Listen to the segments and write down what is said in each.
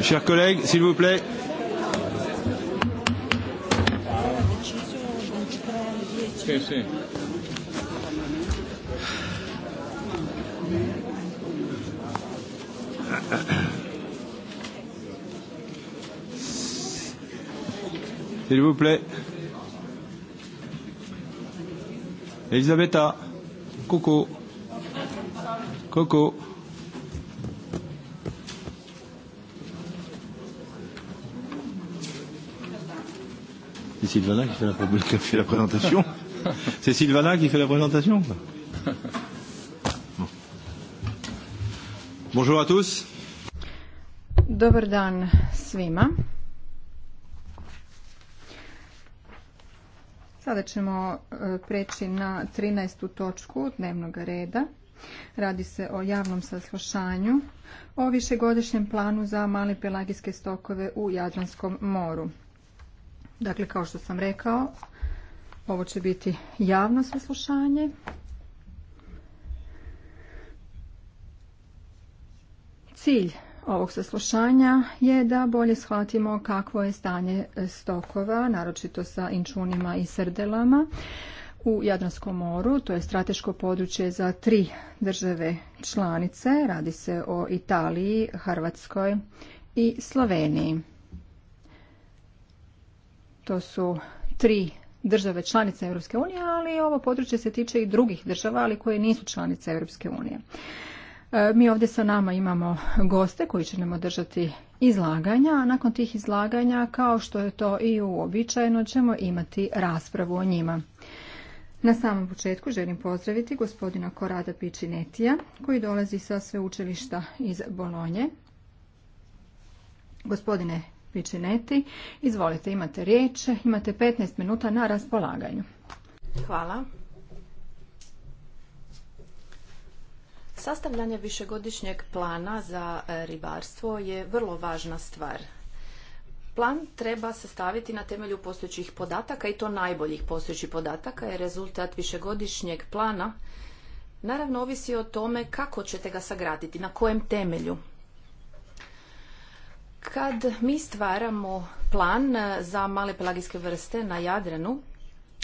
Chers collègues, s'il vous plaît. S'il vous plaît. Elisabetta. Kuku. Kuku. C'est Sylvana qui fait la, qui fait la présentation. C'est Sylvana qui fait la présentation. Bon. Bonjour à tous. Dobar dan svima. Sada ćemo e, preći na 13. točku dnevnog reda. Radi se o javnom saslušanju o višegodišnjem planu za male pelagijske stokove u Jadranskom moru. Dakle, kao što sam rekao, ovo će biti javno saslušanje. Cilj ovog saslušanja je da bolje shvatimo kakvo je stanje stokova, naročito sa inčunima i srdelama u Jadranskom moru. To je strateško područje za tri države članice. Radi se o Italiji, Hrvatskoj i Sloveniji. To su tri države članice Europske unije, ali ovo područje se tiče i drugih država, ali koje nisu članice Europske unije. E, mi ovdje sa nama imamo goste koji će nam održati izlaganja, a nakon tih izlaganja, kao što je to i uobičajeno, ćemo imati raspravu o njima. Na samom početku želim pozdraviti gospodina Korada Pičinetija, koji dolazi sa sveučilišta iz Bolonje. Gospodine Pičineti, izvolite, imate riječ, imate 15 minuta na raspolaganju. Hvala. Sastavljanje višegodišnjeg plana za e, ribarstvo je vrlo važna stvar. Plan treba sastaviti na temelju postojećih podataka i to najboljih postojećih podataka jer rezultat višegodišnjeg plana naravno ovisi o tome kako ćete ga sagraditi, na kojem temelju. Kad mi stvaramo plan e, za male pelagijske vrste na Jadranu,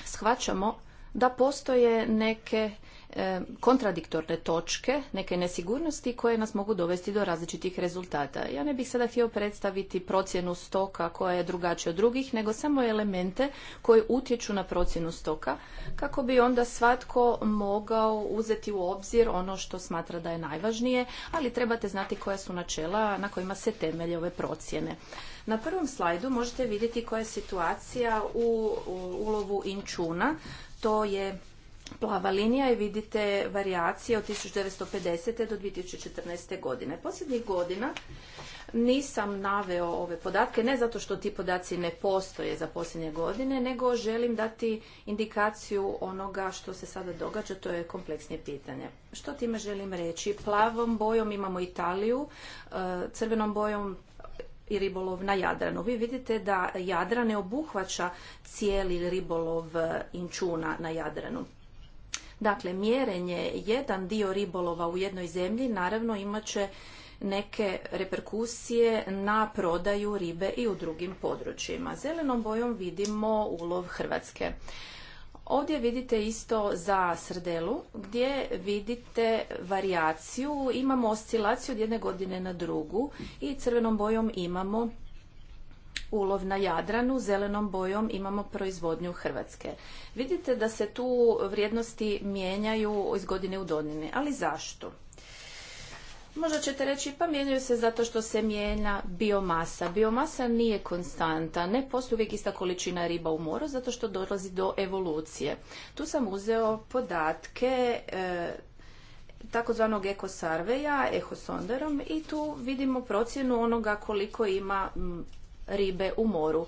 shvaćamo da postoje neke E, kontradiktorne točke, neke nesigurnosti koje nas mogu dovesti do različitih rezultata. Ja ne bih sada htio predstaviti procjenu stoka koja je drugačija od drugih, nego samo elemente koji utječu na procjenu stoka, kako bi onda svatko mogao uzeti u obzir ono što smatra da je najvažnije, ali trebate znati koja su načela na kojima se temelje ove procjene. Na prvom slajdu možete vidjeti koja je situacija u ulovu inčuna. To je plava linija i vidite varijacije od 1950. do 2014. godine. Posljednjih godina nisam naveo ove podatke, ne zato što ti podaci ne postoje za posljednje godine, nego želim dati indikaciju onoga što se sada događa, to je kompleksnije pitanje. Što time želim reći? Plavom bojom imamo Italiju, e, crvenom bojom i ribolov na Jadranu. Vi vidite da Jadran ne obuhvaća cijeli ribolov e, inčuna na Jadranu. Dakle, mjerenje jedan dio ribolova u jednoj zemlji naravno imat će neke reperkusije na prodaju ribe i u drugim područjima. Zelenom bojom vidimo ulov Hrvatske. Ovdje vidite isto za srdelu gdje vidite varijaciju, imamo oscilaciju od jedne godine na drugu i crvenom bojom imamo ulov na Jadranu, zelenom bojom imamo proizvodnju Hrvatske. Vidite da se tu vrijednosti mijenjaju iz godine u donine ali zašto? Možda ćete reći pa mijenjaju se zato što se mijenja biomasa. Biomasa nije konstanta, ne postoji uvijek ista količina riba u moru zato što dolazi do evolucije. Tu sam uzeo podatke e, takozvanog ekosarveja, ehosonderom i tu vidimo procjenu onoga koliko ima ribe u moru.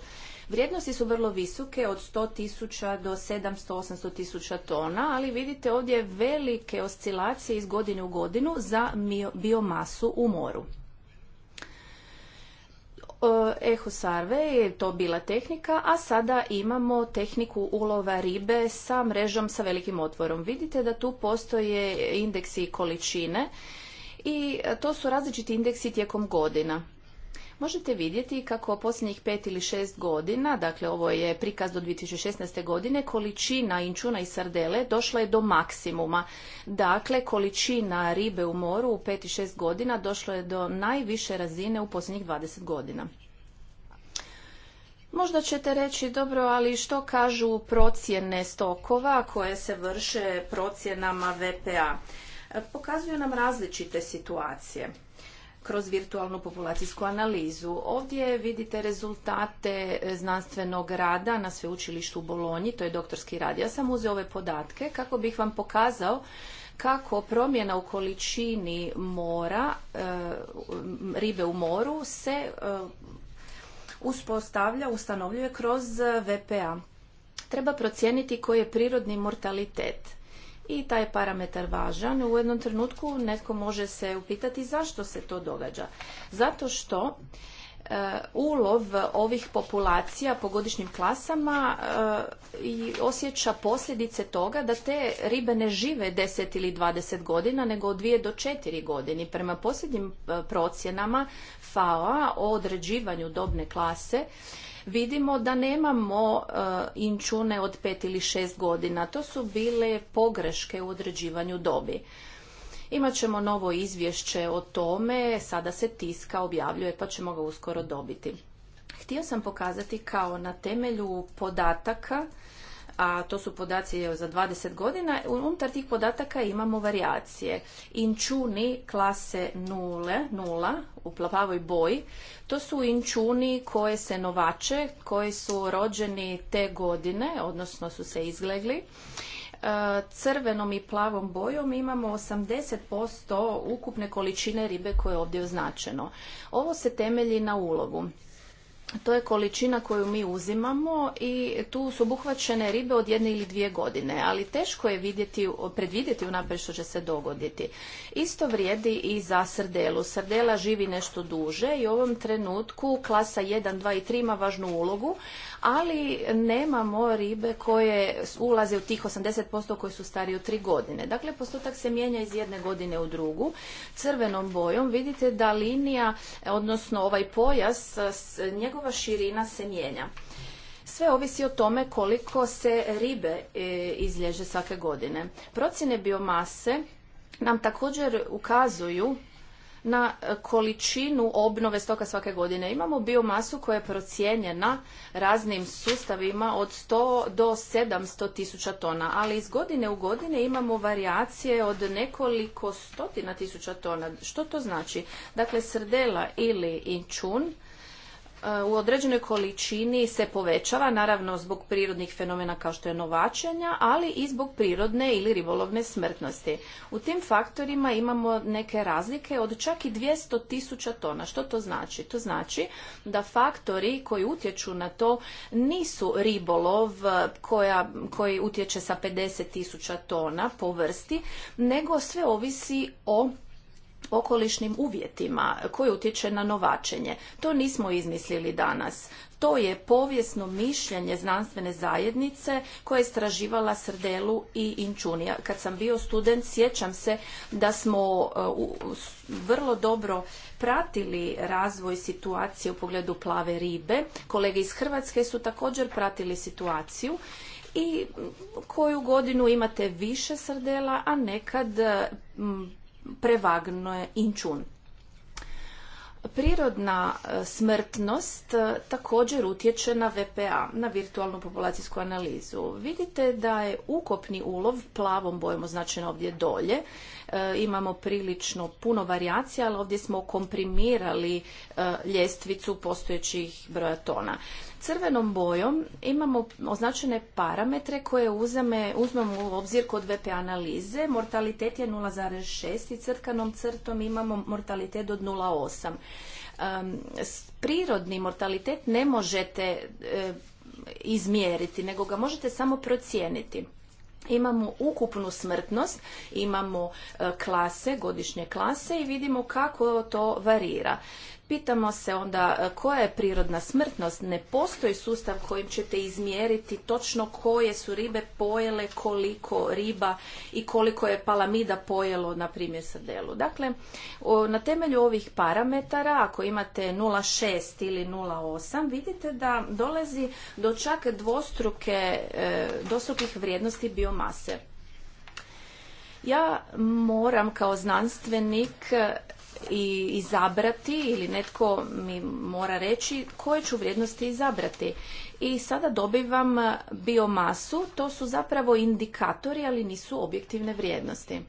Vrijednosti su vrlo visoke, od 100.000 do 700 800000 tona, ali vidite ovdje velike oscilacije iz godine u godinu za biomasu u moru. Eho Sarve je to bila tehnika, a sada imamo tehniku ulova ribe sa mrežom sa velikim otvorom. Vidite da tu postoje indeksi količine i to su različiti indeksi tijekom godina možete vidjeti kako posljednjih pet ili šest godina, dakle ovo je prikaz do 2016. godine, količina inčuna i sardele došla je do maksimuma. Dakle, količina ribe u moru u pet i šest godina došla je do najviše razine u posljednjih 20 godina. Možda ćete reći, dobro, ali što kažu procjene stokova koje se vrše procjenama VPA? Pokazuju nam različite situacije kroz virtualnu populacijsku analizu. Ovdje vidite rezultate e, znanstvenog rada na sveučilištu u Bolonji, to je doktorski rad. Ja sam uzeo ove podatke kako bih vam pokazao kako promjena u količini mora, e, ribe u moru se e, uspostavlja, ustanovljuje kroz VPA. Treba procijeniti koji je prirodni mortalitet i taj je parametar važan. U jednom trenutku netko može se upitati zašto se to događa. Zato što E, ulov ovih populacija po godišnjim klasama e, i osjeća posljedice toga da te ribe ne žive 10 ili 20 godina, nego od 2 do 4 godine. Prema posljednjim e, procjenama FAO-a o određivanju dobne klase, vidimo da nemamo inčune od 5 ili 6 godina. To su bile pogreške u određivanju dobi. Imat ćemo novo izvješće o tome, sada se tiska objavljuje pa ćemo ga uskoro dobiti. Htio sam pokazati kao na temelju podataka a to su podaci za 20 godina, unutar tih podataka imamo varijacije. Inčuni klase 0, 0 u plavavoj boji, to su inčuni koje se novače, koji su rođeni te godine, odnosno su se izglegli E, crvenom i plavom bojom imamo 80% ukupne količine ribe koje je ovdje označeno. Ovo se temelji na ulovu. To je količina koju mi uzimamo i tu su obuhvaćene ribe od jedne ili dvije godine, ali teško je vidjeti, predvidjeti unaprijed što će se dogoditi. Isto vrijedi i za srdelu. Srdela živi nešto duže i u ovom trenutku klasa 1, 2 i 3 ima važnu ulogu, ali nemamo ribe koje ulaze u tih 80% koji su stariji od tri godine. Dakle, postotak se mijenja iz jedne godine u drugu. Crvenom bojom vidite da linija, odnosno ovaj pojas, njegova širina se mijenja. Sve ovisi o tome koliko se ribe e, izlježe svake godine. Procjene biomase nam također ukazuju na količinu obnove stoka svake godine. Imamo biomasu koja je procijenjena raznim sustavima od 100 do 700 tisuća tona, ali iz godine u godine imamo varijacije od nekoliko stotina tisuća tona. Što to znači? Dakle, srdela ili inčun E, u određenoj količini se povećava, naravno zbog prirodnih fenomena kao što je novačenja, ali i zbog prirodne ili ribolovne smrtnosti. U tim faktorima imamo neke razlike od čak i 200 tisuća tona. Što to znači? To znači da faktori koji utječu na to nisu ribolov koja, koji utječe sa 50 tisuća tona po vrsti, nego sve ovisi o okolišnim uvjetima koji utječe na novačenje. To nismo izmislili danas. To je povijesno mišljenje znanstvene zajednice koja je istraživala srdelu i inčunija. Kad sam bio student sjećam se da smo e, vrlo dobro pratili razvoj situacije u pogledu plave ribe. Kolege iz Hrvatske su također pratili situaciju i koju godinu imate više srdela, a nekad prevagno je inčun. Prirodna e, smrtnost e, također utječe na VPA, na virtualnu populacijsku analizu. Vidite da je ukopni ulov plavom bojom označen ovdje dolje. E, imamo prilično puno varijacija, ali ovdje smo komprimirali ljestvicu postojećih broja tona crvenom bojom imamo označene parametre koje uzmemo u obzir kod VP analize. Mortalitet je 0,6 i crkanom crtom imamo mortalitet od 0,8. prirodni mortalitet ne možete e, izmjeriti, nego ga možete samo procijeniti. Imamo ukupnu smrtnost, imamo e, klase, godišnje klase i vidimo kako to varira. Pitamo se onda e, koja je prirodna smrtnost. Ne postoji sustav kojim ćete izmjeriti točno koje su ribe pojele, koliko riba i koliko je palamida pojelo, na primjer, srdelu. Dakle, na temelju ovih parametara, ako imate 0,6 ili 0,8, vidite da dolazi do čak dvostruke, e, dvostrukih vrijednosti biomase. Ja moram kao znanstvenik i izabrati ili netko mi mora reći koje ću vrijednosti izabrati. I sada dobivam biomasu, to su zapravo indikatori, ali nisu objektivne vrijednosti.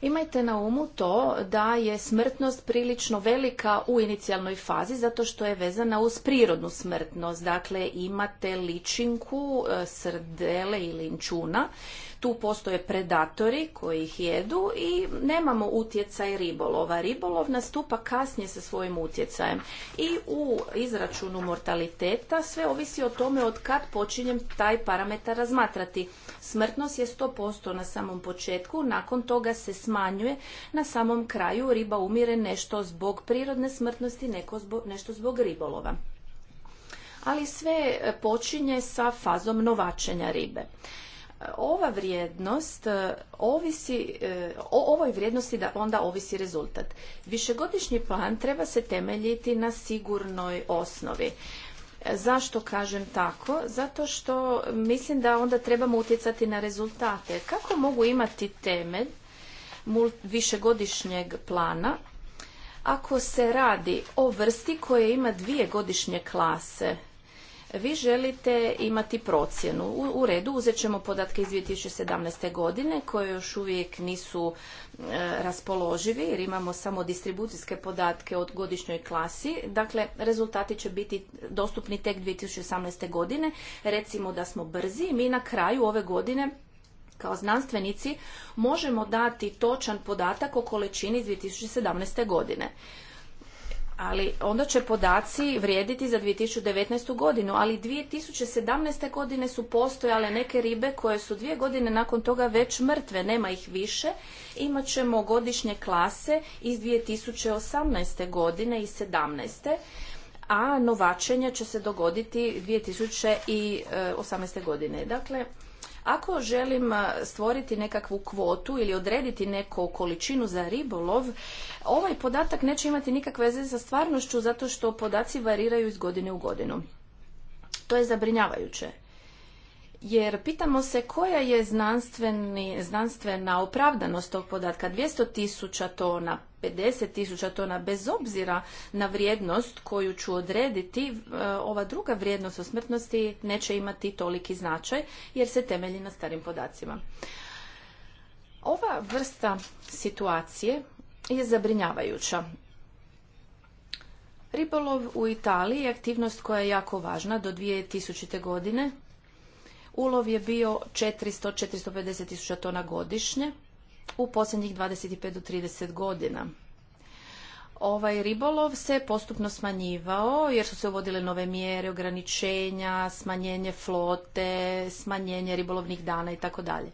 Imajte na umu to da je smrtnost prilično velika u inicijalnoj fazi zato što je vezana uz prirodnu smrtnost. Dakle, imate ličinku e, srdele ili inčuna tu postoje predatori koji ih jedu i nemamo utjecaj ribolova. Ribolov nastupa kasnije sa svojim utjecajem. I u izračunu mortaliteta sve ovisi o tome od kad počinjem taj parametar razmatrati. Smrtnost je 100% na samom početku, nakon toga se smanjuje. Na samom kraju riba umire nešto zbog prirodne smrtnosti, neko zbog, nešto zbog ribolova ali sve počinje sa fazom novačenja ribe ova vrijednost e, ovisi, e, o ovoj vrijednosti da onda ovisi rezultat. Višegodišnji plan treba se temeljiti na sigurnoj osnovi. E, zašto kažem tako? Zato što mislim da onda trebamo utjecati na rezultate. Kako mogu imati temelj višegodišnjeg plana ako se radi o vrsti koja ima dvije godišnje klase vi želite imati procjenu. U, redu uzet ćemo podatke iz 2017. godine koje još uvijek nisu e, raspoloživi jer imamo samo distribucijske podatke od godišnjoj klasi. Dakle, rezultati će biti dostupni tek 2018. godine. Recimo da smo brzi i mi na kraju ove godine kao znanstvenici možemo dati točan podatak o količini iz 2017. godine ali onda će podaci vrijediti za 2019. godinu, ali 2017. godine su postojale neke ribe koje su dvije godine nakon toga već mrtve, nema ih više. Imat ćemo godišnje klase iz 2018. godine i 2017. a novačenje će se dogoditi 2018. godine. Dakle, ako želim stvoriti nekakvu kvotu ili odrediti neku količinu za ribolov, ovaj podatak neće imati nikakve veze sa stvarnošću zato što podaci variraju iz godine u godinu. To je zabrinjavajuće jer pitamo se koja je znanstvena opravdanost tog podatka. 200 tisuća tona, 50 tisuća tona, bez obzira na vrijednost koju ću odrediti, e, ova druga vrijednost o smrtnosti neće imati toliki značaj jer se temelji na starim podacima. Ova vrsta situacije je zabrinjavajuća. Ribolov u Italiji je aktivnost koja je jako važna do 2000. godine Ulov je bio 400-450 tisuća tona godišnje u posljednjih 25 do 30 godina. Ovaj ribolov se postupno smanjivao jer su se uvodile nove mjere, ograničenja, smanjenje flote, smanjenje ribolovnih dana i tako dalje.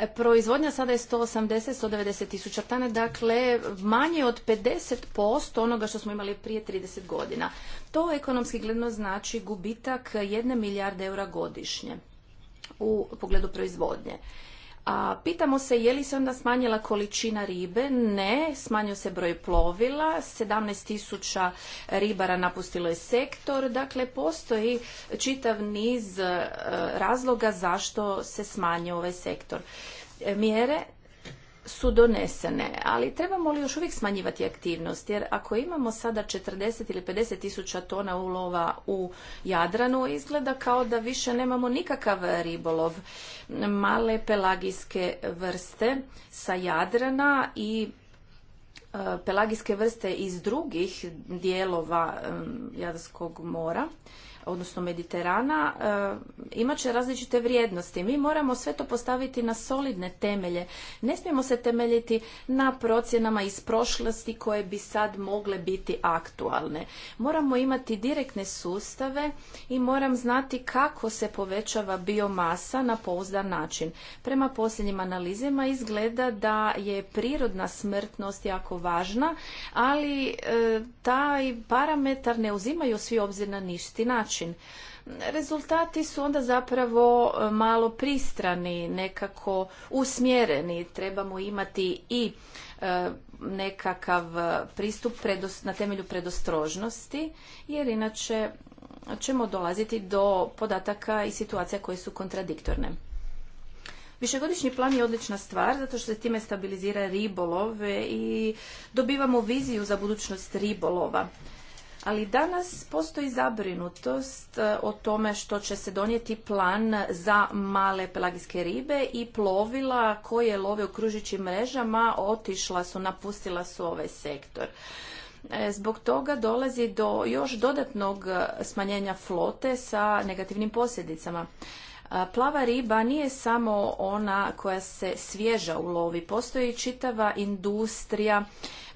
E, proizvodnja sada je 180-190 tisuća tane, dakle manje od 50% onoga što smo imali prije 30 godina. To ekonomski gledano znači gubitak jedne milijarde eura godišnje u pogledu proizvodnje. A pitamo se je li se onda smanjila količina ribe? Ne, smanjio se broj plovila, 17.000 ribara napustilo je sektor, dakle postoji čitav niz e, razloga zašto se smanjio ovaj sektor. E, mjere su donesene, ali trebamo li još uvijek smanjivati aktivnost? Jer ako imamo sada 40 ili 50 tisuća tona ulova u Jadranu, izgleda kao da više nemamo nikakav ribolov. Male pelagijske vrste sa Jadrana i e, pelagijske vrste iz drugih dijelova e, Jadranskog mora odnosno Mediterana, eh, imat će različite vrijednosti. Mi moramo sve to postaviti na solidne temelje. Ne smijemo se temeljiti na procjenama iz prošlosti koje bi sad mogle biti aktualne. Moramo imati direktne sustave i moram znati kako se povećava biomasa na pouzdan način. Prema posljednjim analizama izgleda da je prirodna smrtnost jako važna, ali eh, taj parametar ne uzimaju svi obzir na ništi način. Rezultati su onda zapravo e, malo pristrani, nekako usmjereni. Trebamo imati i e, nekakav e, pristup na temelju predostrožnosti, jer inače ćemo dolaziti do podataka i situacija koje su kontradiktorne. Višegodišnji plan je odlična stvar zato što se time stabilizira ribolove i dobivamo viziju za budućnost ribolova ali danas postoji zabrinutost e, o tome što će se donijeti plan za male pelagijske ribe i plovila koje love u kružićim mrežama otišla su, napustila su ovaj sektor. E, zbog toga dolazi do još dodatnog e, smanjenja flote sa negativnim posljedicama. Plava riba nije samo ona koja se svježa u lovi. Postoji čitava industrija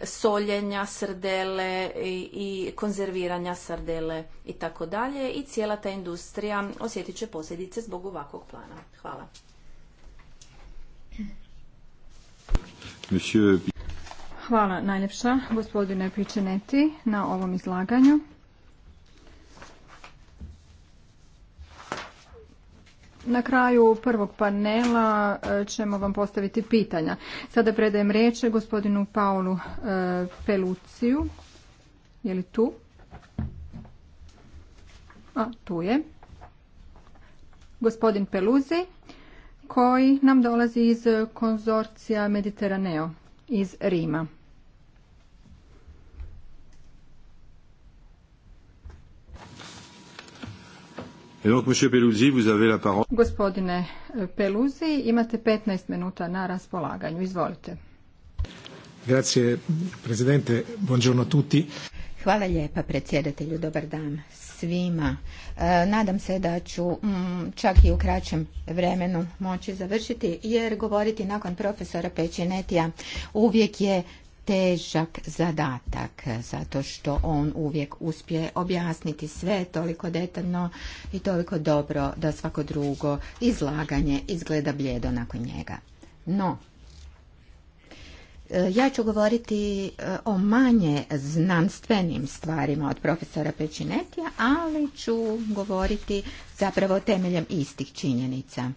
soljenja srdele i konzerviranja srdele i tako dalje i cijela ta industrija osjetit će posljedice zbog ovakvog plana. Hvala. Hvala najljepša gospodine Pičeneti na ovom izlaganju. Na kraju prvog panela e, ćemo vam postaviti pitanja. Sada predajem riječ gospodinu Paulu e, Peluciju. Je li tu? A, tu je. Gospodin Peluzi, koji nam dolazi iz konzorcija Mediteraneo iz Rima. Gospodine eh, Peluzi, imate 15 minuta na raspolaganju. Izvolite. Grazie, presidente. Buongiorno tutti. Hvala lijepa predsjedatelju, dobar dan svima. Eh, nadam se da ću mm, čak i u kraćem vremenu moći završiti jer govoriti nakon profesora Pećinetija uvijek je težak zadatak zato što on uvijek uspije objasniti sve toliko detaljno i toliko dobro da svako drugo izlaganje izgleda bljedo nakon njega. No, e, ja ću govoriti e, o manje znanstvenim stvarima od profesora Pečinetija, ali ću govoriti zapravo temeljem istih činjenica.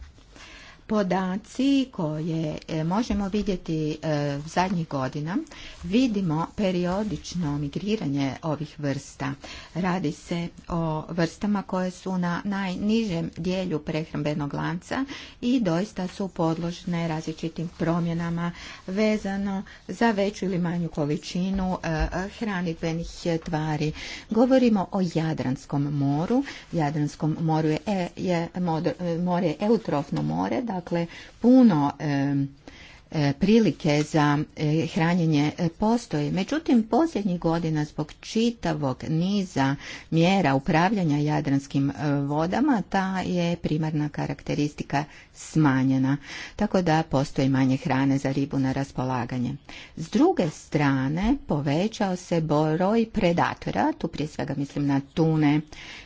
Podaci koje e, možemo vidjeti e, zadnjih godina, vidimo periodično migriranje ovih vrsta. Radi se o vrstama koje su na najnižem dijelju prehrambenog lanca i doista su podložne različitim promjenama vezano za veću ili manju količinu e, hranitbenih tvari. Govorimo o Jadranskom moru. Jadranskom moru je, je, more je eutrofno more, da dakle puno e, e, prilike za e, hranjenje postoji. Međutim, posljednjih godina zbog čitavog niza mjera upravljanja jadranskim vodama, ta je primarna karakteristika smanjena, tako da postoji manje hrane za ribu na raspolaganje. S druge strane, povećao se broj predatora, tu prije svega mislim na tune,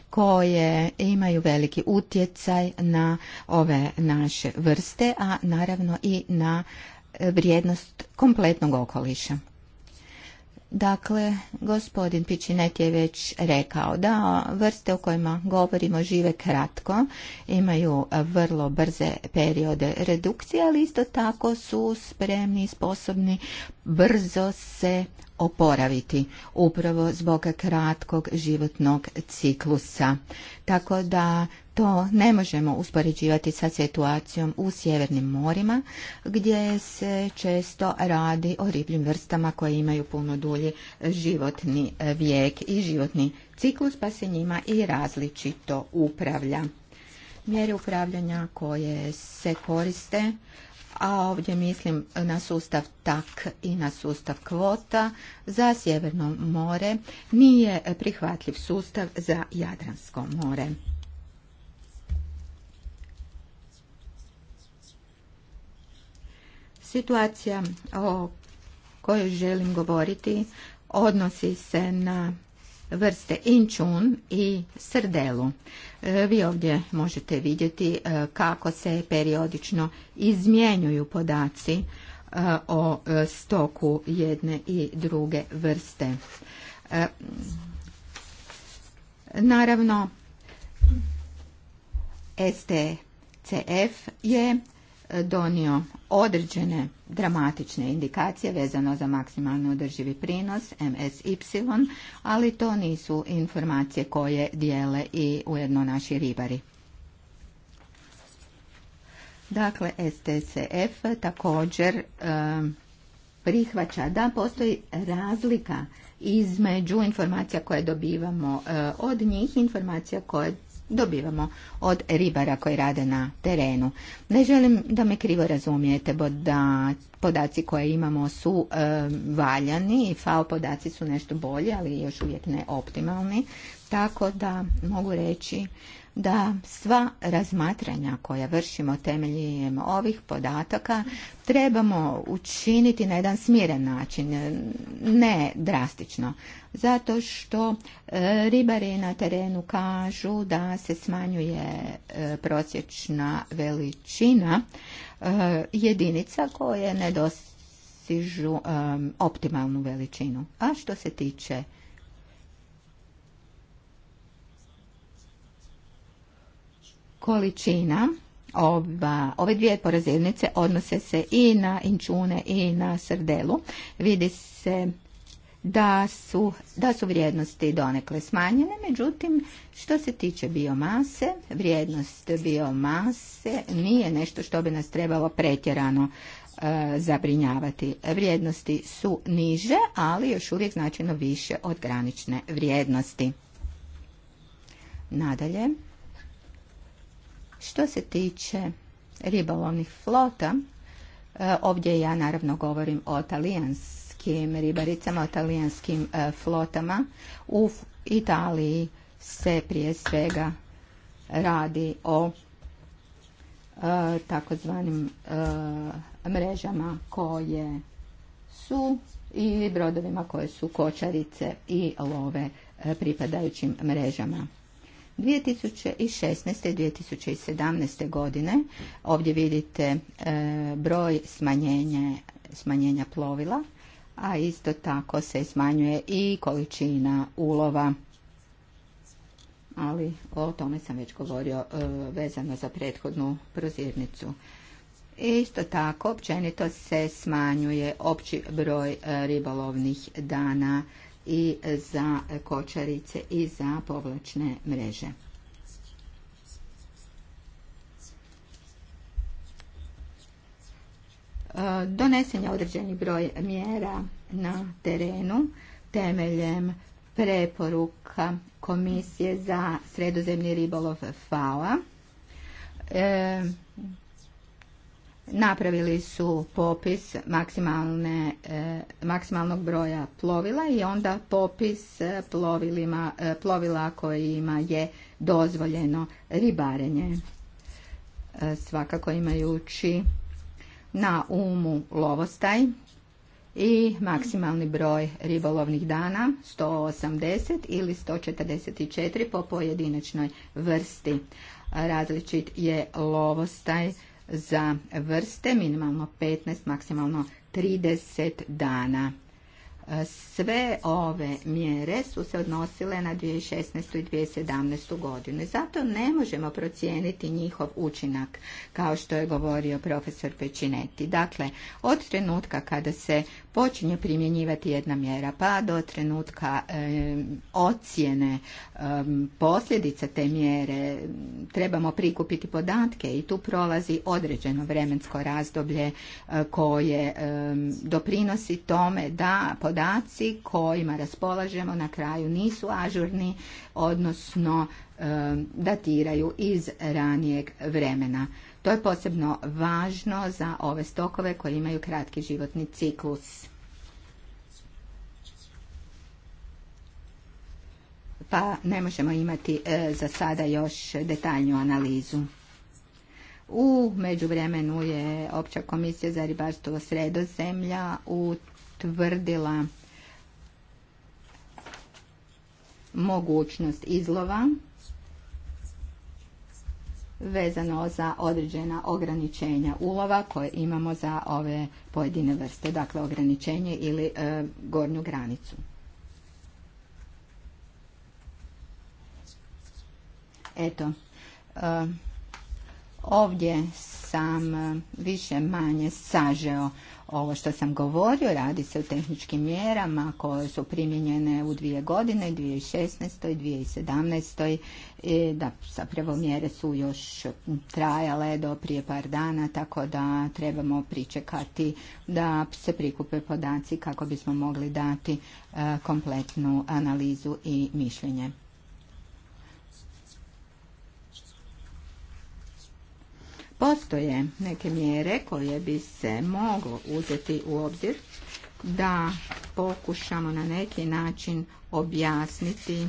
koje imaju veliki utjecaj na ove naše vrste, a naravno i na e, vrijednost kompletnog okoliša. Dakle, gospodin Pičinek je već rekao da vrste o kojima govorimo žive kratko, imaju vrlo brze periode redukcije, ali isto tako su spremni i sposobni brzo se oporaviti upravo zbog kratkog životnog ciklusa. Tako da to ne možemo uspoređivati sa situacijom u sjevernim morima gdje se često radi o ribljim vrstama koje imaju puno dulji životni vijek i životni ciklus pa se njima i različito upravlja. Mjere upravljanja koje se koriste a ovdje mislim na sustav tak i na sustav kvota za Sjeverno more, nije prihvatljiv sustav za Jadransko more. Situacija o kojoj želim govoriti odnosi se na vrste inčun i srdelu. E, vi ovdje možete vidjeti e, kako se periodično izmjenjuju podaci e, o stoku jedne i druge vrste. Naravno, STCF je donio određene dramatične indikacije vezano za maksimalno održivi prinos MSY, ali to nisu informacije koje dijele i ujedno naši ribari. Dakle, STCF također prihvaća da postoji razlika između informacija koje dobivamo od njih, informacija koje dobivamo od ribara koji rade na terenu. Ne želim da me krivo razumijete, bo da podaci koje imamo su e, valjani i FAO podaci su nešto bolji, ali još uvijek ne optimalni. Tako da mogu reći da sva razmatranja koja vršimo temeljem ovih podataka trebamo učiniti na jedan smiren način, ne drastično. Zato što e, ribari na terenu kažu da se smanjuje e, prosječna veličina e, jedinica koje ne dostižu optimalnu veličinu. A što se tiče količina ova, ove dvije porazivnice odnose se i na inčune i na srdelu. Vidi se da su, da su vrijednosti donekle smanjene, međutim što se tiče biomase, vrijednost biomase nije nešto što bi nas trebalo pretjerano e, zabrinjavati. Vrijednosti su niže, ali još uvijek značajno više od granične vrijednosti. Nadalje, što se tiče ribolovnih flota, e, ovdje ja naravno govorim o talijanskim ribaricama, o talijanskim e, flotama. U Italiji se prije svega radi o e, takozvanim mrežama koje su i brodovima koje su kočarice i love pripadajućim mrežama. 2016. i 2017. godine ovdje vidite e, broj smanjenja, smanjenja plovila, a isto tako se smanjuje i količina ulova ali o tome sam već govorio e, vezano za prethodnu prozirnicu. Isto tako, općenito se smanjuje opći broj e, ribolovnih dana i za kočarice i za povlačne mreže. E, donesen je određeni broj mjera na terenu temeljem preporuka Komisije za sredozemni ribolov FAO-a. E, napravili su popis maksimalne, e, maksimalnog broja plovila i onda popis e, e, plovila kojima je dozvoljeno ribarenje. Svakako imajući na umu lovostaj i maksimalni broj ribolovnih dana 180 ili 144 po pojedinačnoj vrsti. Različit je lovostaj za vrste, minimalno 15, maksimalno 30 dana. Sve ove mjere su se odnosile na 2016. i 2017. godinu. Zato ne možemo procijeniti njihov učinak, kao što je govorio profesor Pečineti. Dakle, od trenutka kada se počinje primjenjivati jedna mjera, pa do trenutka ocjene posljedica te mjere, trebamo prikupiti podatke i tu prolazi određeno vremensko razdoblje e, koje doprinosi tome da podaci kojima raspolažemo na kraju nisu ažurni, odnosno e, datiraju iz ranijeg vremena. To je posebno važno za ove stokove koji imaju kratki životni ciklus. Pa ne možemo imati e, za sada još detaljnju analizu. U međuvremenu je Opća komisija za ribarstvo sredozemlja u utvrdila mogućnost izlova vezano za određena ograničenja ulova koje imamo za ove pojedine vrste, dakle ograničenje ili e, gornju granicu. Eto, e, ovdje sam e, više manje sažeo ovo što sam govorio, radi se o tehničkim mjerama koje su primjenjene u dvije godine, 2016. i 2017. I da, zapravo mjere su još trajale do prije par dana, tako da trebamo pričekati da se prikupe podaci kako bismo mogli dati e, kompletnu analizu i mišljenje. Postoje neke mjere koje bi se moglo uzeti u obzir da pokušamo na neki način objasniti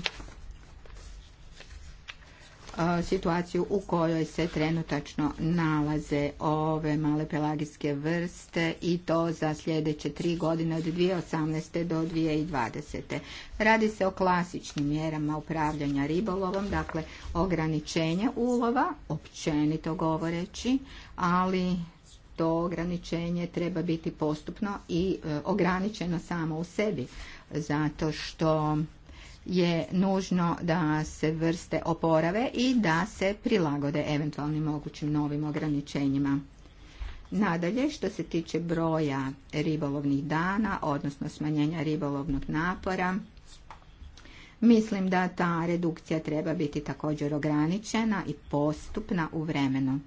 situaciju u kojoj se trenutačno nalaze ove male pelagijske vrste i to za sljedeće tri godine od 2018. do 2020. Radi se o klasičnim mjerama upravljanja ribolovom, dakle ograničenje ulova, općenito govoreći, ali to ograničenje treba biti postupno i e, ograničeno samo u sebi, zato što je nužno da se vrste oporave i da se prilagode eventualnim mogućim novim ograničenjima. Nadalje, što se tiče broja ribolovnih dana, odnosno smanjenja ribolovnog napora, mislim da ta redukcija treba biti također ograničena i postupna u vremenu.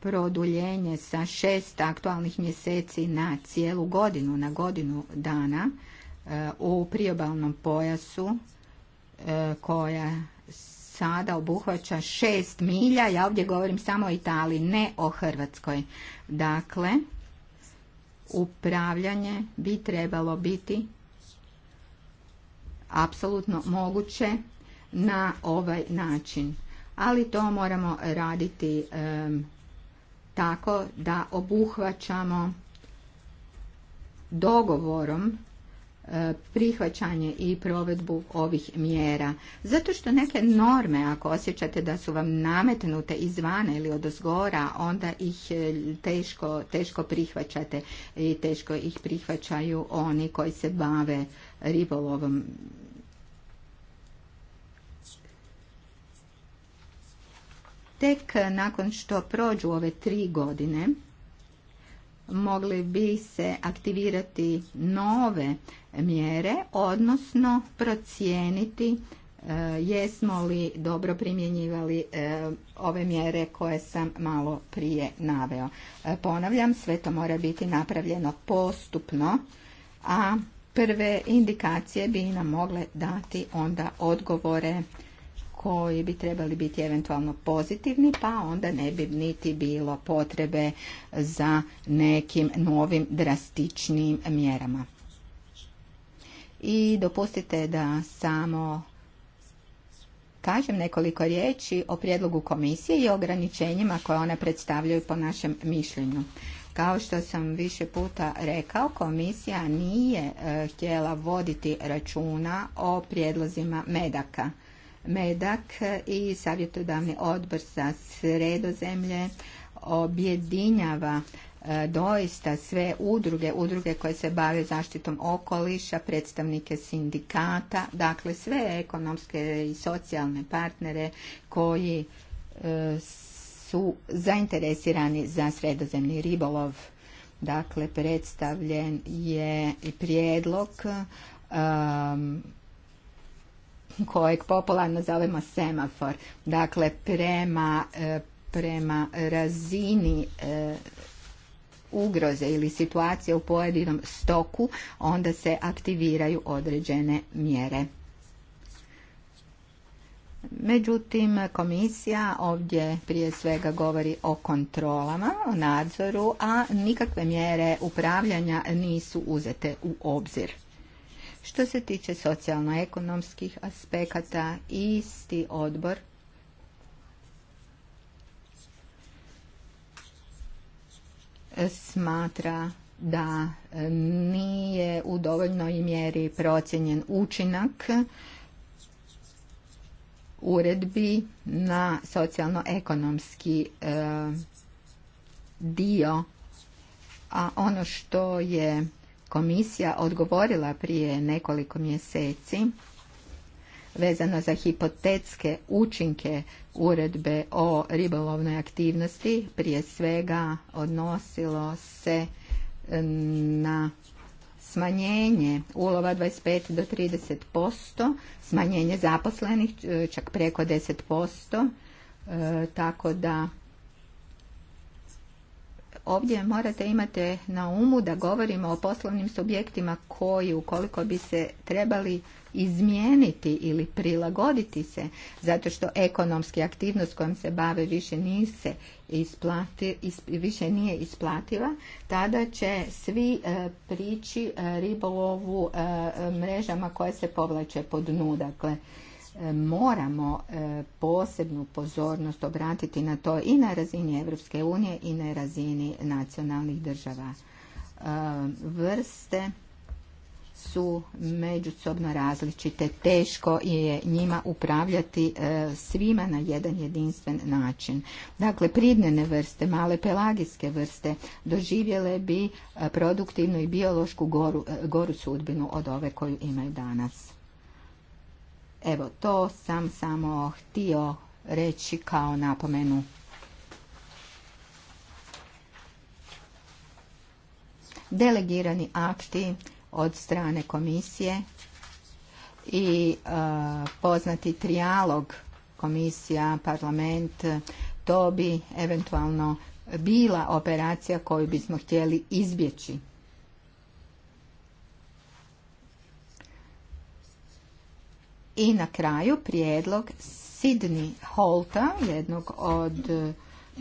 Produljenje sa šest aktualnih mjeseci na cijelu godinu, na godinu dana, u priobalnom pojasu e, koja sada obuhvaća šest milja. Ja ovdje govorim samo o Italiji, ne o Hrvatskoj. Dakle, upravljanje bi trebalo biti apsolutno moguće na ovaj način. Ali to moramo raditi e, tako da obuhvaćamo dogovorom E, prihvaćanje i provedbu ovih mjera. Zato što neke norme, ako osjećate da su vam nametnute izvana ili od onda ih e, teško, teško prihvaćate i teško ih prihvaćaju oni koji se bave ribolovom. Tek nakon što prođu ove tri godine, mogli bi se aktivirati nove mjere, odnosno procijeniti e, jesmo li dobro primjenjivali e, ove mjere koje sam malo prije naveo. E, ponavljam, sve to mora biti napravljeno postupno, a prve indikacije bi nam mogle dati onda odgovore koji bi trebali biti eventualno pozitivni, pa onda ne bi niti bilo potrebe za nekim novim drastičnim mjerama. I dopustite da samo kažem nekoliko riječi o prijedlogu komisije i ograničenjima koje one predstavljaju po našem mišljenju. Kao što sam više puta rekao, komisija nije e, htjela voditi računa o prijedlozima medaka. Medak i savjetodavni odbor za sredozemlje objedinjava e, doista sve udruge, udruge koje se bave zaštitom okoliša, predstavnike sindikata, dakle sve ekonomske i socijalne partnere koji e, su zainteresirani za sredozemni ribolov. Dakle, predstavljen je i prijedlog e, kojeg popularno zovemo semafor. Dakle, prema, e, prema razini e, ugroze ili situacije u pojedinom stoku, onda se aktiviraju određene mjere. Međutim, komisija ovdje prije svega govori o kontrolama, o nadzoru, a nikakve mjere upravljanja nisu uzete u obzir. Što se tiče socijalno-ekonomskih aspekata, isti odbor smatra da nije u dovoljnoj mjeri procjenjen učinak uredbi na socijalno-ekonomski e, dio. A ono što je komisija odgovorila prije nekoliko mjeseci vezano za hipotetske učinke uredbe o ribolovnoj aktivnosti prije svega odnosilo se na smanjenje ulova 25 do 30%, smanjenje zaposlenih e, čak preko 10%, e, tako da Ovdje morate imati na umu da govorimo o poslovnim subjektima koji ukoliko bi se trebali izmijeniti ili prilagoditi se zato što ekonomski aktivnost kojom se bave više nije isplati, više nije isplativa, tada će svi e, prići e, ribolovu e, mrežama koje se povlače pod dnu. Dakle, E, moramo e, posebnu pozornost obratiti na to i na razini Evropske unije i na razini nacionalnih država. E, vrste su međusobno različite, teško je njima upravljati svima na jedan jedinstven način. Dakle, pridnene vrste, male pelagijske vrste doživjele bi produktivnu i biološku goru, goru sudbinu od ove koju imaju danas. Evo, to sam samo htio reći kao napomenu. Delegirani akti od strane komisije i e, poznati trijalog komisija, parlament, to bi eventualno bila operacija koju bismo htjeli izbjeći. I na kraju prijedlog Sidney Holta, jednog od e,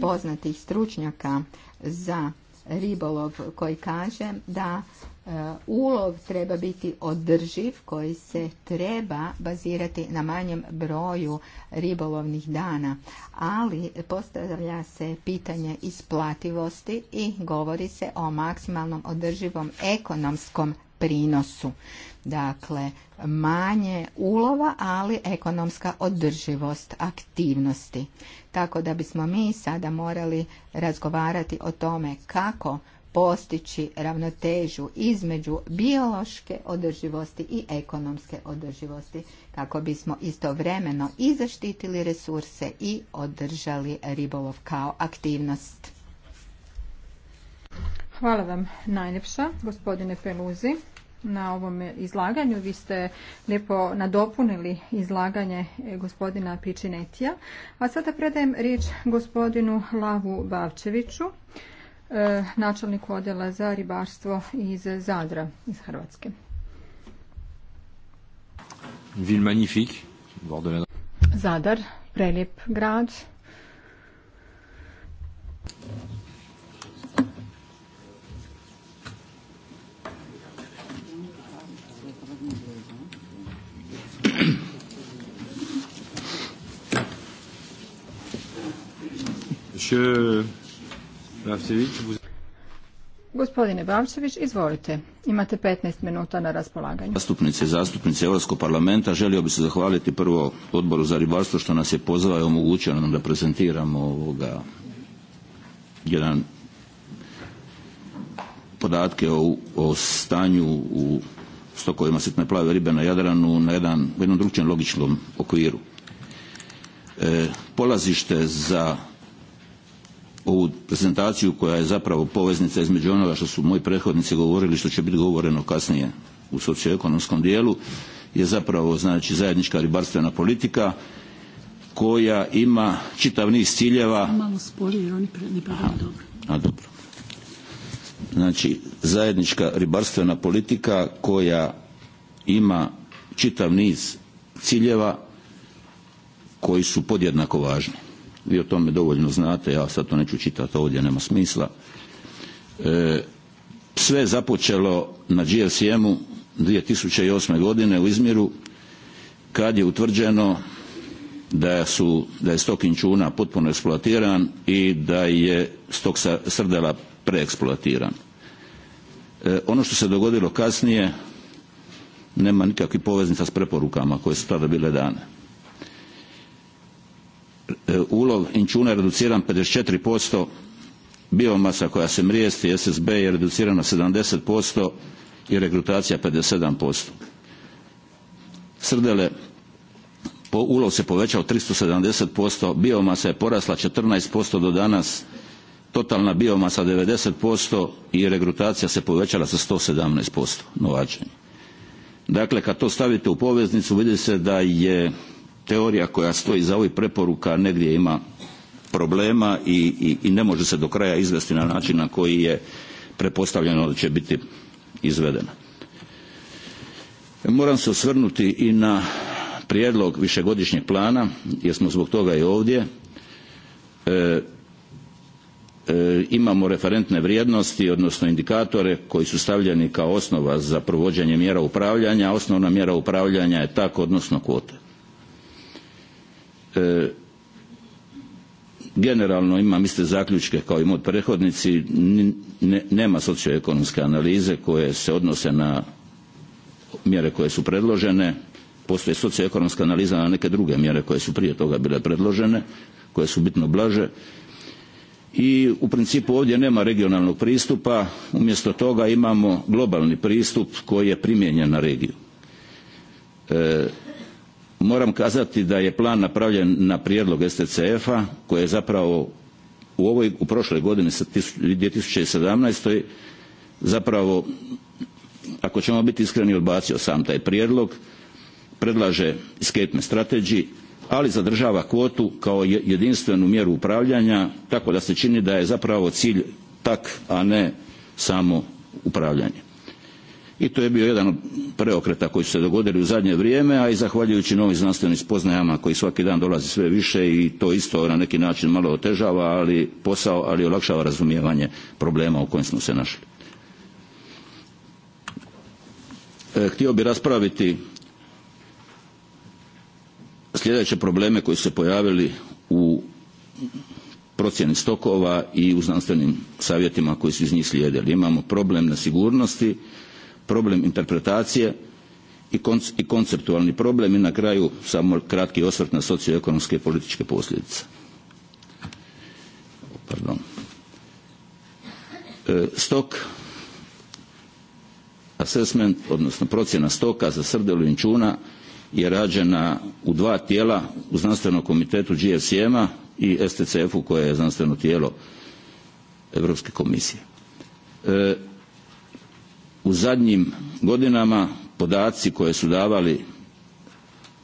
poznatih stručnjaka za ribolov koji kaže da e, ulov treba biti održiv koji se treba bazirati na manjem broju ribolovnih dana ali postavlja se pitanje isplativosti i govori se o maksimalnom održivom ekonomskom prinosu Dakle, manje ulova, ali ekonomska održivost aktivnosti. Tako da bismo mi sada morali razgovarati o tome kako postići ravnotežu između biološke održivosti i ekonomske održivosti kako bismo istovremeno i zaštitili resurse i održali ribolov kao aktivnost. Hvala vam najljepša, gospodine Peluzi na ovom izlaganju. Vi ste lijepo nadopunili izlaganje gospodina Pičinetija. A sada predajem riječ gospodinu Lavu Bavčeviću, e, načelniku odjela za ribarstvo iz Zadra iz Hrvatske. Zadar, prelijep grad. Gospodine Bavčević, izvolite. Imate 15 minuta na raspolaganju. Zastupnice i zastupnice Europskog parlamenta, želio bih se zahvaliti prvo odboru za ribarstvo što nas je pozvao i omogućio nam da prezentiramo ovoga jedan podatke o, stanju u stokovima sitne plave ribe na Jadranu na u jednom drugčijem logičnom okviru. E, polazište za ovu prezentaciju koja je zapravo poveznica između onoga što su moji prethodnici govorili, što će biti govoreno kasnije u socioekonomskom dijelu, je zapravo znači zajednička ribarstvena politika koja ima čitav niz ciljeva. a dobro. Znači, zajednička ribarstvena politika koja ima čitav niz ciljeva koji su podjednako važni vi o tome dovoljno znate, ja sad to neću čitati ovdje, nema smisla. E, sve je započelo na GSM-u 2008. godine u Izmiru kad je utvrđeno da, su, da je stok inčuna potpuno eksploatiran i da je stok srdela preeksploatiran. E, ono što se dogodilo kasnije nema nikakvih poveznica s preporukama koje su tada bile dane. E, ulov inčuna reduciran 54%, biomasa koja se mrijesti, SSB je reducirana 70% i rekrutacija 57%. Srdele ulov se povećao 370%, biomasa je porasla 14% do danas, totalna biomasa 90% i regrutacija se povećala sa 117% novačenje. Dakle, kad to stavite u poveznicu vidi se da je teorija koja stoji za ovih preporuka negdje ima problema i, ne može se do kraja izvesti na način na koji je pretpostavljeno da će biti izvedena. Moram se osvrnuti i na prijedlog višegodišnjeg plana, jer smo zbog toga i ovdje. E, e, imamo referentne vrijednosti, odnosno indikatore koji su stavljeni kao osnova za provođenje mjera upravljanja. Osnovna mjera upravljanja je tak, odnosno kvote. E, generalno imam iste zaključke kao i moji prethodnici, nema socioekonomske analize koje se odnose na mjere koje su predložene, postoji socioekonomska analiza na neke druge mjere koje su prije toga bile predložene, koje su bitno blaže i u principu ovdje nema regionalnog pristupa, umjesto toga imamo globalni pristup koji je primijenjen na regiju. E, Moram kazati da je plan napravljen na prijedlog STCF-a koji je zapravo u ovoj u prošloj godini 2017. zapravo ako ćemo biti iskreni odbacio sam taj prijedlog predlaže escapement strategy ali zadržava kvotu kao jedinstvenu mjeru upravljanja tako da se čini da je zapravo cilj tak a ne samo upravljanje i to je bio jedan od preokreta koji su se dogodili u zadnje vrijeme, a i zahvaljujući novim znanstvenim spoznajama koji svaki dan dolazi sve više i to isto na neki način malo otežava ali posao, ali olakšava razumijevanje problema u kojem smo se našli. E, htio bi raspraviti sljedeće probleme koji su se pojavili u procjeni stokova i u znanstvenim savjetima koji su iz njih slijedili. Imamo problem sigurnosti problem interpretacije i konceptualni problem i na kraju samo kratki osvrt na socioekonomske i političke posljedice. Pardon. E, stok assessment, odnosno procjena stoka za srdelu inčuna je rađena u dva tijela, u znanstvenom komitetu gsm a i STCF-u koje je znanstveno tijelo Europske komisije. E, u zadnjim godinama podaci koje su davali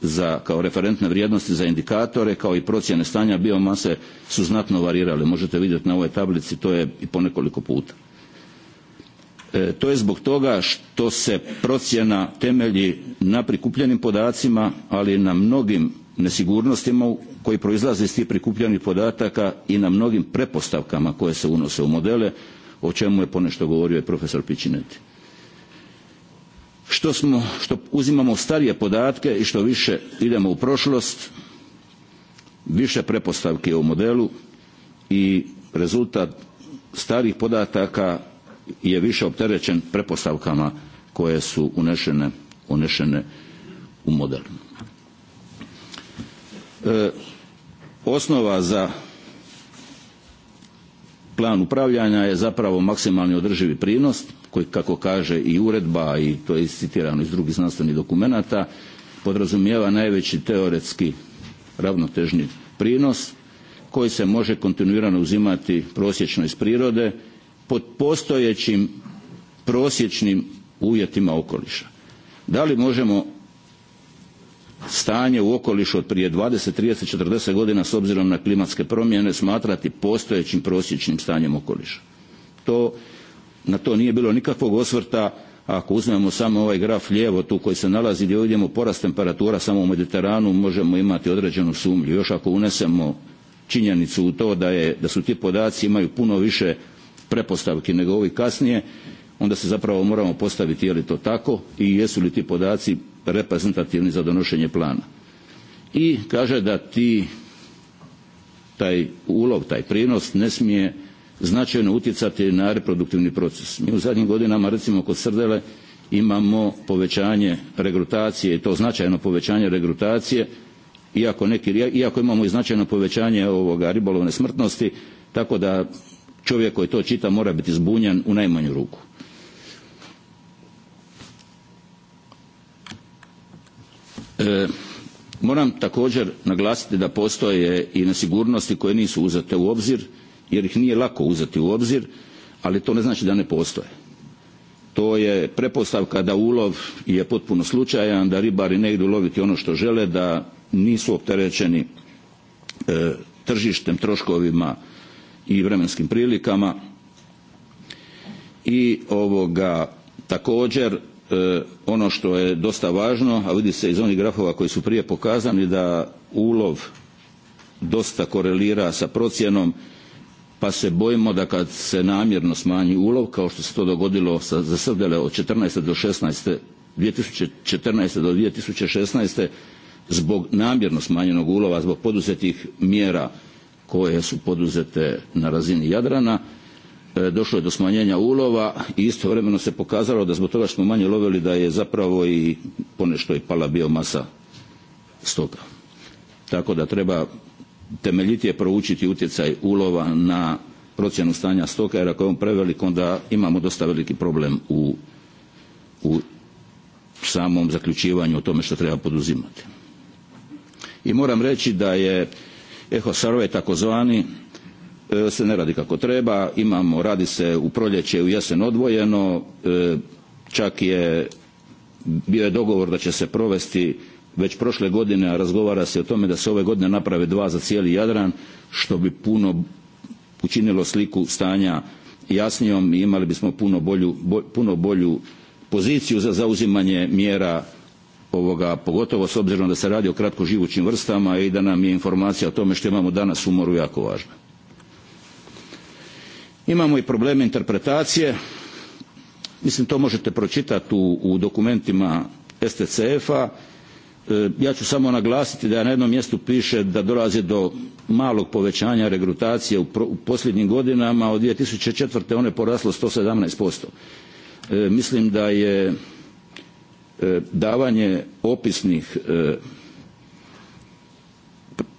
za, kao referentne vrijednosti za indikatore, kao i procjene stanja biomase su znatno varirale. Možete vidjeti na ovoj tablici, to je i po nekoliko puta. E, to je zbog toga što se procjena temelji na prikupljenim podacima, ali i na mnogim nesigurnostima koji proizlaze iz tih prikupljenih podataka i na mnogim prepostavkama koje se unose u modele, o čemu je ponešto govorio i profesor Pičineti što, smo, što uzimamo starije podatke i što više idemo u prošlost, više je u modelu i rezultat starih podataka je više opterećen prepostavkama koje su unešene, u model. E, osnova za plan upravljanja je zapravo maksimalni održivi prinos koji, kako kaže i uredba i to je citirano iz drugih znanstvenih dokumenata, podrazumijeva najveći teoretski ravnotežni prinos koji se može kontinuirano uzimati prosječno iz prirode pod postojećim prosječnim uvjetima okoliša. Da li možemo stanje u okolišu od prije 20, 30, 40 godina s obzirom na klimatske promjene smatrati postojećim prosječnim stanjem okoliša? To na to nije bilo nikakvog osvrta ako uzmemo samo ovaj graf lijevo tu koji se nalazi gdje vidimo porast temperatura samo u Mediteranu možemo imati određenu sumnju. Još ako unesemo činjenicu u to da, je, da su ti podaci imaju puno više prepostavki nego ovi kasnije, onda se zapravo moramo postaviti je li to tako i jesu li ti podaci reprezentativni za donošenje plana. I kaže da ti, taj ulov, taj prinos ne smije značajno utjecati na reproduktivni proces. Mi u zadnjim godinama recimo kod srdele imamo povećanje regrutacije i to značajno povećanje regrutacije iako, neki, iako imamo i značajno povećanje ovoga ribolovne smrtnosti tako da čovjek koji to čita mora biti zbunjan u najmanju ruku. E, moram također naglasiti da postoje i nesigurnosti koje nisu uzete u obzir jer ih nije lako uzeti u obzir, ali to ne znači da ne postoje. To je pretpostavka da ulov je potpuno slučajan, da ribari ne idu loviti ono što žele, da nisu opterećeni e, tržištem, troškovima i vremenskim prilikama. I ovoga također e, ono što je dosta važno, a vidi se iz onih grafova koji su prije pokazani da ulov dosta korelira sa procjenom pa se bojimo da kad se namjerno smanji ulov, kao što se to dogodilo sa, za srdele od 14. do 16. 2014. do 2016. zbog namjerno smanjenog ulova, zbog poduzetih mjera koje su poduzete na razini Jadrana, e, došlo je do smanjenja ulova i istovremeno se pokazalo da zbog toga što smo manje lovili da je zapravo i ponešto i pala biomasa stoka. Tako da treba temeljitije proučiti utjecaj ulova na procjenu stanja stoka jer ako je on prevelik onda imamo dosta veliki problem u, u samom zaključivanju o tome što treba poduzimati. I moram reći da je Eho Survey takozvani e, se ne radi kako treba, imamo, radi se u proljeće, u jesen odvojeno, e, čak je bio je dogovor da će se provesti već prošle godine, a razgovara se o tome da se ove godine naprave dva za cijeli Jadran, što bi puno učinilo sliku stanja jasnijom i imali bismo puno bolju, puno bolju poziciju za zauzimanje mjera ovoga, pogotovo s obzirom da se radi o živućim vrstama i da nam je informacija o tome što imamo danas u moru jako važna. Imamo i probleme interpretacije, mislim to možete pročitati u, u dokumentima STCF-a E, ja ću samo naglasiti da na jednom mjestu piše da dolazi do malog povećanja regrutacije u, posljednjim godinama od 2004. one poraslo 117%. posto e, mislim da je e, davanje opisnih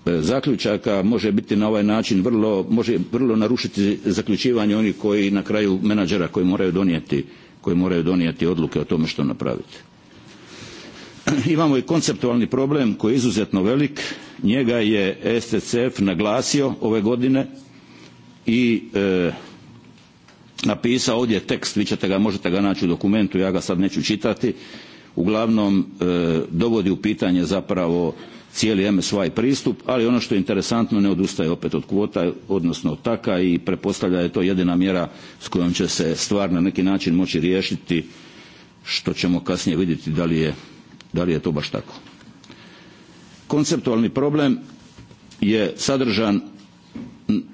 zaključaka može biti na ovaj način vrlo, može vrlo narušiti zaključivanje onih koji na kraju menadžera koji moraju donijeti, koji moraju donijeti odluke o tome što napraviti. imamo i konceptualni problem koji je izuzetno velik njega je STCF naglasio ove godine i e, napisao ovdje tekst vi ćete ga možete ga naći u dokumentu ja ga sad neću čitati uglavnom e, dovodi u pitanje zapravo cijeli MSY pristup, ali ono što je interesantno ne odustaje opet od kvota, odnosno od taka i pretpostavlja da je to jedina mjera s kojom će se stvar na neki način moći riješiti, što ćemo kasnije vidjeti da li je da li je to baš tako? Konceptualni problem je sadržan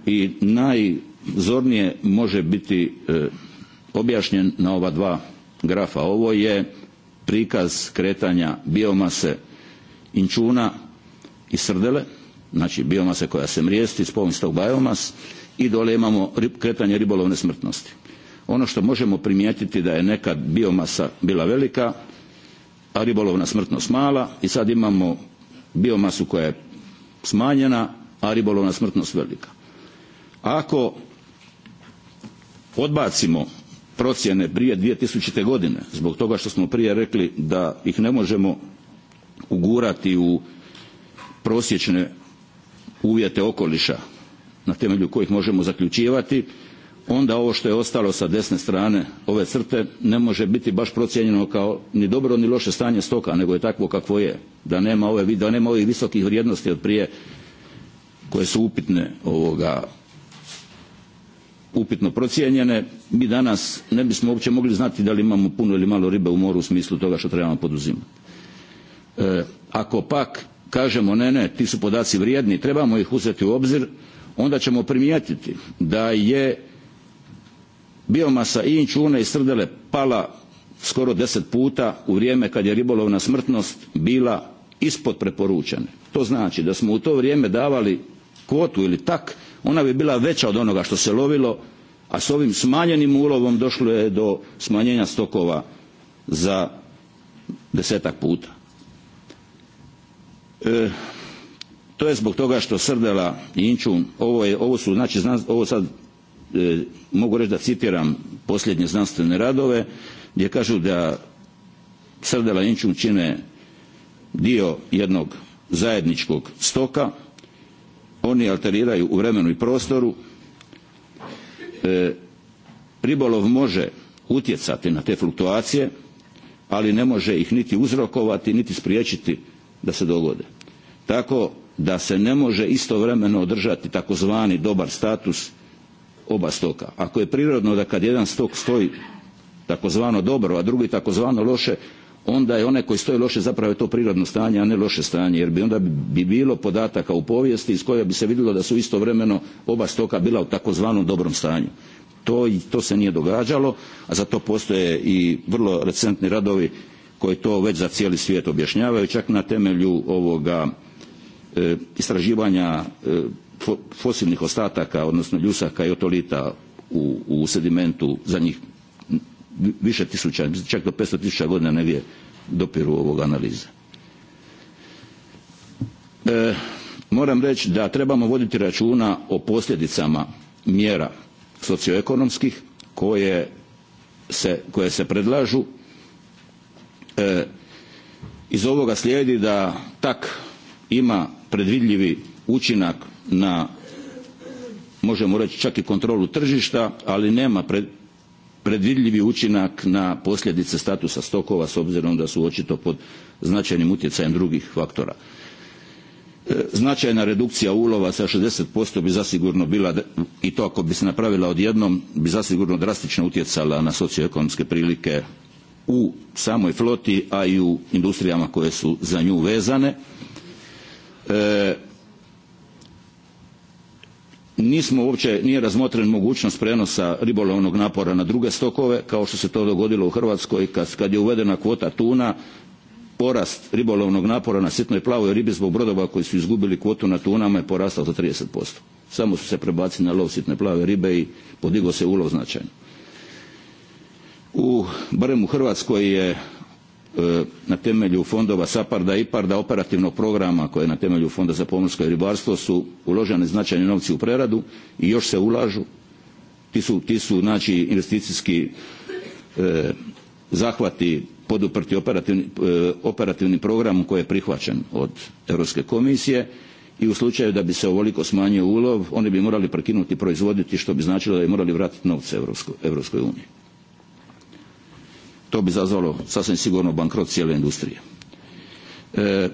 i najzornije može biti e, objašnjen na ova dva grafa. Ovo je prikaz kretanja biomase inčuna i srdele, znači biomase koja se mrijesti, spominstog biomas i dole imamo kretanje ribolovne smrtnosti. Ono što možemo primijetiti da je nekad biomasa bila velika, a ribolovna smrtnost mala i sad imamo biomasu koja je smanjena, a ribolovna smrtnost velika. Ako odbacimo procjene prije 2000. godine, zbog toga što smo prije rekli da ih ne možemo ugurati u prosječne uvjete okoliša na temelju kojih možemo zaključivati onda ovo što je ostalo sa desne strane ove crte ne može biti baš procijenjeno kao ni dobro ni loše stanje stoka, nego je takvo kakvo je. Da nema, ove, nema ovih visokih vrijednosti od prije koje su upitne ovoga upitno procijenjene, mi danas ne bismo uopće mogli znati da li imamo puno ili malo ribe u moru u smislu toga što trebamo poduzimati. E, ako pak kažemo ne, ne, ti su podaci vrijedni, trebamo ih uzeti u obzir, onda ćemo primijetiti da je biomasa i i srdele pala skoro deset puta u vrijeme kad je ribolovna smrtnost bila ispod preporučene. To znači da smo u to vrijeme davali kvotu ili tak, ona bi bila veća od onoga što se lovilo, a s ovim smanjenim ulovom došlo je do smanjenja stokova za desetak puta. E, to je zbog toga što srdela i inčun, ovo, je, ovo su, znači, ovo sad E, mogu reći da citiram posljednje znanstvene radove gdje kažu da srdela inčun čine dio jednog zajedničkog stoka, oni alteriraju u vremenu i prostoru, e, ribolov može utjecati na te fluktuacije, ali ne može ih niti uzrokovati, niti spriječiti da se dogode. Tako da se ne može istovremeno održati takozvani dobar status oba stoka. Ako je prirodno da kad jedan stok stoji takozvano dobro, a drugi takozvano loše, onda je onaj koji stoji loše zapravo je to prirodno stanje, a ne loše stanje, jer bi onda bi bilo podataka u povijesti iz koje bi se vidjelo da su istovremeno oba stoka bila u takozvanom dobrom stanju. To, to se nije događalo, a za to postoje i vrlo recentni radovi koji to već za cijeli svijet objašnjavaju, čak na temelju ovoga e, istraživanja e, fosilnih ostataka, odnosno ljusaka i otolita u, sedimentu za njih više tisuća, čak do 500 tisuća godina negdje dopiru ovog analiza. E, moram reći da trebamo voditi računa o posljedicama mjera socioekonomskih koje se, koje se predlažu. E, iz ovoga slijedi da tak ima predvidljivi učinak na možemo reći čak i kontrolu tržišta, ali nema predvidljivi učinak na posljedice statusa stokova s obzirom da su očito pod značajnim utjecajem drugih faktora. E, značajna redukcija ulova sa 60% bi zasigurno bila, i to ako bi se napravila odjednom, bi zasigurno drastično utjecala na socioekonomske prilike u samoj floti, a i u industrijama koje su za nju vezane. E, nismo uopće nije razmotren mogućnost prenosa ribolovnog napora na druge stokove kao što se to dogodilo u Hrvatskoj kad, je uvedena kvota tuna porast ribolovnog napora na sitnoj plavoj ribi zbog brodova koji su izgubili kvotu na tunama je porastao za 30%. Samo su se prebacili na lov sitne plave ribe i podigao se ulov značajno. U, barem u Hrvatskoj je E, na temelju fondova SAPARDA i Parda operativnog programa koje je na temelju Fonda za pomorsko i ribarstvo su uloženi značajni novci u preradu i još se ulažu. Ti su, ti su znači investicijski e, zahvati poduprti operativni, e, operativni program koji je prihvaćen od Europske komisije i u slučaju da bi se ovoliko smanjio ulov oni bi morali prekinuti proizvoditi što bi značilo da bi morali vratiti novce Europskoj uniji to bi zazvalo sasvim sigurno bankrot cijele industrije. E,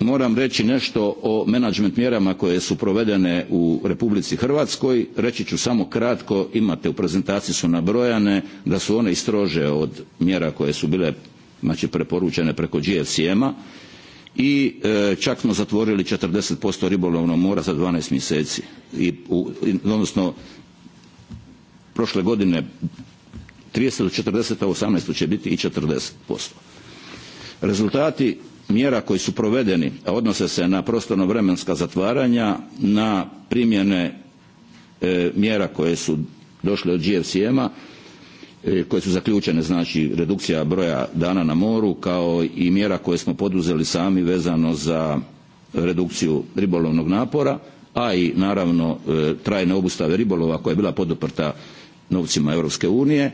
moram reći nešto o menadžment mjerama koje su provedene u Republici Hrvatskoj. Reći ću samo kratko, imate u prezentaciji su nabrojane da su one i strože od mjera koje su bile znači preporučene preko GFCM-a i e, čak smo zatvorili 40% ribolovnog mora za 12 mjeseci. I, odnosno, prošle godine 30 do 40, a 18. će biti i 40%. Rezultati mjera koji su provedeni, a odnose se na prostorno vremenska zatvaranja, na primjene e, mjera koje su došle od GFCM-a, e, koje su zaključene, znači redukcija broja dana na moru, kao i mjera koje smo poduzeli sami vezano za redukciju ribolovnog napora, a i naravno e, trajne obustave ribolova koja je bila poduprta novcima Europske unije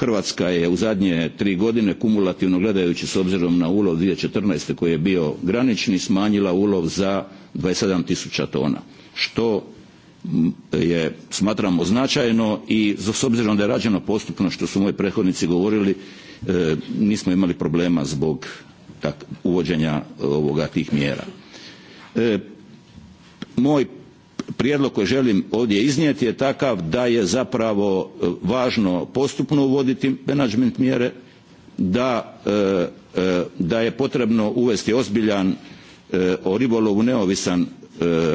Hrvatska je u zadnje tri godine kumulativno gledajući s obzirom na ulov 2014. koji je bio granični smanjila ulov za 27 tisuća tona što je smatramo značajno i s obzirom da je rađeno postupno što su moji prethodnici govorili e, nismo imali problema zbog uvođenja e, ovoga tih mjera. E, moj prijedlog koji želim ovdje iznijeti je takav da je zapravo e, važno postupno uvoditi menadžment mjere da, e, e, je potrebno uvesti ozbiljan o ribolovu neovisan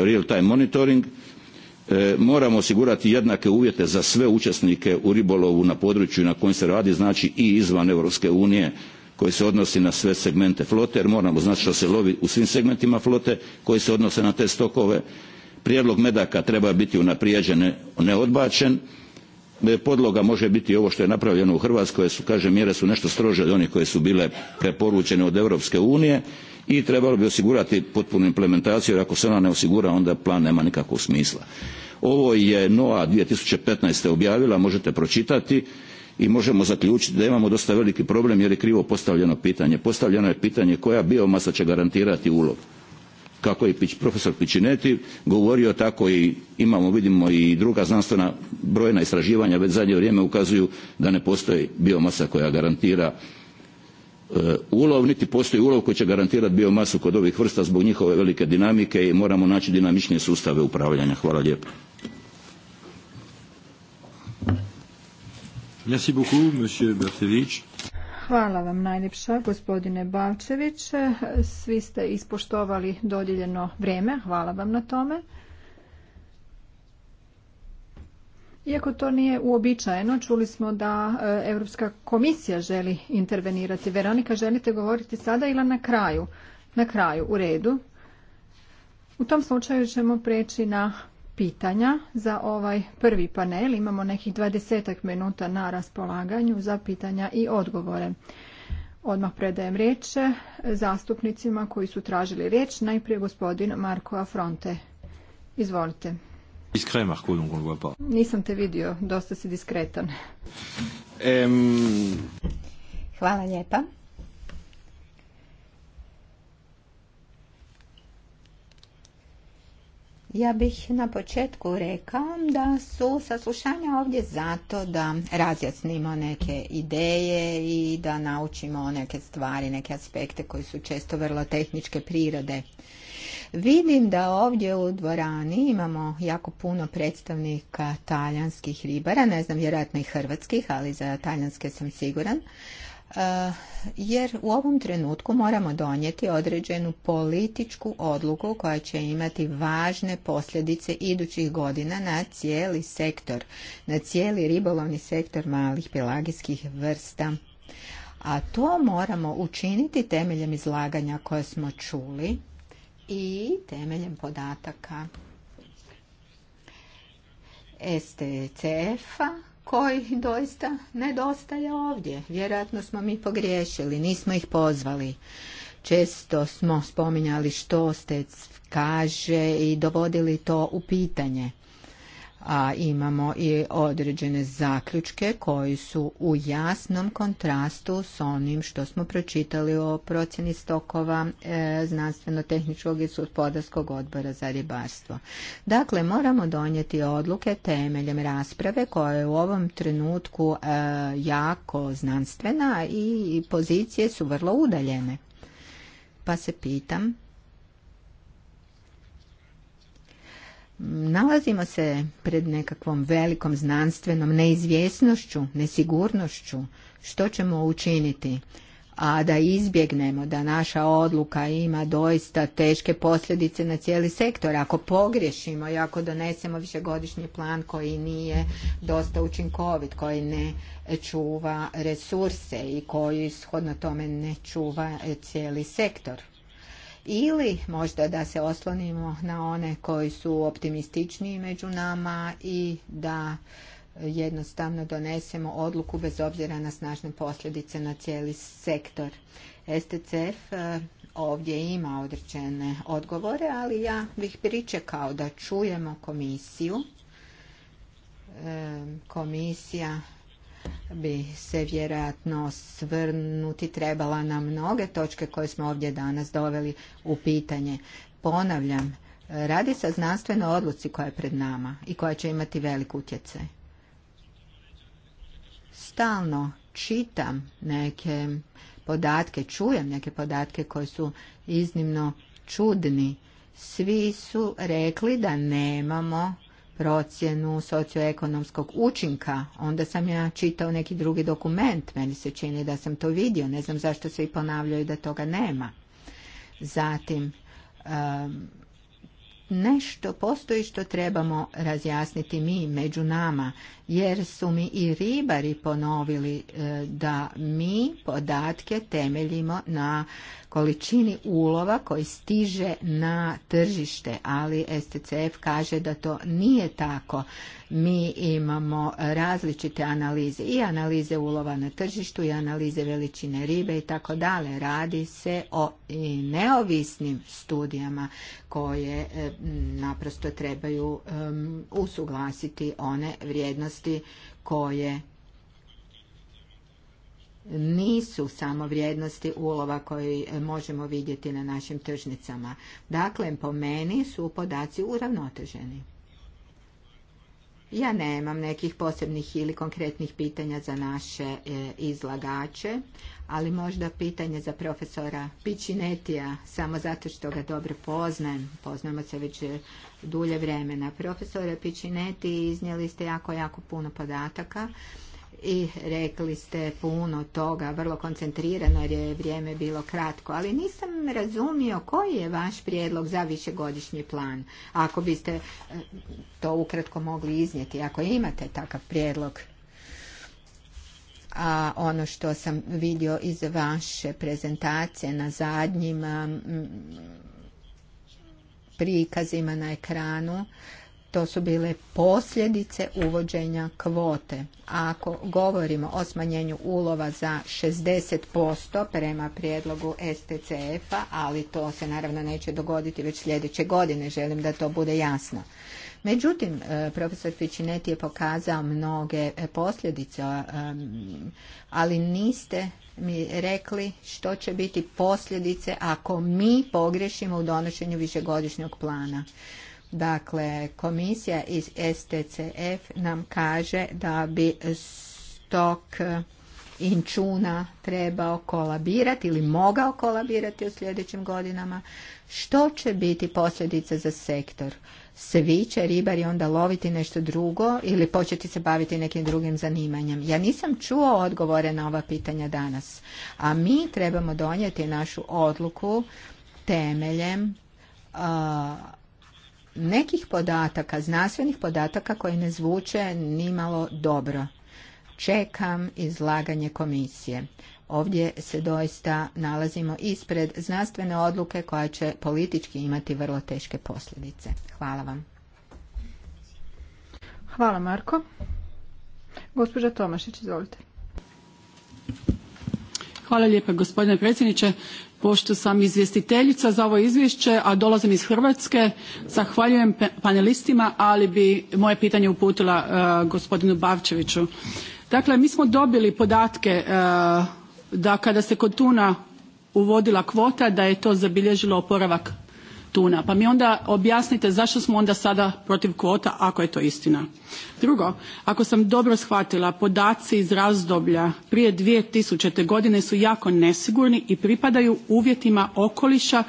real time monitoring moramo osigurati jednake uvjete za sve učesnike u ribolovu na području na kojem se radi znači i izvan europske unije koji se odnosi na sve segmente flote jer moramo znati što se lovi u svim segmentima flote koji se odnose na te stokove prijedlog medaka treba biti unaprijeđen ne e, podloga može biti ovo što je napravljeno u hrvatskoj su kažem mjere su nešto strože od onih koje su bile preporučene od europske unije i trebalo bi osigurati potpunu implementaciju jer ako se ona ne osigura onda plan nema nikakvog smisla. ovo je noa. two thousand and objavila možete pročitati i možemo zaključiti da imamo dosta veliki problem jer je krivo postavljeno pitanje. postavljeno je pitanje koja biomasa će garantirati ulov kako je profesor Pičineti govorio, tako i imamo, vidimo i druga znanstvena brojna istraživanja već zadnje vrijeme ukazuju da ne postoji biomasa koja garantira e, ulov, niti postoji ulov koji će garantirati biomasu kod ovih vrsta zbog njihove velike dinamike i moramo naći dinamičnije sustave upravljanja. Hvala lijepo. Hvala vam najljepša, gospodine Balčević. Svi ste ispoštovali dodijeljeno vrijeme. Hvala vam na tome. Iako to nije uobičajeno, čuli smo da e, Europska komisija želi intervenirati. Veronika, želite govoriti sada ili na kraju? Na kraju, u redu. U tom slučaju ćemo preći na pitanja za ovaj prvi panel. Imamo nekih dvadesetak minuta na raspolaganju za pitanja i odgovore. Odmah predajem riječ zastupnicima koji su tražili riječ. Najprije gospodin Marko Afronte. Izvolite. Nisam te vidio, dosta si diskretan. Hvala lijepa. Ja bih na početku rekao da su saslušanja ovdje zato da razjasnimo neke ideje i da naučimo neke stvari, neke aspekte koji su često vrlo tehničke prirode. Vidim da ovdje u dvorani imamo jako puno predstavnika talijanskih ribara, ne znam vjerojatno i hrvatskih, ali za talijanske sam siguran. E, jer u ovom trenutku moramo donijeti određenu političku odluku koja će imati važne posljedice idućih godina na cijeli sektor, na cijeli ribolovni sektor malih pelagijskih vrsta. A to moramo učiniti temeljem izlaganja koje smo čuli i temeljem podataka STCF-a koji doista nedostaje ovdje. Vjerojatno smo mi pogriješili, nismo ih pozvali. Često smo spominjali što ste kaže i dovodili to u pitanje a imamo i određene zaključke koji su u jasnom kontrastu s onim što smo pročitali o procjeni stokova e, znanstveno-tehničkog i gospodarskog odbora za ribarstvo. Dakle, moramo donijeti odluke temeljem rasprave koja je u ovom trenutku e, jako znanstvena i pozicije su vrlo udaljene. Pa se pitam Nalazimo se pred nekakvom velikom znanstvenom neizvjesnošću, nesigurnošću, što ćemo učiniti, a da izbjegnemo da naša odluka ima doista teške posljedice na cijeli sektor. Ako pogriješimo i ako donesemo višegodišnji plan koji nije dosta učinkovit, koji ne čuva resurse i koji shodno tome ne čuva cijeli sektor ili možda da se oslonimo na one koji su optimističniji među nama i da jednostavno donesemo odluku bez obzira na snažne posljedice na cijeli sektor. STCF e, ovdje ima određene odgovore, ali ja bih pričekao da čujemo komisiju. E, komisija bi se vjerojatno svrnuti trebala na mnoge točke koje smo ovdje danas doveli u pitanje. Ponavljam, radi se o znanstvenoj odluci koja je pred nama i koja će imati velik utjecaj. Stalno čitam neke podatke, čujem neke podatke koji su iznimno čudni. Svi su rekli da nemamo procjenu socioekonomskog učinka, onda sam ja čitao neki drugi dokument. Meni se čini da sam to vidio. Ne znam zašto se i ponavljaju da toga nema. Zatim, nešto postoji što trebamo razjasniti mi među nama jer su mi i ribari ponovili e, da mi podatke temeljimo na količini ulova koji stiže na tržište, ali STCF kaže da to nije tako. Mi imamo različite analize i analize ulova na tržištu i analize veličine ribe i tako dalje. Radi se o neovisnim studijama koje e, naprosto trebaju usuglasiti one vrijednosti vrijednosti koje nisu samo vrijednosti ulova koji možemo vidjeti na našim tržnicama. Dakle, po meni su podaci uravnoteženi. Ja nemam nekih posebnih ili konkretnih pitanja za naše e, izlagače, ali možda pitanje za profesora Pičinetija, samo zato što ga dobro poznajem, poznajemo se već e, dulje vremena. Profesora Pičineti, iznijeli ste jako, jako puno podataka i rekli ste puno toga, vrlo koncentrirano jer je vrijeme bilo kratko, ali nisam razumio koji je vaš prijedlog za višegodišnji plan, ako biste e, to ukratko mogli iznijeti, ako imate takav prijedlog a ono što sam vidio iz vaše prezentacije na zadnjim mm, prikazima na ekranu, to su bile posljedice uvođenja kvote. Ako govorimo o smanjenju ulova za 60% prema prijedlogu STCF-a, ali to se naravno neće dogoditi već sljedeće godine, želim da to bude jasno. Međutim, e, profesor Ficinetti je pokazao mnoge e, posljedice, e, ali niste mi rekli što će biti posljedice ako mi pogrešimo u donošenju višegodišnjeg plana. Dakle, komisija iz STCF nam kaže da bi stok inčuna trebao kolabirati ili mogao kolabirati u sljedećim godinama. Što će biti posljedice za sektor? svi će ribari onda loviti nešto drugo ili početi se baviti nekim drugim zanimanjem. Ja nisam čuo odgovore na ova pitanja danas, a mi trebamo donijeti našu odluku temeljem nekih podataka, znanstvenih podataka koji ne zvuče nimalo dobro. Čekam izlaganje komisije. Ovdje se doista nalazimo ispred znanstvene odluke koja će politički imati vrlo teške posljedice. Hvala vam. Hvala Marko. Gospođa Tomašić, izvolite. Hvala lijepa gospodine predsjedniče. Pošto sam izvjestiteljica za ovo izvješće, a dolazim iz Hrvatske, zahvaljujem pa- panelistima, ali bi moje pitanje uputila e, gospodinu Bavčeviću. Dakle, mi smo dobili podatke e, da kada se kod tuna uvodila kvota da je to zabilježilo oporavak tuna. Pa mi onda objasnite zašto smo onda sada protiv kvota ako je to istina. Drugo, ako sam dobro shvatila podaci iz razdoblja prije 2000. godine su jako nesigurni i pripadaju uvjetima okoliša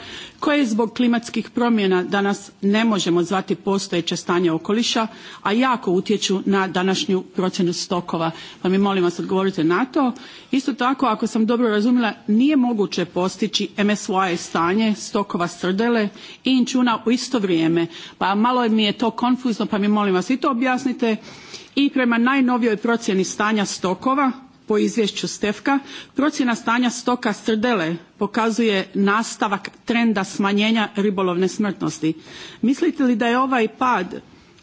koje zbog klimatskih promjena danas ne možemo zvati postojeće stanje okoliša, a jako utječu na današnju procjenu stokova. Pa mi molim vas odgovorite na to. Isto tako, ako sam dobro razumjela, nije moguće postići MSY stanje stokova srdele i inčuna u isto vrijeme. Pa malo mi je to konfuzno, pa mi molim vas i to objasnite. I prema najnovijoj procjeni stanja stokova, po izvješću stefka procjena stanja stoka srdele pokazuje nastavak trenda smanjenja ribolovne smrtnosti mislite li da je ovaj pad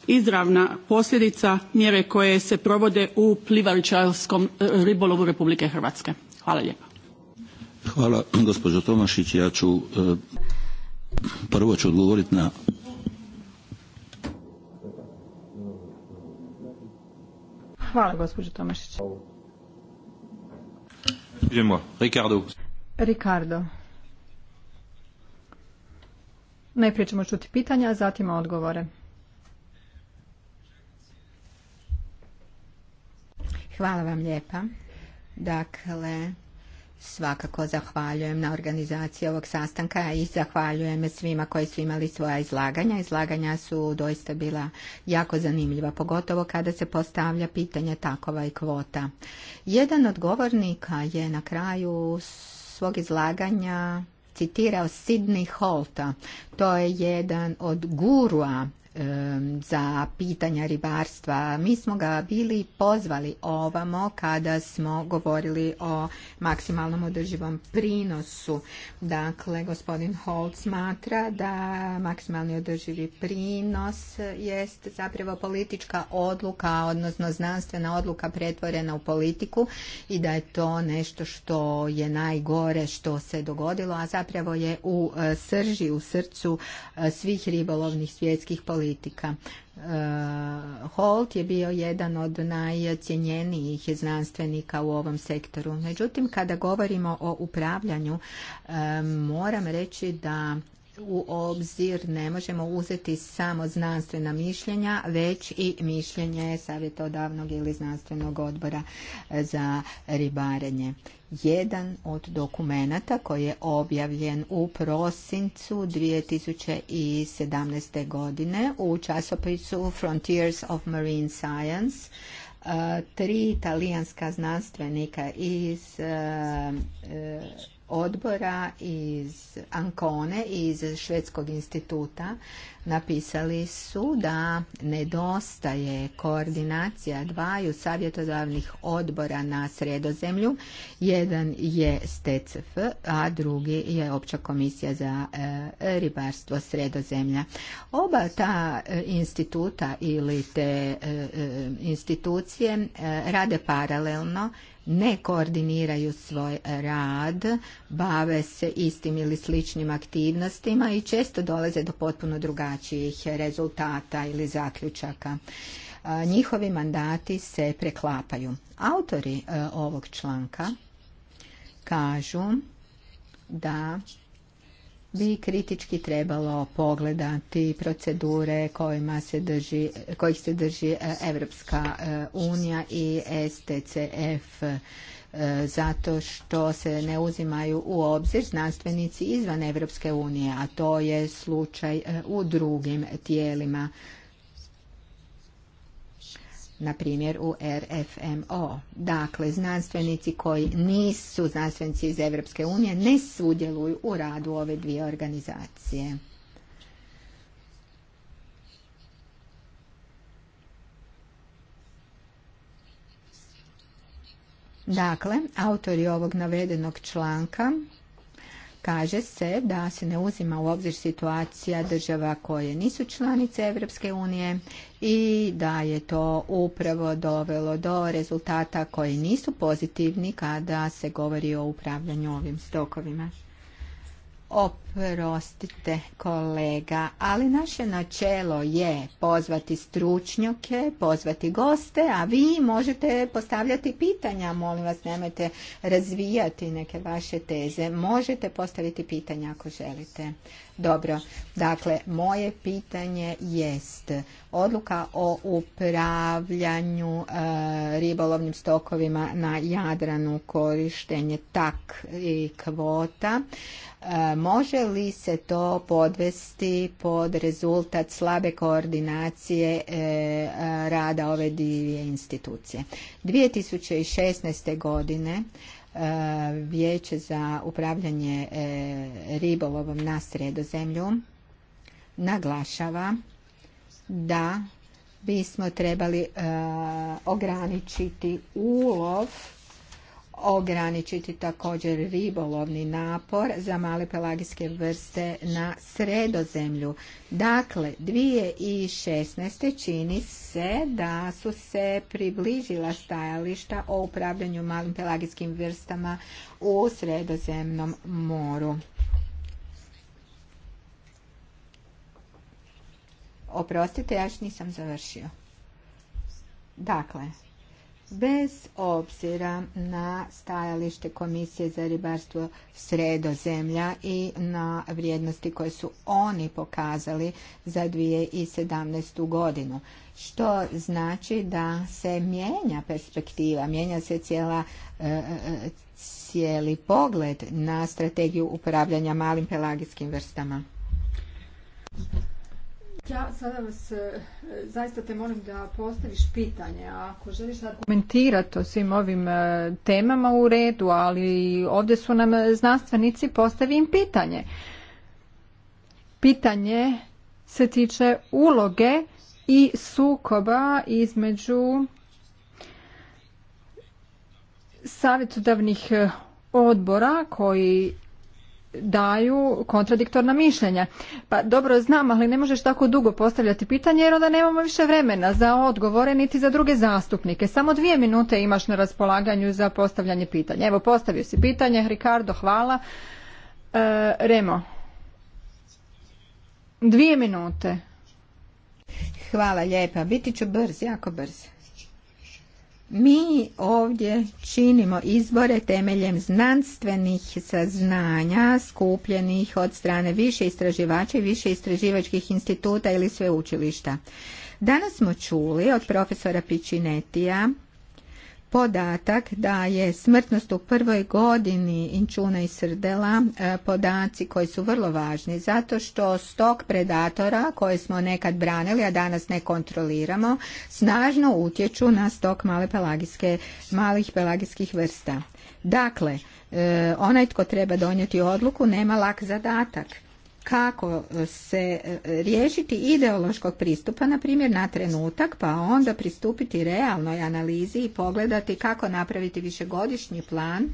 izravna posljedica mjere koje se provode u plivaračkom e, ribolovu republike hrvatske hvala lijepa hvala gospođo tomašić e, prvo ću odgovoriti na Hvala gospođo Tomašić. Ricardo. Ricardo. Najprije ćemo čuti pitanja, a zatim odgovore. Hvala vam lijepa. Dakle, svakako zahvaljujem na organizaciji ovog sastanka i zahvaljujem svima koji su imali svoja izlaganja. Izlaganja su doista bila jako zanimljiva, pogotovo kada se postavlja pitanje takova i kvota. Jedan od govornika je na kraju svog izlaganja citirao Sidney Holta. To je jedan od gurua za pitanja ribarstva. Mi smo ga bili pozvali ovamo kada smo govorili o maksimalnom održivom prinosu. Dakle, gospodin Holt smatra da maksimalni održivi prinos jest zapravo politička odluka, odnosno znanstvena odluka pretvorena u politiku i da je to nešto što je najgore što se dogodilo, a zapravo je u e, srži, u srcu e, svih ribolovnih svjetskih politika politika. E, Holt je bio jedan od najcjenjenijih znanstvenika u ovom sektoru. Međutim, kada govorimo o upravljanju, e, moram reći da u obzir ne možemo uzeti samo znanstvena mišljenja, već i mišljenje savjetodavnog ili znanstvenog odbora e, za ribarenje. Jedan od dokumenata koji je objavljen u prosincu 2017. godine u časopisu Frontiers of Marine Science e, tri italijanska znanstvenika iz e, odbora iz Ancone, iz Švedskog instituta napisali su da nedostaje koordinacija dvaju savjetodavnih odbora na sredozemlju. Jedan je STCF, a drugi je Opća komisija za e, ribarstvo sredozemlja. Oba ta e, instituta ili te e, institucije rade paralelno ne koordiniraju svoj rad, bave se istim ili sličnim aktivnostima i često dolaze do potpuno drugačijih rezultata ili zaključaka. Njihovi mandati se preklapaju. Autori e, ovog članka kažu da bi kritički trebalo pogledati procedure kojima se drži, kojih se drži e, Evropska e, unija i STCF e, zato što se ne uzimaju u obzir znanstvenici izvan Evropske unije, a to je slučaj u drugim tijelima na primjer u RFMO. Dakle, znanstvenici koji nisu znanstvenici iz Europske unije ne sudjeluju u radu ove dvije organizacije. Dakle, autori ovog navedenog članka Kaže se da se ne uzima u obzir situacija država koje nisu članice Europske unije i da je to upravo dovelo do rezultata koji nisu pozitivni kada se govori o upravljanju ovim stokovima. Oprostite kolega, ali naše načelo je pozvati stručnjake, pozvati goste, a vi možete postavljati pitanja, molim vas nemojte razvijati neke vaše teze, možete postaviti pitanja ako želite. Dobro, dakle, moje pitanje jest odluka o upravljanju e, ribolovnim stokovima na Jadranu, korištenje tak i kvota. E, može li se to podvesti pod rezultat slabe koordinacije e, rada ove dvije institucije? 2016. godine vijeće za upravljanje e, ribolovom na sredozemlju naglašava da bismo trebali e, ograničiti ulov ograničiti također ribolovni napor za male pelagijske vrste na sredozemlju. Dakle, 2016. čini se da su se približila stajališta o upravljanju malim pelagijskim vrstama u sredozemnom moru. Oprostite, ja još nisam završio. Dakle, bez obzira na stajalište Komisije za ribarstvo sredozemlja i na vrijednosti koje su oni pokazali za 2017. godinu. Što znači da se mijenja perspektiva, mijenja se cijela, e, cijeli pogled na strategiju upravljanja malim pelagijskim vrstama. Ja sada vas e, zaista te molim da postaviš pitanje. Ako želiš argumentirati o svim ovim e, temama u redu, ali ovdje su nam znanstvenici postavim im pitanje. Pitanje se tiče uloge i sukoba između savjetodavnih e, odbora koji daju kontradiktorna mišljenja. Pa dobro znam, ali ne možeš tako dugo postavljati pitanje jer onda nemamo više vremena za odgovore niti za druge zastupnike. Samo dvije minute imaš na raspolaganju za postavljanje pitanja. Evo postavio si pitanje, Ricardo hvala. E, Remo. Dvije minute. Hvala lijepa. Biti ću brz, jako brz. Mi ovdje činimo izbore temeljem znanstvenih saznanja skupljenih od strane više istraživača i više istraživačkih instituta ili sveučilišta. Danas smo čuli od profesora Pičinetija podatak da je smrtnost u prvoj godini inčuna i srdela e, podaci koji su vrlo važni zato što stok predatora koje smo nekad branili, a danas ne kontroliramo, snažno utječu na stok male pelagijske, malih pelagijskih vrsta. Dakle, e, onaj tko treba donijeti odluku nema lak zadatak kako e, se e, riješiti ideološkog pristupa, na primjer na trenutak, pa onda pristupiti realnoj analizi i pogledati kako napraviti višegodišnji plan,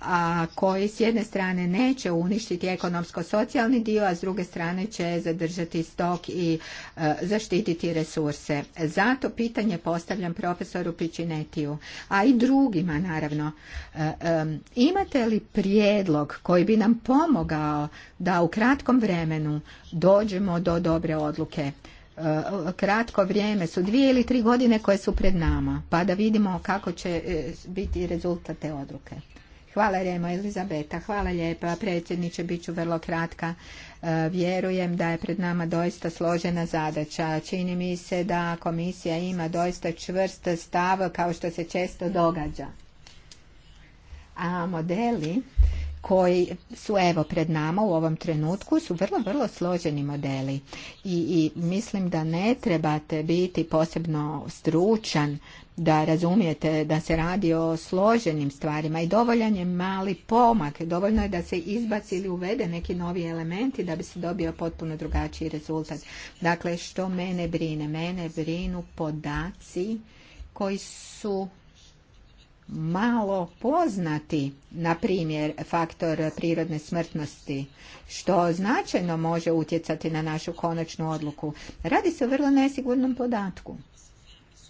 a koji s jedne strane neće uništiti ekonomsko-socijalni dio, a s druge strane će zadržati stok i e, zaštititi resurse. Zato pitanje postavljam profesoru Pičinetiju, a i drugima naravno. E, imate li prijedlog koji bi nam pomogao da u kratkom vremenu dođemo do dobre odluke? E, kratko vrijeme su dvije ili tri godine koje su pred nama, pa da vidimo kako će biti rezultat te odluke. Hvala Remo Elizabeta, hvala lijepa predsjedniče, bit ću vrlo kratka. E, vjerujem da je pred nama doista složena zadaća. Čini mi se da komisija ima doista čvrst stav kao što se često događa. A modeli koji su evo pred nama u ovom trenutku su vrlo, vrlo složeni modeli i, i mislim da ne trebate biti posebno stručan da razumijete da se radi o složenim stvarima i dovoljan je mali pomak. Dovoljno je da se izbaci ili uvede neki novi elementi da bi se dobio potpuno drugačiji rezultat. Dakle, što mene brine? Mene brinu podaci koji su malo poznati, na primjer faktor prirodne smrtnosti, što značajno može utjecati na našu konačnu odluku. Radi se o vrlo nesigurnom podatku.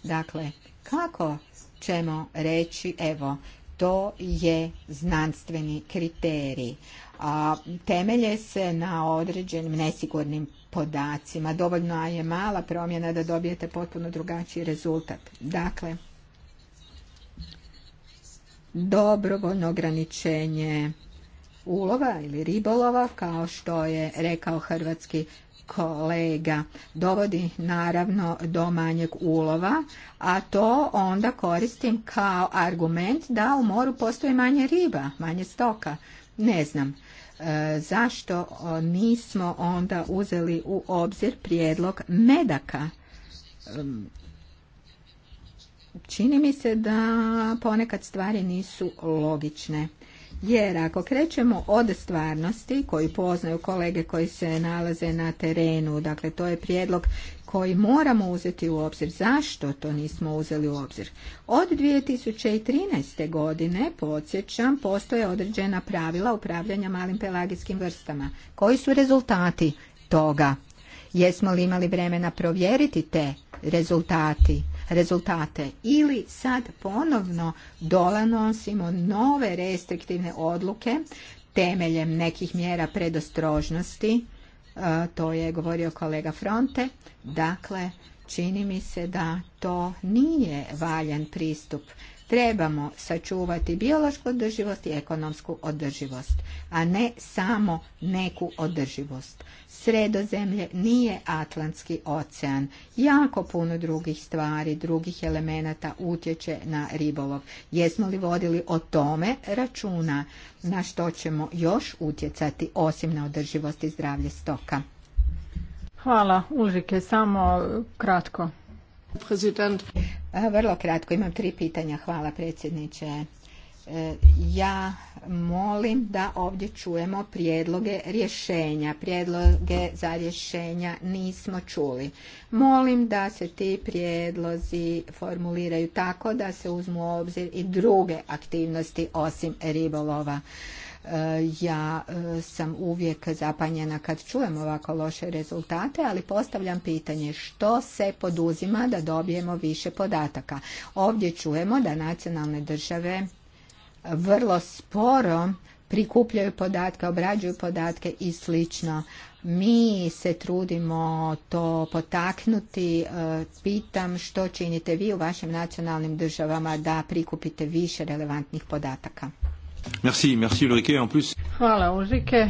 Dakle, kako ćemo reći, evo, to je znanstveni kriterij. A, temelje se na određenim nesigurnim podacima. Dovoljno je mala promjena da dobijete potpuno drugačiji rezultat. Dakle, dobrovoljno ograničenje ulova ili ribolova, kao što je rekao hrvatski kolega dovodi naravno do manjeg ulova, a to onda koristim kao argument da u moru postoji manje riba, manje stoka. Ne znam. E, zašto nismo onda uzeli u obzir prijedlog medaka? čini mi se da ponekad stvari nisu logične. Jer ako krećemo od stvarnosti koju poznaju kolege koji se nalaze na terenu, dakle to je prijedlog koji moramo uzeti u obzir. Zašto to nismo uzeli u obzir? Od 2013. godine, podsjećam, postoje određena pravila upravljanja malim pelagijskim vrstama. Koji su rezultati toga? Jesmo li imali vremena provjeriti te rezultati? rezultate. Ili sad ponovno donosimo nove restriktivne odluke temeljem nekih mjera predostrožnosti, e, to je govorio kolega Fronte, dakle čini mi se da to nije valjan pristup. Trebamo sačuvati biološku održivost i ekonomsku održivost, a ne samo neku održivost. Sredozemlje nije Atlantski ocean. Jako puno drugih stvari, drugih elemenata utječe na ribolov. Jesmo li vodili o tome računa na što ćemo još utjecati osim na održivost i zdravlje stoka? Hvala, Užike, samo kratko. Vrlo kratko, imam tri pitanja. Hvala predsjedniče. E, ja molim da ovdje čujemo prijedloge rješenja. Prijedloge za rješenja nismo čuli. Molim da se ti prijedlozi formuliraju tako da se uzmu u obzir i druge aktivnosti osim ribolova. E, ja e, sam uvijek zapanjena kad čujem ovako loše rezultate, ali postavljam pitanje što se poduzima da dobijemo više podataka. Ovdje čujemo da nacionalne države vrlo sporo prikupljaju podatke, obrađuju podatke i slično. Mi se trudimo to potaknuti. E, pitam što činite vi u vašim nacionalnim državama da prikupite više relevantnih podataka. Merci, merci En plus... Hvala Ulrike.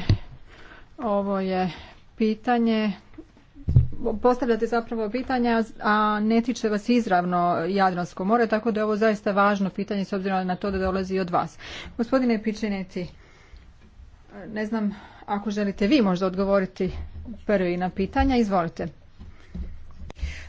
Ovo je pitanje postavljate zapravo pitanja, a ne tiče vas izravno Jadransko more, tako da je ovo zaista važno pitanje s obzirom na to da dolazi od vas. Gospodine Pičineci, ne znam ako želite vi možda odgovoriti prvi na pitanja, izvolite.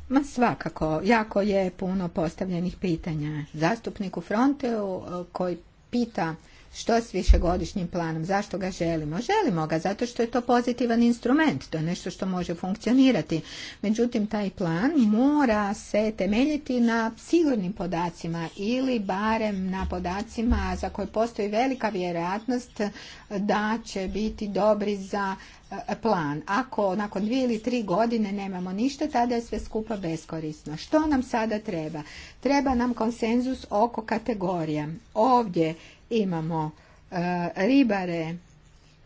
Ma svakako, jako je puno postavljenih pitanja. Zastupniku Fronteu koji pita što s višegodišnjim planom? Zašto ga želimo? Želimo ga zato što je to pozitivan instrument, to je nešto što može funkcionirati. Međutim, taj plan mora se temeljiti na sigurnim podacima ili barem na podacima za koje postoji velika vjerojatnost da će biti dobri za e, plan. Ako nakon dvije ili tri godine nemamo ništa, tada je sve skupa beskorisno. Što nam sada treba? Treba nam konsenzus oko kategorija. Ovdje imamo e, ribare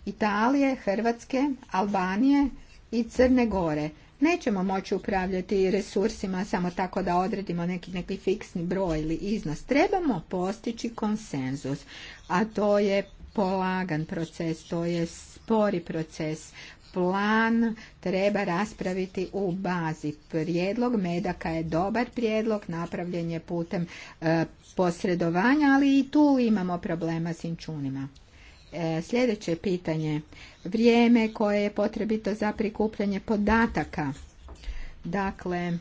Italije, Hrvatske, Albanije i Crne Gore. Nećemo moći upravljati resursima samo tako da odredimo neki, neki fiksni broj ili iznos. Trebamo postići konsenzus, a to je polagan proces, to je spori proces plan treba raspraviti u bazi. Prijedlog Medaka je dobar prijedlog, napravljen je putem e, posredovanja, ali i tu imamo problema s inčunima. E, sljedeće pitanje. Vrijeme koje je potrebito za prikupljanje podataka. Dakle,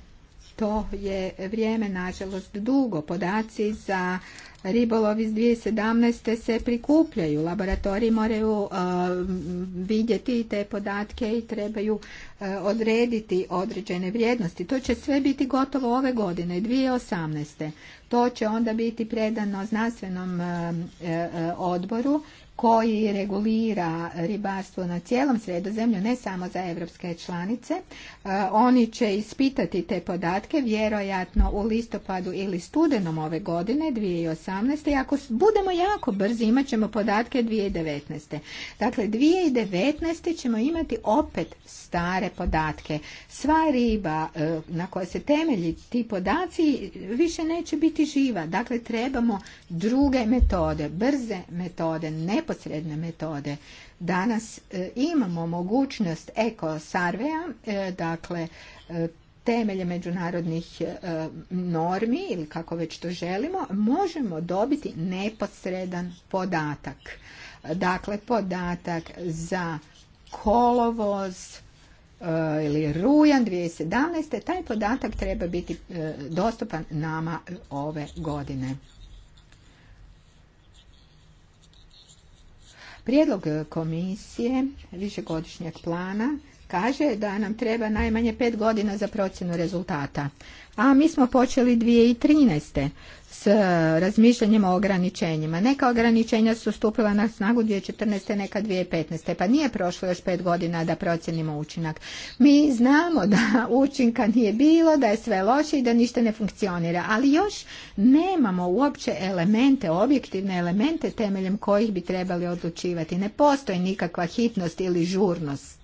to je vrijeme nažalost dugo. Podaci za Ribolovi iz 2017. se prikupljaju. Laboratoriji moraju uh, vidjeti te podatke i trebaju uh, odrediti određene vrijednosti. To će sve biti gotovo ove godine, 2018. To će onda biti predano znanstvenom uh, odboru koji regulira ribarstvo na cijelom sredozemlju, ne samo za evropske članice. E, oni će ispitati te podatke vjerojatno u listopadu ili studenom ove godine, 2018. I ako budemo jako brzi, imat ćemo podatke 2019. Dakle, 2019. ćemo imati opet stare podatke. Sva riba e, na kojoj se temelji ti podaci više neće biti živa. Dakle, trebamo druge metode, brze metode, ne neposredne metode. Danas e, imamo mogućnost eko sarveja, e, dakle e, temelje međunarodnih normi ili kako već to želimo, možemo dobiti neposredan podatak. Dakle, podatak za kolovoz, ili rujan 2017. Taj podatak treba biti dostupan nama ove godine. Prijedlog e, komisije višegodišnjeg plana kaže da nam treba najmanje pet godina za procjenu rezultata. A mi smo počeli 2013. s e, razmišljanjem o ograničenjima. Neka ograničenja su stupila na snagu 2014. neka 2015. Pa nije prošlo još pet godina da procjenimo učinak. Mi znamo da učinka nije bilo, da je sve loše i da ništa ne funkcionira. Ali još nemamo uopće elemente, objektivne elemente temeljem kojih bi trebali odlučivati. Ne postoji nikakva hitnost ili žurnost.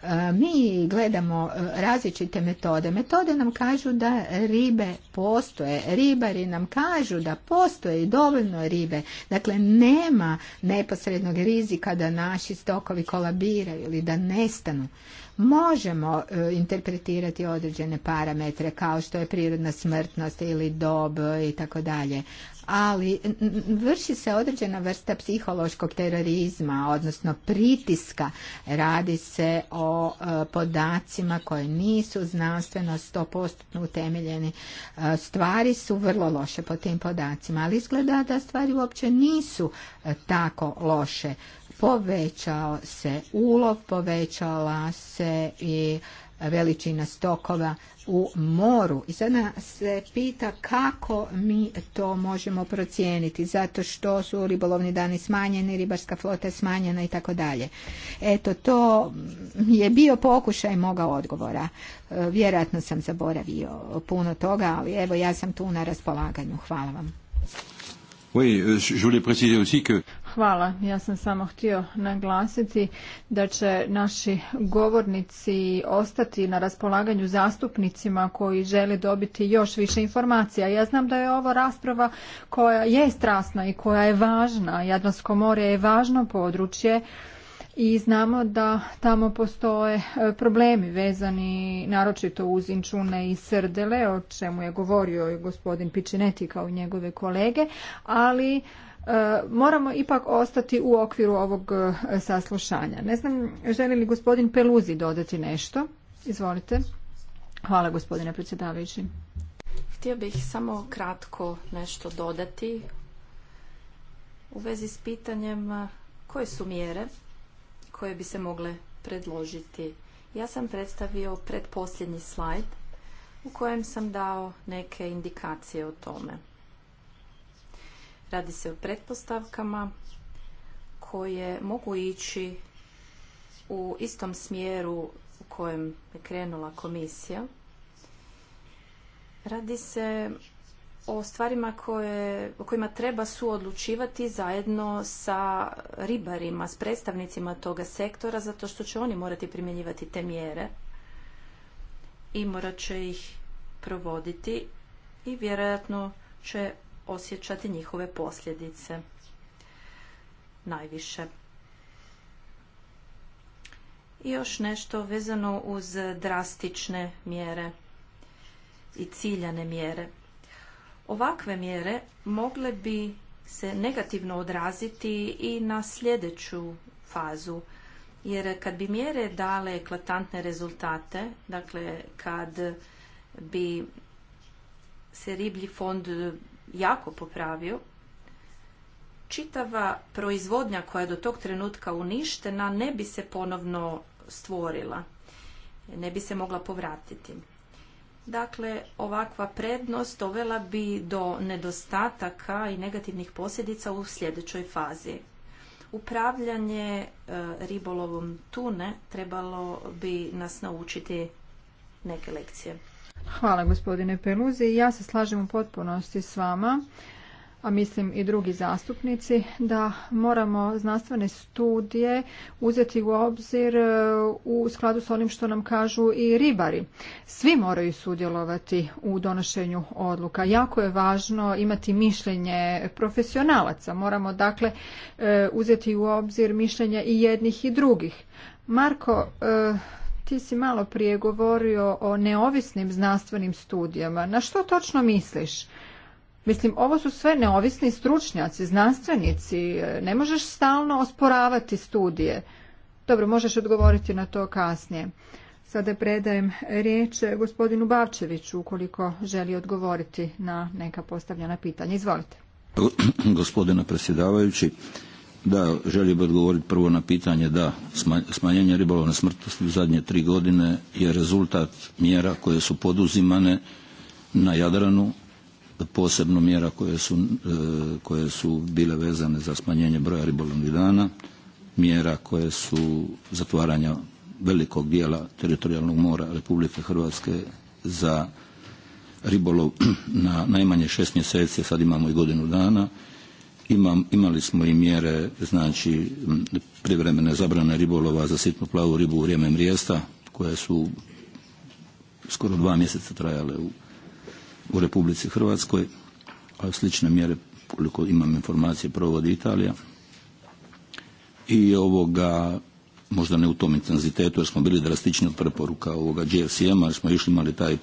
E, mi gledamo e, različite metode. Metode nam kažu da ribe postoje. Ribari nam kažu da postoje i dovoljno ribe. Dakle, nema neposrednog rizika da naši stokovi kolabiraju ili da nestanu možemo e, interpretirati određene parametre kao što je prirodna smrtnost ili dob i tako dalje ali vrši se određena vrsta psihološkog terorizma, odnosno pritiska. Radi se o e, podacima koji nisu znanstveno 100% utemeljeni. E, stvari su vrlo loše po tim podacima, ali izgleda da stvari uopće nisu e, tako loše povećao se ulov, povećala se i veličina stokova u moru. I sada se pita kako mi to možemo procijeniti, zato što su ribolovni dani smanjeni, ribarska flota je smanjena i tako dalje. Eto, to je bio pokušaj moga odgovora. E, vjerojatno sam zaboravio puno toga, ali evo ja sam tu na raspolaganju. Hvala vam. Oui, euh, je voulais préciser aussi que Hvala. Ja sam samo htio naglasiti da će naši govornici ostati na raspolaganju zastupnicima koji žele dobiti još više informacija. Ja znam da je ovo rasprava koja je strasna i koja je važna. Jadransko more je važno područje i znamo da tamo postoje e, problemi vezani naročito uz inčune i srdele, o čemu je govorio i gospodin Pičineti kao njegove kolege, ali E, moramo ipak ostati u okviru ovog e, saslušanja. Ne znam, želi li gospodin Peluzi dodati nešto? Izvolite. Hvala gospodine predsjedavajući. Htio bih samo kratko nešto dodati u vezi s pitanjem e, koje su mjere koje bi se mogle predložiti. Ja sam predstavio predposljednji slajd u kojem sam dao neke indikacije o tome. Radi se o pretpostavkama koje mogu ići u istom smjeru u kojem je krenula komisija. Radi se o stvarima koje, o kojima treba suodlučivati zajedno sa ribarima, s predstavnicima toga sektora, zato što će oni morati primjenjivati te mjere i morat će ih provoditi i vjerojatno će osjećati njihove posljedice najviše. I još nešto vezano uz drastične mjere i ciljane mjere. Ovakve mjere mogle bi se negativno odraziti i na sljedeću fazu. Jer kad bi mjere dale eklatantne rezultate, dakle kad bi se riblji fond jako popravio. Čitava proizvodnja koja je do tog trenutka uništena ne bi se ponovno stvorila, ne bi se mogla povratiti. Dakle, ovakva prednost dovela bi do nedostataka i negativnih posljedica u sljedećoj fazi. Upravljanje e, ribolovom tune trebalo bi nas naučiti neke lekcije. Hvala gospodine Peluzi. Ja se slažem u potpunosti s vama, a mislim i drugi zastupnici, da moramo znanstvene studije uzeti u obzir e, u skladu s onim što nam kažu i ribari. Svi moraju sudjelovati u donošenju odluka. Jako je važno imati mišljenje profesionalaca. Moramo dakle e, uzeti u obzir mišljenja i jednih i drugih. Marko, e, ti si malo prije govorio o neovisnim znanstvenim studijama. Na što točno misliš? Mislim, ovo su sve neovisni stručnjaci, znanstvenici. Ne možeš stalno osporavati studije. Dobro, možeš odgovoriti na to kasnije. Sada predajem riječ gospodinu Bavčeviću ukoliko želi odgovoriti na neka postavljena pitanja. Izvolite. Gospodine predsjedavajući, da, želio odgovoriti prvo na pitanje da. Smanjenje ribolovne smrtnosti u zadnje tri godine je rezultat mjera koje su poduzimane na Jadranu, posebno mjera e, koje su, bile vezane za smanjenje broja ribolovnih dana, mjera koje su zatvaranja velikog dijela teritorijalnog mora Republike Hrvatske za ribolov na najmanje šest mjeseci, sad imamo i godinu dana imali smo i mjere znači privremene zabrane ribolova za sitnu plavu ribu u vrijeme mrijesta koje su skoro dva mjeseca trajale u, Republici Hrvatskoj, a slične mjere koliko imam informacije provodi Italija. I ovoga možda ne u tom intenzitetu jer smo bili drastični od preporuka ovoga GFCM-a jer smo išli imali taj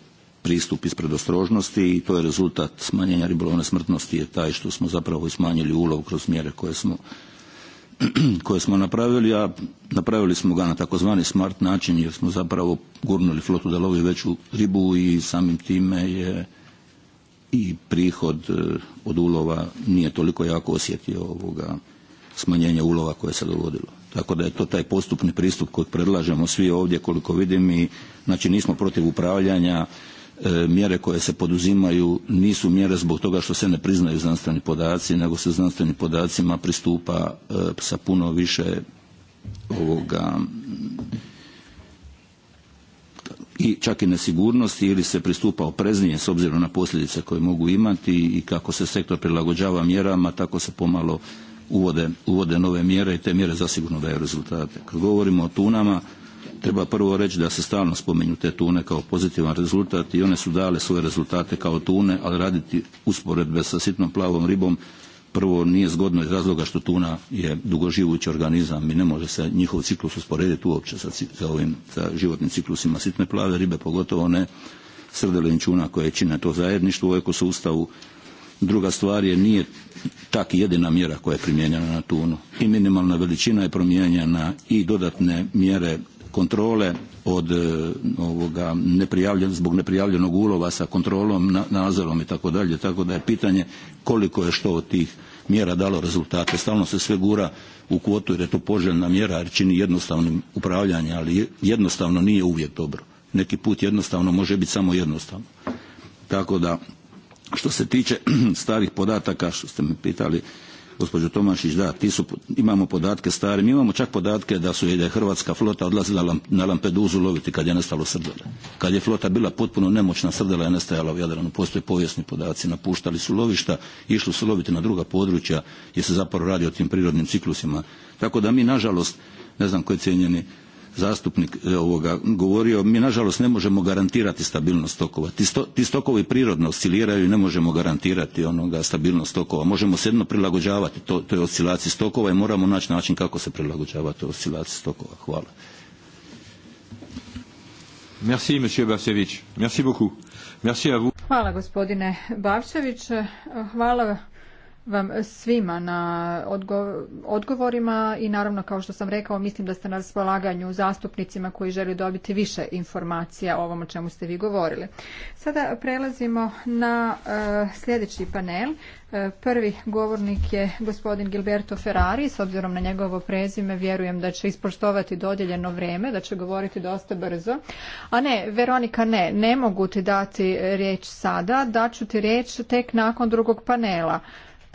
pristup ispred ostrožnosti i to je rezultat smanjenja ribolovne smrtnosti je taj što smo zapravo i smanjili ulov kroz mjere koje smo koje smo napravili, a napravili smo ga na takozvani smart način jer smo zapravo gurnuli flotu da lovi veću ribu i samim time je i prihod e, od ulova nije toliko jako osjetio ovoga smanjenje ulova koje se dogodilo. Tako da je to taj postupni pristup kojeg predlažemo svi ovdje koliko vidim i znači nismo protiv upravljanja E, mjere koje se poduzimaju nisu mjere zbog toga što se ne priznaju znanstveni podaci, nego se znanstvenim podacima pristupa e, sa puno više ovoga i čak i nesigurnosti ili se pristupa opreznije s obzirom na posljedice koje mogu imati i kako se sektor prilagođava mjerama, tako se pomalo uvode, uvode nove mjere i te mjere zasigurno daju rezultate. Kad govorimo o tunama, Treba prvo reći da se stalno spominju te tune kao pozitivan rezultat i one su dale svoje rezultate kao tune, ali raditi usporedbe sa sitnom plavom ribom prvo nije zgodno iz razloga što tuna je dugoživući organizam i ne može se njihov ciklus usporediti uopće sa, sa, ovim, sa životnim ciklusima sitne plave ribe, pogotovo ne čuna koje čine to zajedništvo u ekosustavu. Druga stvar je nije tak jedina mjera koja je primijenjena na tunu. I minimalna veličina je promijenjena i dodatne mjere kontrole od e, ovoga neprijavljen, zbog neprijavljenog ulova sa kontrolom, na, nadzorom i tako dalje, tako da je pitanje koliko je što od tih mjera dalo rezultate. Stalno se sve gura u kvotu jer je to poželjna mjera jer čini jednostavnim upravljanje, ali jednostavno nije uvijek dobro. Neki put jednostavno može biti samo jednostavno. Tako da što se tiče starih podataka što ste me pitali gospođo Tomašić, da, ti su, imamo podatke stare, mi imamo čak podatke da su i da je hrvatska flota odlazila na Lampeduzu loviti kad je nestalo srdele. Kad je flota bila potpuno nemoćna, srdela je nestajala u Jadranu, postoje povijesni podaci, napuštali su lovišta, išli su loviti na druga područja jer se zapravo radi o tim prirodnim ciklusima. Tako da mi, nažalost, ne znam koji cijenjeni zastupnik e, ovoga govorio, mi nažalost ne možemo garantirati stabilnost tokova. Ti, stokovi prirodno osciliraju i ne možemo garantirati onoga stabilnost tokova. Možemo se jedno prilagođavati toj oscilaciji stokova i moramo naći način kako se prilagođavati oscilaciji stokova. Hvala. Merci, Hvala gospodine Bavčević. Hvala vam svima na odgovorima i naravno kao što sam rekao mislim da ste na raspolaganju zastupnicima koji žele dobiti više informacija o ovom o čemu ste vi govorili. Sada prelazimo na e, sljedeći panel. E, prvi govornik je gospodin Gilberto Ferrari. S obzirom na njegovo prezime vjerujem da će ispoštovati dodijeljeno vrijeme, da će govoriti dosta brzo. A ne, Veronika ne, ne mogu ti dati riječ sada, daću ti riječ tek nakon drugog panela.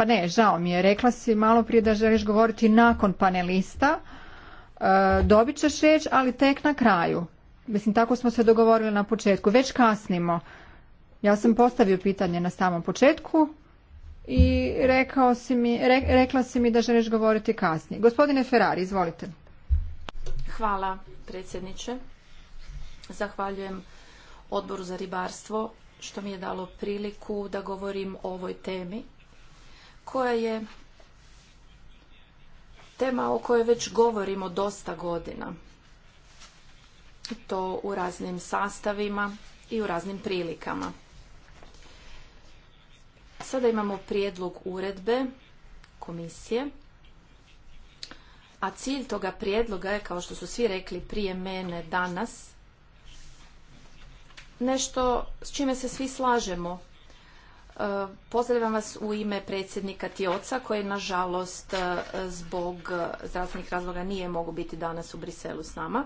Pa ne, žao mi je, rekla si malo prije da želiš govoriti nakon panelista. E, dobit ćeš riječ, ali tek na kraju. Mislim, tako smo se dogovorili na početku. Već kasnimo. Ja sam postavio pitanje na samom početku i rekao mi, rekla si mi da želiš govoriti kasnije. Gospodine Ferrari, izvolite. Hvala, predsjedniče. Zahvaljujem odboru za ribarstvo što mi je dalo priliku da govorim o ovoj temi koja je tema o kojoj već govorimo dosta godina. To u raznim sastavima i u raznim prilikama. Sada imamo prijedlog uredbe komisije, a cilj toga prijedloga je, kao što su svi rekli prije mene danas, nešto s čime se svi slažemo, Pozdravljam vas u ime predsjednika Tioca koji nažalost zbog zdravstvenih razloga nije mogu biti danas u Briselu s nama.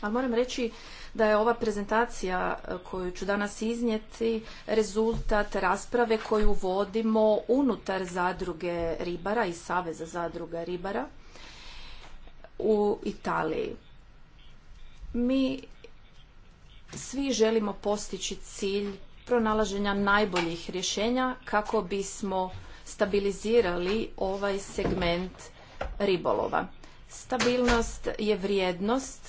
Ali moram reći da je ova prezentacija koju ću danas iznijeti rezultat rasprave koju vodimo unutar zadruge ribara i Saveza zadruga ribara u Italiji. Mi svi želimo postići cilj pronalaženja najboljih rješenja kako bismo stabilizirali ovaj segment ribolova. Stabilnost je vrijednost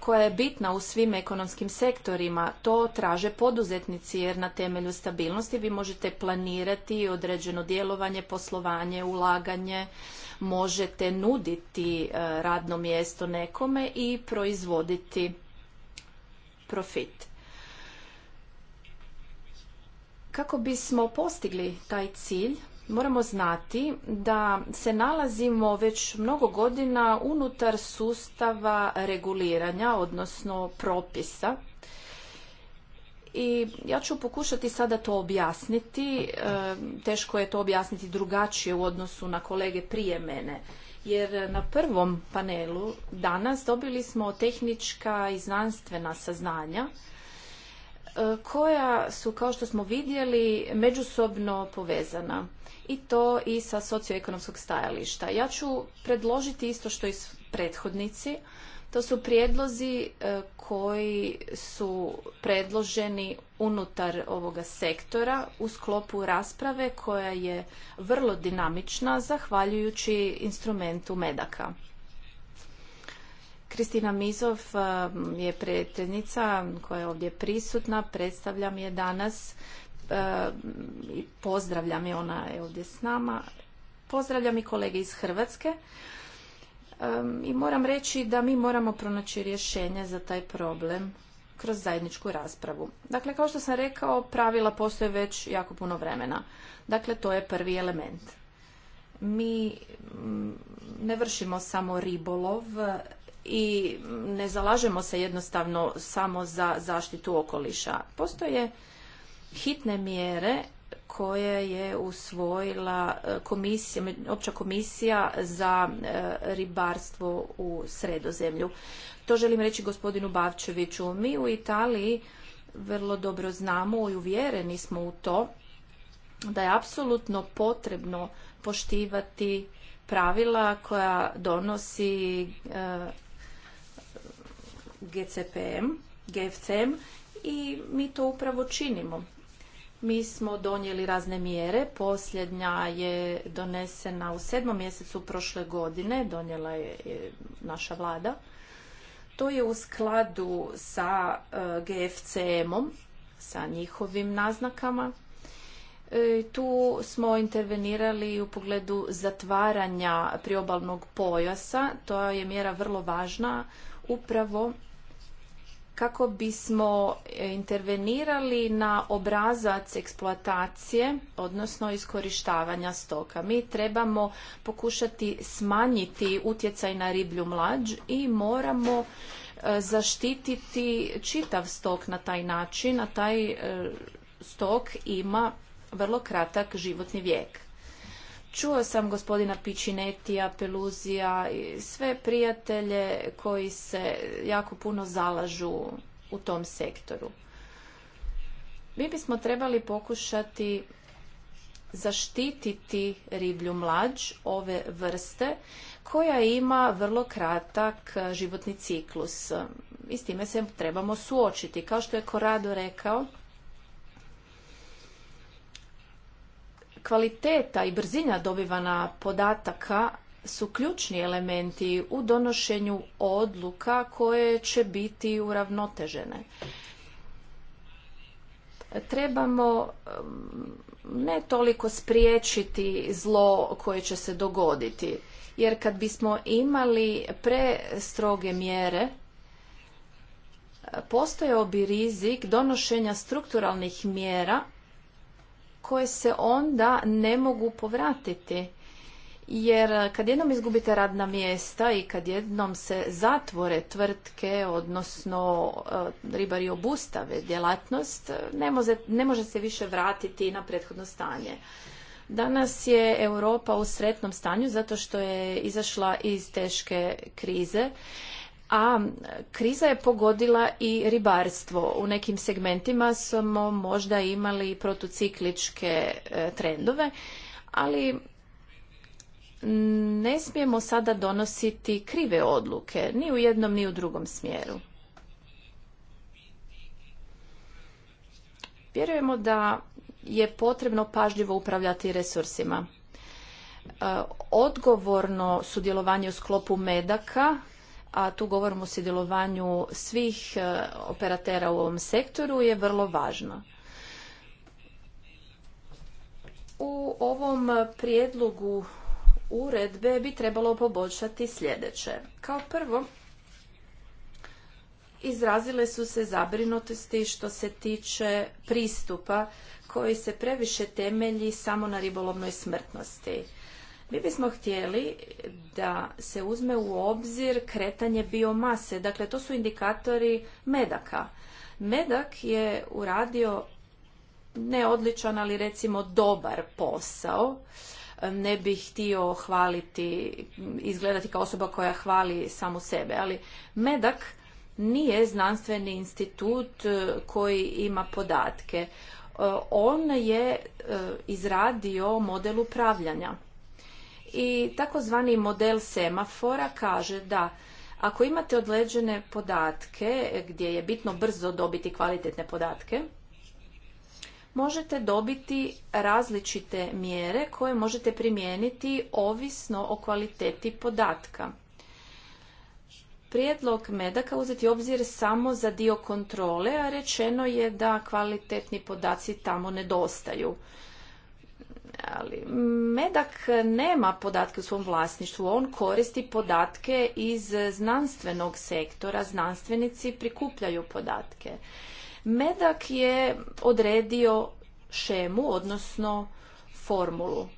koja je bitna u svim ekonomskim sektorima. To traže poduzetnici jer na temelju stabilnosti vi možete planirati određeno djelovanje, poslovanje, ulaganje, možete nuditi e, radno mjesto nekome i proizvoditi profit. Kako bismo postigli taj cilj, moramo znati da se nalazimo već mnogo godina unutar sustava reguliranja, odnosno propisa. I ja ću pokušati sada to objasniti. E, teško je to objasniti drugačije u odnosu na kolege prije mene jer na prvom panelu danas dobili smo tehnička i znanstvena saznanja E, koja su, kao što smo vidjeli, međusobno povezana i to i sa socioekonomskog stajališta. Ja ću predložiti isto što i prethodnici. To su prijedlozi e, koji su predloženi unutar ovoga sektora u sklopu rasprave koja je vrlo dinamična zahvaljujući instrumentu medaka. Kristina Mizov eh, je predsjednica koja je ovdje prisutna, predstavljam je danas eh, i pozdravljam je, ona je ovdje s nama. Pozdravljam i kolege iz Hrvatske eh, i moram reći da mi moramo pronaći rješenje za taj problem kroz zajedničku raspravu. Dakle, kao što sam rekao, pravila postoje već jako puno vremena. Dakle, to je prvi element. Mi mm, ne vršimo samo ribolov, i ne zalažemo se jednostavno samo za zaštitu okoliša. Postoje hitne mjere koje je usvojila e, komisija, opća komisija za e, ribarstvo u sredozemlju. To želim reći gospodinu Bavčeviću. Mi u Italiji vrlo dobro znamo i uvjereni smo u to da je apsolutno potrebno poštivati pravila koja donosi e, GCPM, GFCM i mi to upravo činimo. Mi smo donijeli razne mjere, posljednja je donesena u sedmom mjesecu prošle godine, donijela je naša vlada. To je u skladu sa e, GFCM-om, sa njihovim naznakama. E, tu smo intervenirali u pogledu zatvaranja priobalnog pojasa. To je mjera vrlo važna upravo kako bismo intervenirali na obrazac eksploatacije, odnosno iskorištavanja stoka. Mi trebamo pokušati smanjiti utjecaj na riblju mlađ i moramo e, zaštititi čitav stok na taj način, a taj e, stok ima vrlo kratak životni vijek. Čuo sam gospodina Pičinetija, Peluzija i sve prijatelje koji se jako puno zalažu u tom sektoru. Mi bismo trebali pokušati zaštititi riblju mlađ ove vrste koja ima vrlo kratak e, životni ciklus. I s time se trebamo suočiti. Kao što je Korado rekao, kvaliteta i brzina dobivana podataka su ključni elementi u donošenju odluka koje će biti uravnotežene. Trebamo um, ne toliko spriječiti zlo koje će se dogoditi, jer kad bismo imali prestroge mjere, postojao bi rizik donošenja strukturalnih mjera koje se onda ne mogu povratiti. Jer kad jednom izgubite radna mjesta i kad jednom se zatvore tvrtke, odnosno e, ribari obustave djelatnost, ne može, se više vratiti na prethodno stanje. Danas je Europa u sretnom stanju zato što je izašla iz teške krize a kriza je pogodila i ribarstvo. U nekim segmentima smo možda imali protucikličke e, trendove, ali ne smijemo sada donositi krive odluke, ni u jednom ni u drugom smjeru. Vjerujemo da je potrebno pažljivo upravljati resursima. E, odgovorno sudjelovanje u sklopu medaka a tu govorimo o sudjelovanju svih e, operatera u ovom sektoru, je vrlo važno. U ovom prijedlogu uredbe bi trebalo poboljšati sljedeće. Kao prvo, izrazile su se zabrinutosti što se tiče pristupa koji se previše temelji samo na ribolovnoj smrtnosti. Mi bismo htjeli da se uzme u obzir kretanje biomase. Dakle, to su indikatori medaka. Medak je uradio ne odličan, ali recimo dobar posao. Ne bih htio hvaliti, izgledati kao osoba koja hvali samu sebe, ali medak nije znanstveni institut e, koji ima podatke. E, on je e, izradio model upravljanja i takozvani model semafora kaže da ako imate određene podatke gdje je bitno brzo dobiti kvalitetne podatke, možete dobiti različite mjere koje možete primijeniti ovisno o kvaliteti podatka. Prijedlog medaka uzeti obzir samo za dio kontrole, a rečeno je da kvalitetni podaci tamo nedostaju. Ali Medak nema podatke u svom vlasništvu, on koristi podatke iz znanstvenog sektora, znanstvenici prikupljaju podatke. Medak je odredio šemu, odnosno formulu.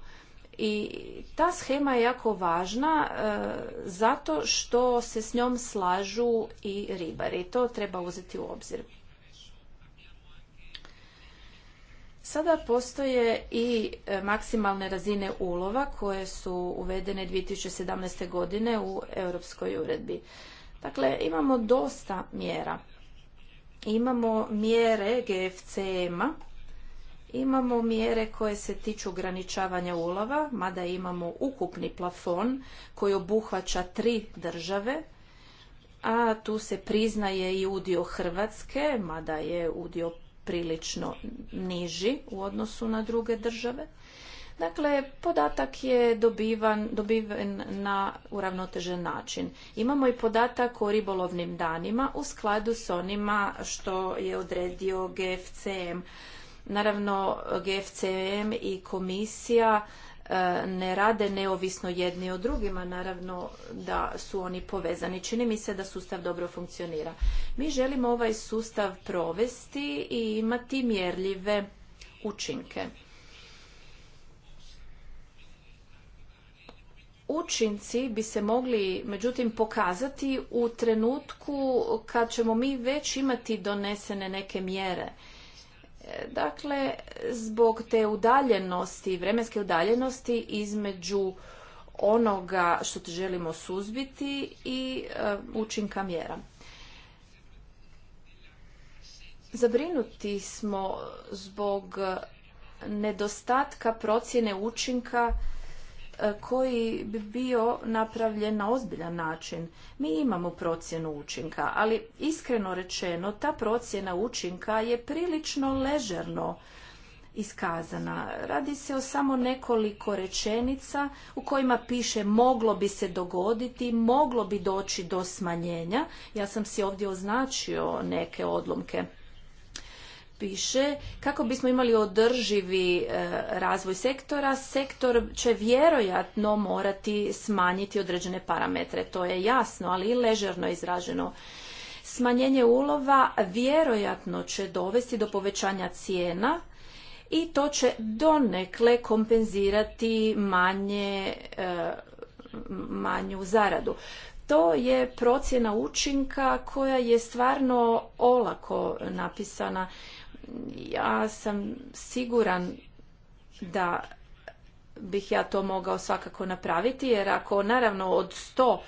I ta schema je jako važna e, zato što se s njom slažu i ribari. To treba uzeti u obzir. Sada postoje i e, maksimalne razine ulova koje su uvedene 2017. godine u Europskoj uredbi. Dakle, imamo dosta mjera. Imamo mjere GFCM-a, imamo mjere koje se tiču ograničavanja ulova, mada imamo ukupni plafon koji obuhvaća tri države, a tu se priznaje i udio Hrvatske, mada je udio prilično niži u odnosu na druge države. Dakle, podatak je dobiven na uravnotežen način. Imamo i podatak o ribolovnim danima u skladu s onima što je odredio GFCM. Naravno, GFCM i komisija E, ne rade neovisno jedni od drugima, naravno da su oni povezani. Čini mi se da sustav dobro funkcionira. Mi želimo ovaj sustav provesti i imati mjerljive učinke. učinci bi se mogli međutim pokazati u trenutku kad ćemo mi već imati donesene neke mjere Dakle, zbog te udaljenosti, vremenske udaljenosti između onoga što te želimo suzbiti i e, učinka mjera. Zabrinuti smo zbog nedostatka procjene učinka E, koji bi bio napravljen na ozbiljan način. Mi imamo procjenu učinka, ali iskreno rečeno ta procjena učinka je prilično ležerno iskazana. Radi se o samo nekoliko rečenica u kojima piše moglo bi se dogoditi, moglo bi doći do smanjenja. Ja sam si ovdje označio neke odlomke piše kako bismo imali održivi e, razvoj sektora, sektor će vjerojatno morati smanjiti određene parametre, to je jasno, ali i ležerno izraženo. Smanjenje ulova vjerojatno će dovesti do povećanja cijena i to će donekle kompenzirati manje, e, manju zaradu. To je procjena učinka koja je stvarno olako napisana ja sam siguran da bih ja to mogao svakako napraviti jer ako naravno od 100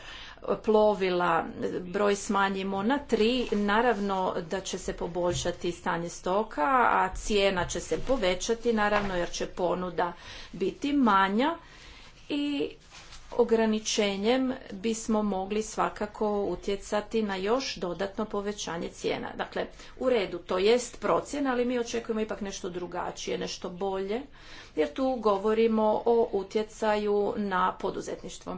plovila broj smanjimo na tri, naravno da će se poboljšati stanje stoka, a cijena će se povećati naravno jer će ponuda biti manja i ograničenjem bismo mogli svakako utjecati na još dodatno povećanje cijena. Dakle, u redu, to jest procjena, ali mi očekujemo ipak nešto drugačije, nešto bolje, jer tu govorimo o utjecaju na poduzetništvo.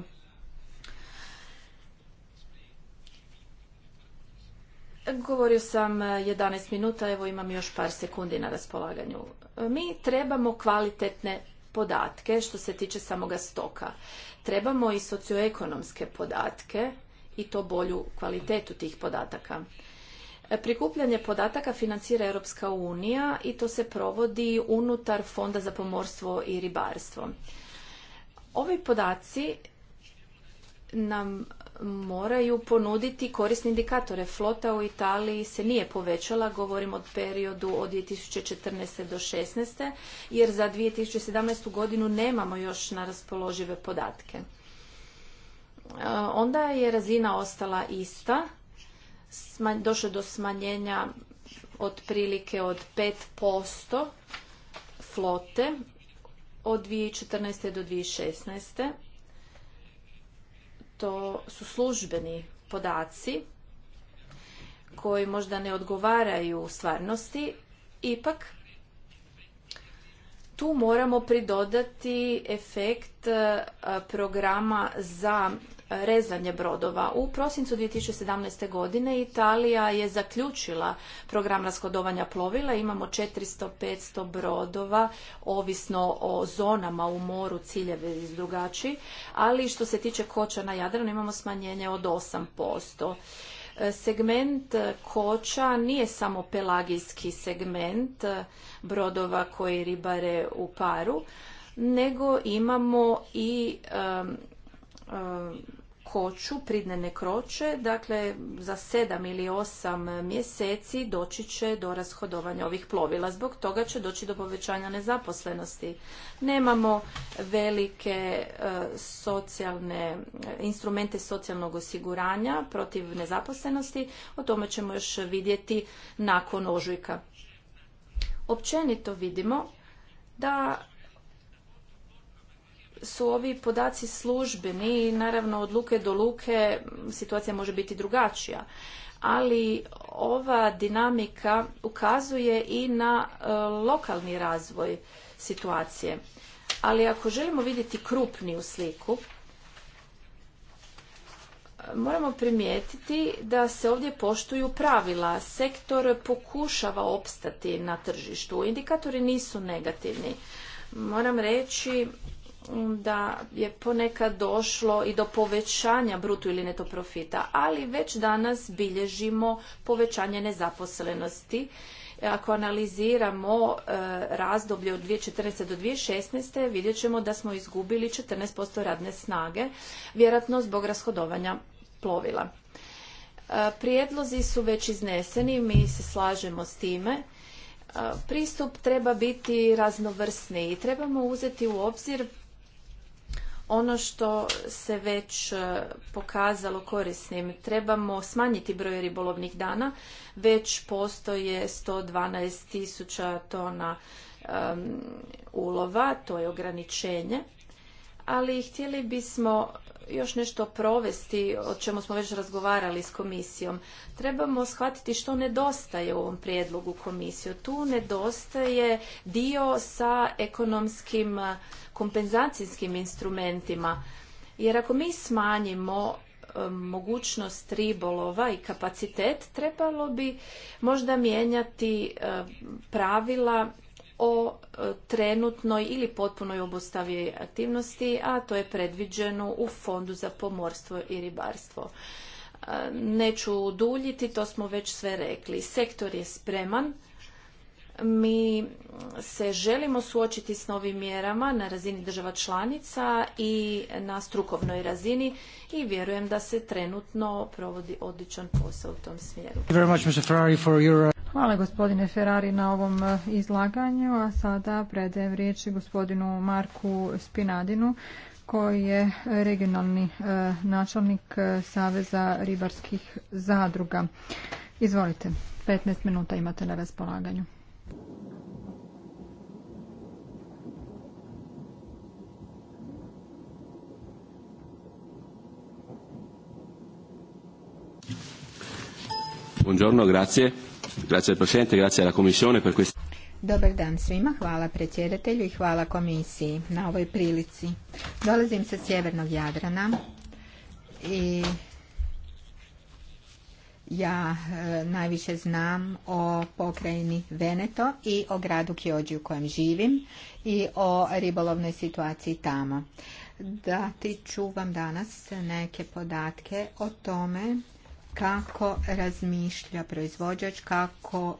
Govorio sam 11 minuta, evo imam još par sekundi na raspolaganju. Mi trebamo kvalitetne podatke što se tiče samoga stoka. Trebamo i socioekonomske podatke i to bolju kvalitetu tih podataka. E, prikupljanje podataka financira Europska unija i to se provodi unutar Fonda za pomorstvo i ribarstvo. Ovi podaci nam moraju ponuditi korisni indikatore. Flota u Italiji se nije povećala, govorim od periodu od 2014. do 2016. jer za 2017. godinu nemamo još na raspoložive podatke. E, onda je razina ostala ista, došlo do smanjenja otprilike od 5% flote od 2014. do 2016 to su službeni podaci koji možda ne odgovaraju stvarnosti, ipak tu moramo pridodati efekt eh, programa za rezanje brodova. U prosincu 2017. godine Italija je zaključila program raskodovanja plovila. Imamo 400-500 brodova, ovisno o zonama u moru, ciljeve i drugačiji, ali što se tiče koča na Jadranu imamo smanjenje od 8% e, segment koča nije samo pelagijski segment brodova koji ribare u paru, nego imamo i koču pridnene kroče, dakle za sedam ili osam mjeseci doći će do rashodovanja ovih plovila. Zbog toga će doći do povećanja nezaposlenosti. Nemamo velike e, socijalne, e, instrumente socijalnog osiguranja protiv nezaposlenosti. O tome ćemo još vidjeti nakon ožujka. Općenito vidimo da su ovi podaci službeni i naravno od luke do luke situacija može biti drugačija. Ali ova dinamika ukazuje i na e, lokalni razvoj situacije. Ali ako želimo vidjeti krupniju sliku, e, moramo primijetiti da se ovdje poštuju pravila. Sektor pokušava opstati na tržištu. Indikatori nisu negativni. Moram reći da je ponekad došlo i do povećanja brutu ili neto profita, ali već danas bilježimo povećanje nezaposlenosti. Ako analiziramo e, razdoblje od 2014. do 2016. vidjet ćemo da smo izgubili 14% radne snage, vjerojatno zbog rashodovanja plovila. E, prijedlozi su već izneseni, mi se slažemo s time. E, pristup treba biti i Trebamo uzeti u obzir ono što se već e, pokazalo korisnim. Trebamo smanjiti broj ribolovnih dana, već postoje 112 tisuća tona ulova, to je ograničenje ali htjeli bismo još nešto provesti o čemu smo već razgovarali s komisijom. Trebamo shvatiti što nedostaje u ovom prijedlogu komisije. Tu nedostaje dio sa ekonomskim kompenzacijskim instrumentima. Jer ako mi smanjimo mogućnost ribolova i kapacitet, trebalo bi možda mijenjati pravila o e, trenutnoj ili potpunoj obustavi aktivnosti, a to je predviđeno u Fondu za pomorstvo i ribarstvo. E, neću duljiti, to smo već sve rekli. Sektor je spreman mi se želimo suočiti s novim mjerama na razini država članica i na strukovnoj razini i vjerujem da se trenutno provodi odličan posao u tom smjeru. Uh, Hvala gospodine Ferrari na ovom uh, izlaganju, a sada predajem riječi gospodinu Marku Spinadinu koji je regionalni uh, načelnik Saveza ribarskih zadruga. Izvolite, 15 minuta imate na raspolaganju. Buongiorno, Dobar dan svima, hvala predsjedatelju i hvala komisiji na ovoj prilici. Dolazim sa sjevernog Jadrana i ja e, najviše znam o pokrajini Veneto i o gradu Kjođi u kojem živim i o ribolovnoj situaciji tamo. Dati ću vam danas neke podatke o tome kako razmišlja proizvođač, kako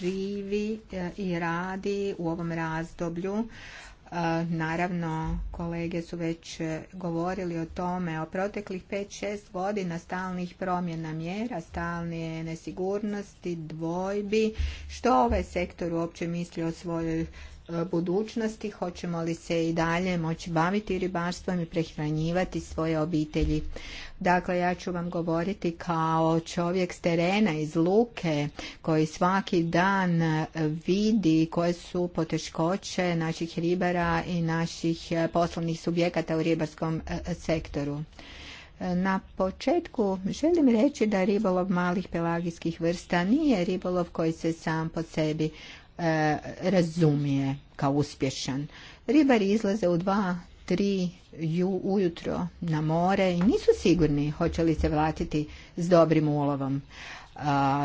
živi e, i radi u ovom razdoblju. E, naravno, kolege su već govorili o tome, o proteklih 5-6 godina stalnih promjena mjera, stalne nesigurnosti, dvojbi, što ovaj sektor uopće misli o svojoj budućnosti, hoćemo li se i dalje moći baviti ribarstvom i prehranjivati svoje obitelji. Dakle, ja ću vam govoriti kao čovjek s terena iz Luke koji svaki dan vidi koje su poteškoće naših ribara i naših poslovnih subjekata u ribarskom e, sektoru. Na početku želim reći da ribolov malih pelagijskih vrsta nije ribolov koji se sam po sebi Eh, razumije kao uspješan. Ribari izlaze u dva, tri ujutro na more i nisu sigurni hoće li se vratiti s dobrim ulovom.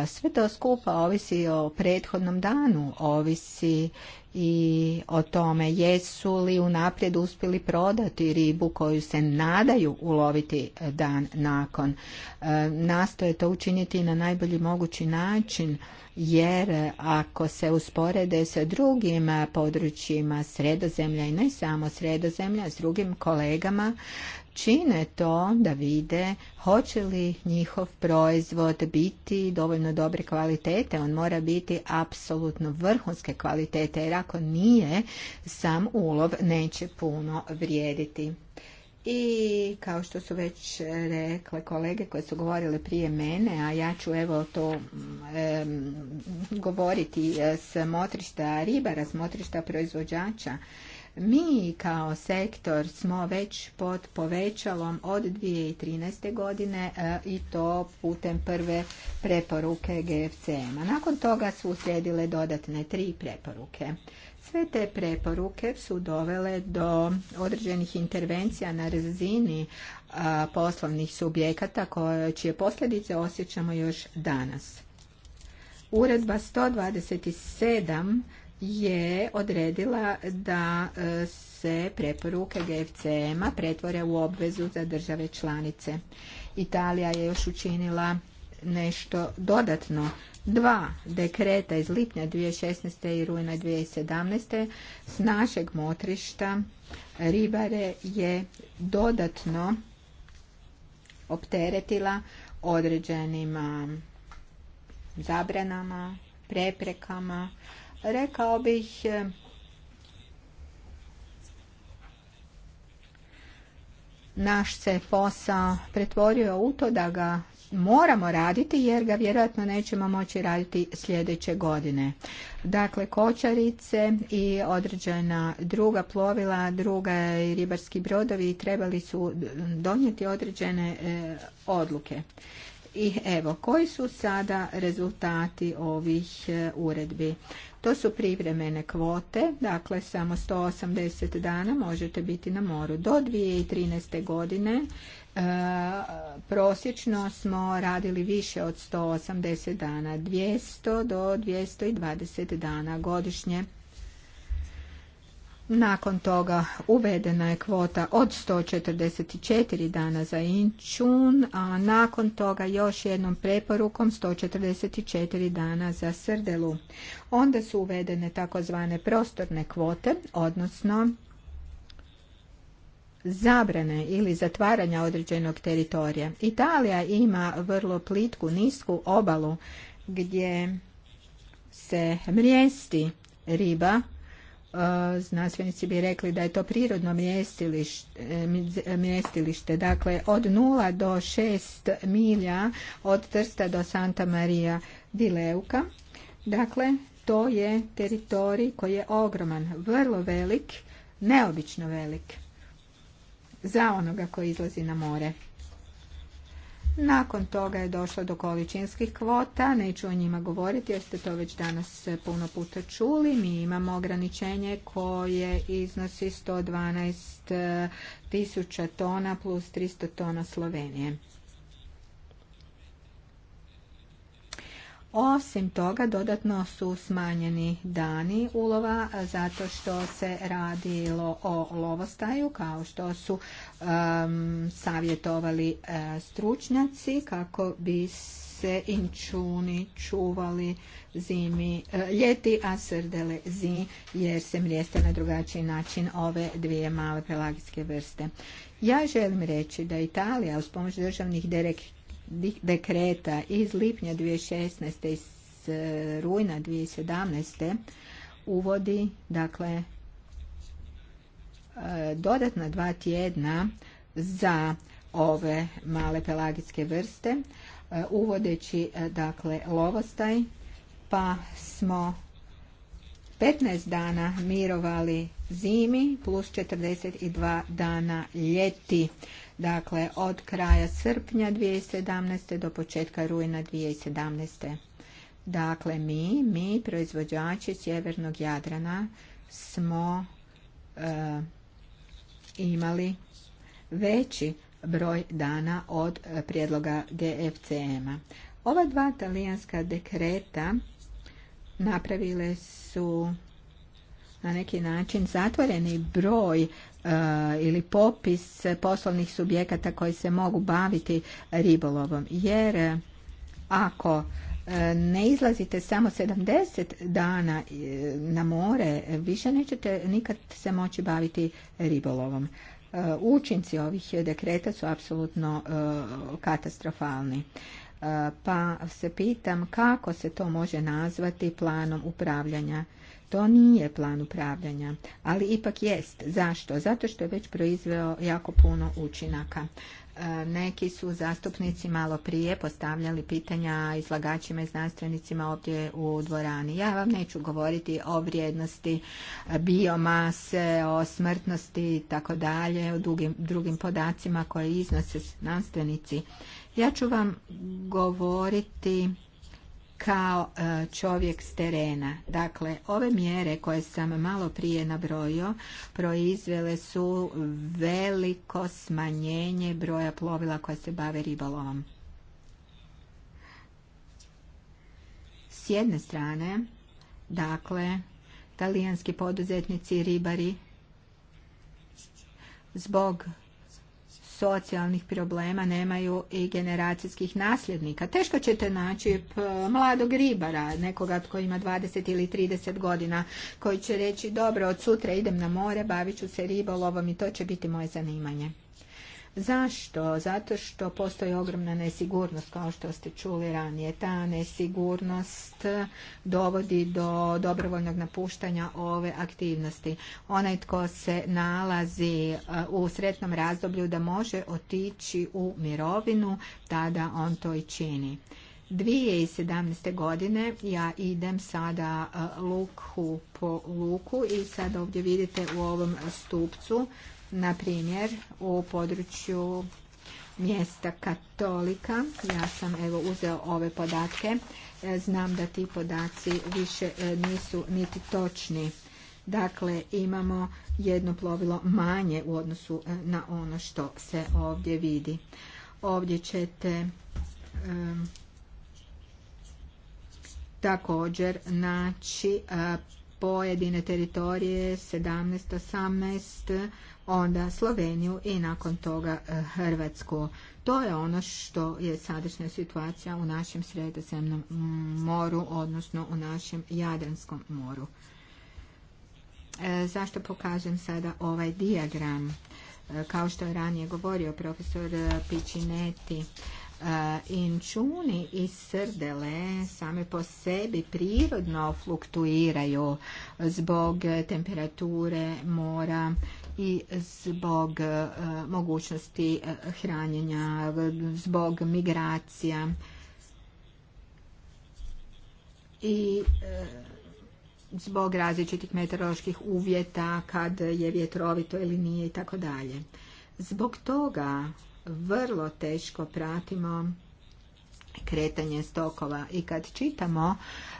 Sve to skupa ovisi o prethodnom danu, ovisi i o tome jesu li unaprijed uspjeli prodati ribu koju se nadaju uloviti e, dan nakon. E, nastoje to učiniti na najbolji mogući način jer ako se usporede sa drugim područjima sredozemlja i ne samo sredozemlja, s drugim kolegama čine to da vide hoće li njihov proizvod biti dovoljno dobre kvalitete. On mora biti apsolutno vrhunske kvalitete jer ako nije, sam ulov neće puno vrijediti. I kao što su već rekle kolege koje su govorile prije mene, a ja ću evo to e, govoriti s motrišta ribara, s motrišta proizvođača, mi kao sektor smo već pod povećalom od 2013. godine e, i to putem prve preporuke GFCM-a. Nakon toga su uslijedile dodatne tri preporuke. Sve te preporuke su dovele do određenih intervencija na razini e, poslovnih subjekata čije posljedice osjećamo još danas. Uredba 127 je odredila da e, se preporuke GFCM-a pretvore u obvezu za države članice. Italija je još učinila nešto dodatno. Dva dekreta iz lipnja 2016. i rujna 2017. s našeg motrišta ribare je dodatno opteretila određenim zabranama, preprekama, Rekao bih e, naš se posao pretvorio u to da ga moramo raditi jer ga vjerojatno nećemo moći raditi sljedeće godine. Dakle, kočarice i određena druga plovila, druga i ribarski brodovi trebali su donijeti određene e, odluke. I evo, koji su sada rezultati ovih e, uredbi? To su privremene kvote, dakle samo 180 dana možete biti na moru. Do 2013. godine e, prosječno smo radili više od 180 dana, 200 do 220 dana godišnje. Nakon toga uvedena je kvota od 144 dana za inčun, a nakon toga još jednom preporukom 144 dana za srdelu. Onda su uvedene takozvane prostorne kvote, odnosno zabrane ili zatvaranja određenog teritorija. Italija ima vrlo plitku, nisku obalu gdje se mrijesti riba E, znanstvenici bi rekli da je to prirodno mjestilište, e, dakle od 0 do 6 milja od Trsta do Santa Maria di Leuka. Dakle, to je teritorij koji je ogroman, vrlo velik, neobično velik za onoga koji izlazi na more. Nakon toga je došlo do količinskih kvota, neću o njima govoriti jer ste to već danas puno puta čuli. Mi imamo ograničenje koje iznosi 112 tisuća tona plus 300 tona Slovenije. Osim toga, dodatno su smanjeni dani ulova zato što se radilo o lovostaju kao što su savjetovali e, stručnjaci kako bi se inčuni čuvali zimi, e, ljeti, a srdele zimi, jer se mrijeste na drugačiji način ove dvije male pelagijske vrste. Ja želim reći da Italija uz pomoć državnih direktiva dekreta iz lipnja 2016. i s e, rujna 2017. uvodi dakle e, dodatna dva tjedna za ove male pelagijske vrste e, uvodeći dakle lovostaj pa smo 15 dana mirovali zimi plus 42 dana ljeti dakle od kraja srpnja 2017. do početka rujna 2017. Dakle, mi, mi proizvođači Sjevernog Jadrana smo e, imali veći broj dana od prijedloga GFCM-a. Ova dva talijanska dekreta napravile su na neki način zatvoreni broj Eh, ili popis poslovnih subjekata koji se mogu baviti ribolovom. Jer eh, ako eh, ne izlazite samo 70 dana na more, više nećete nikad se moći baviti ribolovom. Učinci ovih dekreta su apsolutno katastrofalni. Pa se pitam kako se to može nazvati planom upravljanja to nije plan upravljanja, ali ipak jest. Zašto? Zato što je već proizveo jako puno učinaka. E, neki su zastupnici malo prije postavljali pitanja izlagačima i znanstvenicima ovdje u dvorani. Ja vam neću govoriti o vrijednosti biomase, o smrtnosti i tako dalje, o drugim, drugim podacima koje iznose znanstvenici. Ja ću vam govoriti kao e, čovjek s terena. Dakle, ove mjere koje sam malo prije nabrojio proizvele su veliko smanjenje broja plovila koja se bave ribolovom. S jedne strane, dakle, talijanski poduzetnici i ribari zbog socijalnih problema nemaju i generacijskih nasljednika. Teško ćete naći mladog ribara, nekoga tko ima 20 ili 30 godina, koji će reći dobro, od sutra idem na more, bavit ću se ribolovom i to će biti moje zanimanje. Zašto? Zato što postoji ogromna nesigurnost, kao što ste čuli ranije. Ta nesigurnost dovodi do dobrovoljnog napuštanja ove aktivnosti. Onaj tko se nalazi uh, u sretnom razdoblju da može otići u mirovinu, tada on to i čini. 2017. godine ja idem sada uh, luku po luku i sad ovdje vidite u ovom stupcu na primjer, u području mjesta katolika, ja sam evo uzeo ove podatke, e, znam da ti podaci više e, nisu niti točni. Dakle, imamo jedno plovilo manje u odnosu e, na ono što se ovdje vidi. Ovdje ćete također naći pojedine teritorije 17, 18 onda Sloveniju i nakon toga e, Hrvatsku. To je ono što je sadašnja situacija u našem sredozemnom moru, odnosno u našem Jadranskom moru. E, zašto pokažem sada ovaj diagram? E, kao što je ranije govorio profesor Pičineti, inčuni i srdele same po sebi prirodno fluktuiraju zbog temperature mora i zbog e, mogućnosti e, hranjenja, zbog migracija i e, zbog različitih meteoroloških uvjeta kad je vjetrovito ili nije i tako dalje. Zbog toga vrlo teško pratimo kretanje stokova. I kad čitamo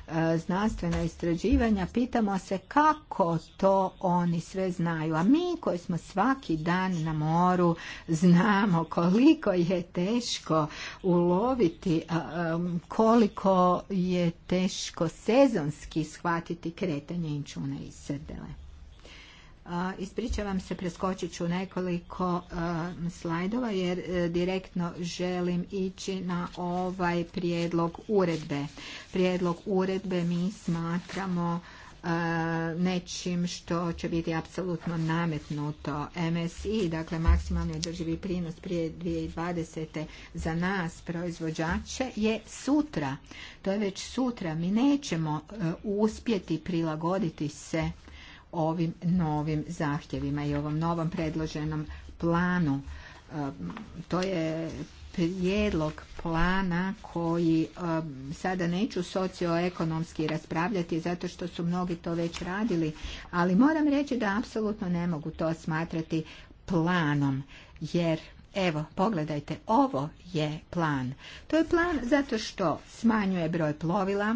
e, znanstvena istraživanja, pitamo se kako to oni sve znaju. A mi koji smo svaki dan na moru znamo koliko je teško uloviti, koliko je teško sezonski shvatiti kretanje inčuna i srdele. Ispričavam se, preskočit ću nekoliko slajdova jer e, direktno želim ići na ovaj prijedlog uredbe. Prijedlog uredbe mi smatramo e, nečim što će biti apsolutno nametnuto MSI, dakle maksimalni održivi prinos prije 2020. za nas proizvođače je sutra. To je već sutra. Mi nećemo e, uspjeti prilagoditi se ovim novim zahtjevima i ovom novom predloženom planu. E, to je prijedlog plana koji e, sada neću socioekonomski raspravljati zato što su mnogi to već radili, ali moram reći da apsolutno ne mogu to smatrati planom jer Evo, pogledajte, ovo je plan. To je plan zato što smanjuje broj plovila,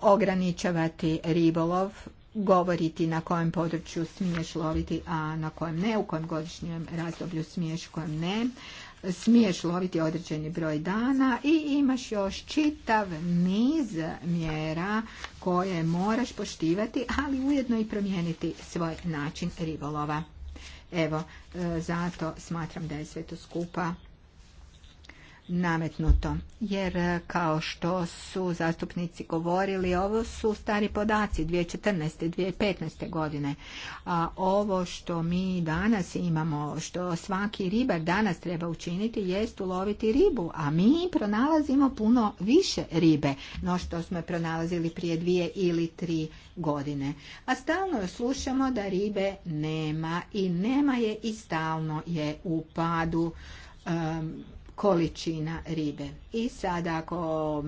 ograničavati ribolov govoriti na kojem području smiješ loviti, a na kojem ne, u kojem godišnjem razdoblju smiješ, u kojem ne. Smiješ loviti određeni broj dana i imaš još čitav niz mjera koje moraš poštivati, ali ujedno i promijeniti svoj način ribolova. Evo, e, zato smatram da je sve to skupa nametnuto. Jer e, kao što su zastupnici govorili, ovo su stari podaci 2014. 2015. godine. A ovo što mi danas imamo, što svaki ribar danas treba učiniti, jest uloviti ribu. A mi pronalazimo puno više ribe no što smo pronalazili prije dvije ili tri godine. A stalno slušamo da ribe nema i nema je i stalno je u padu količina ribe. I sad ako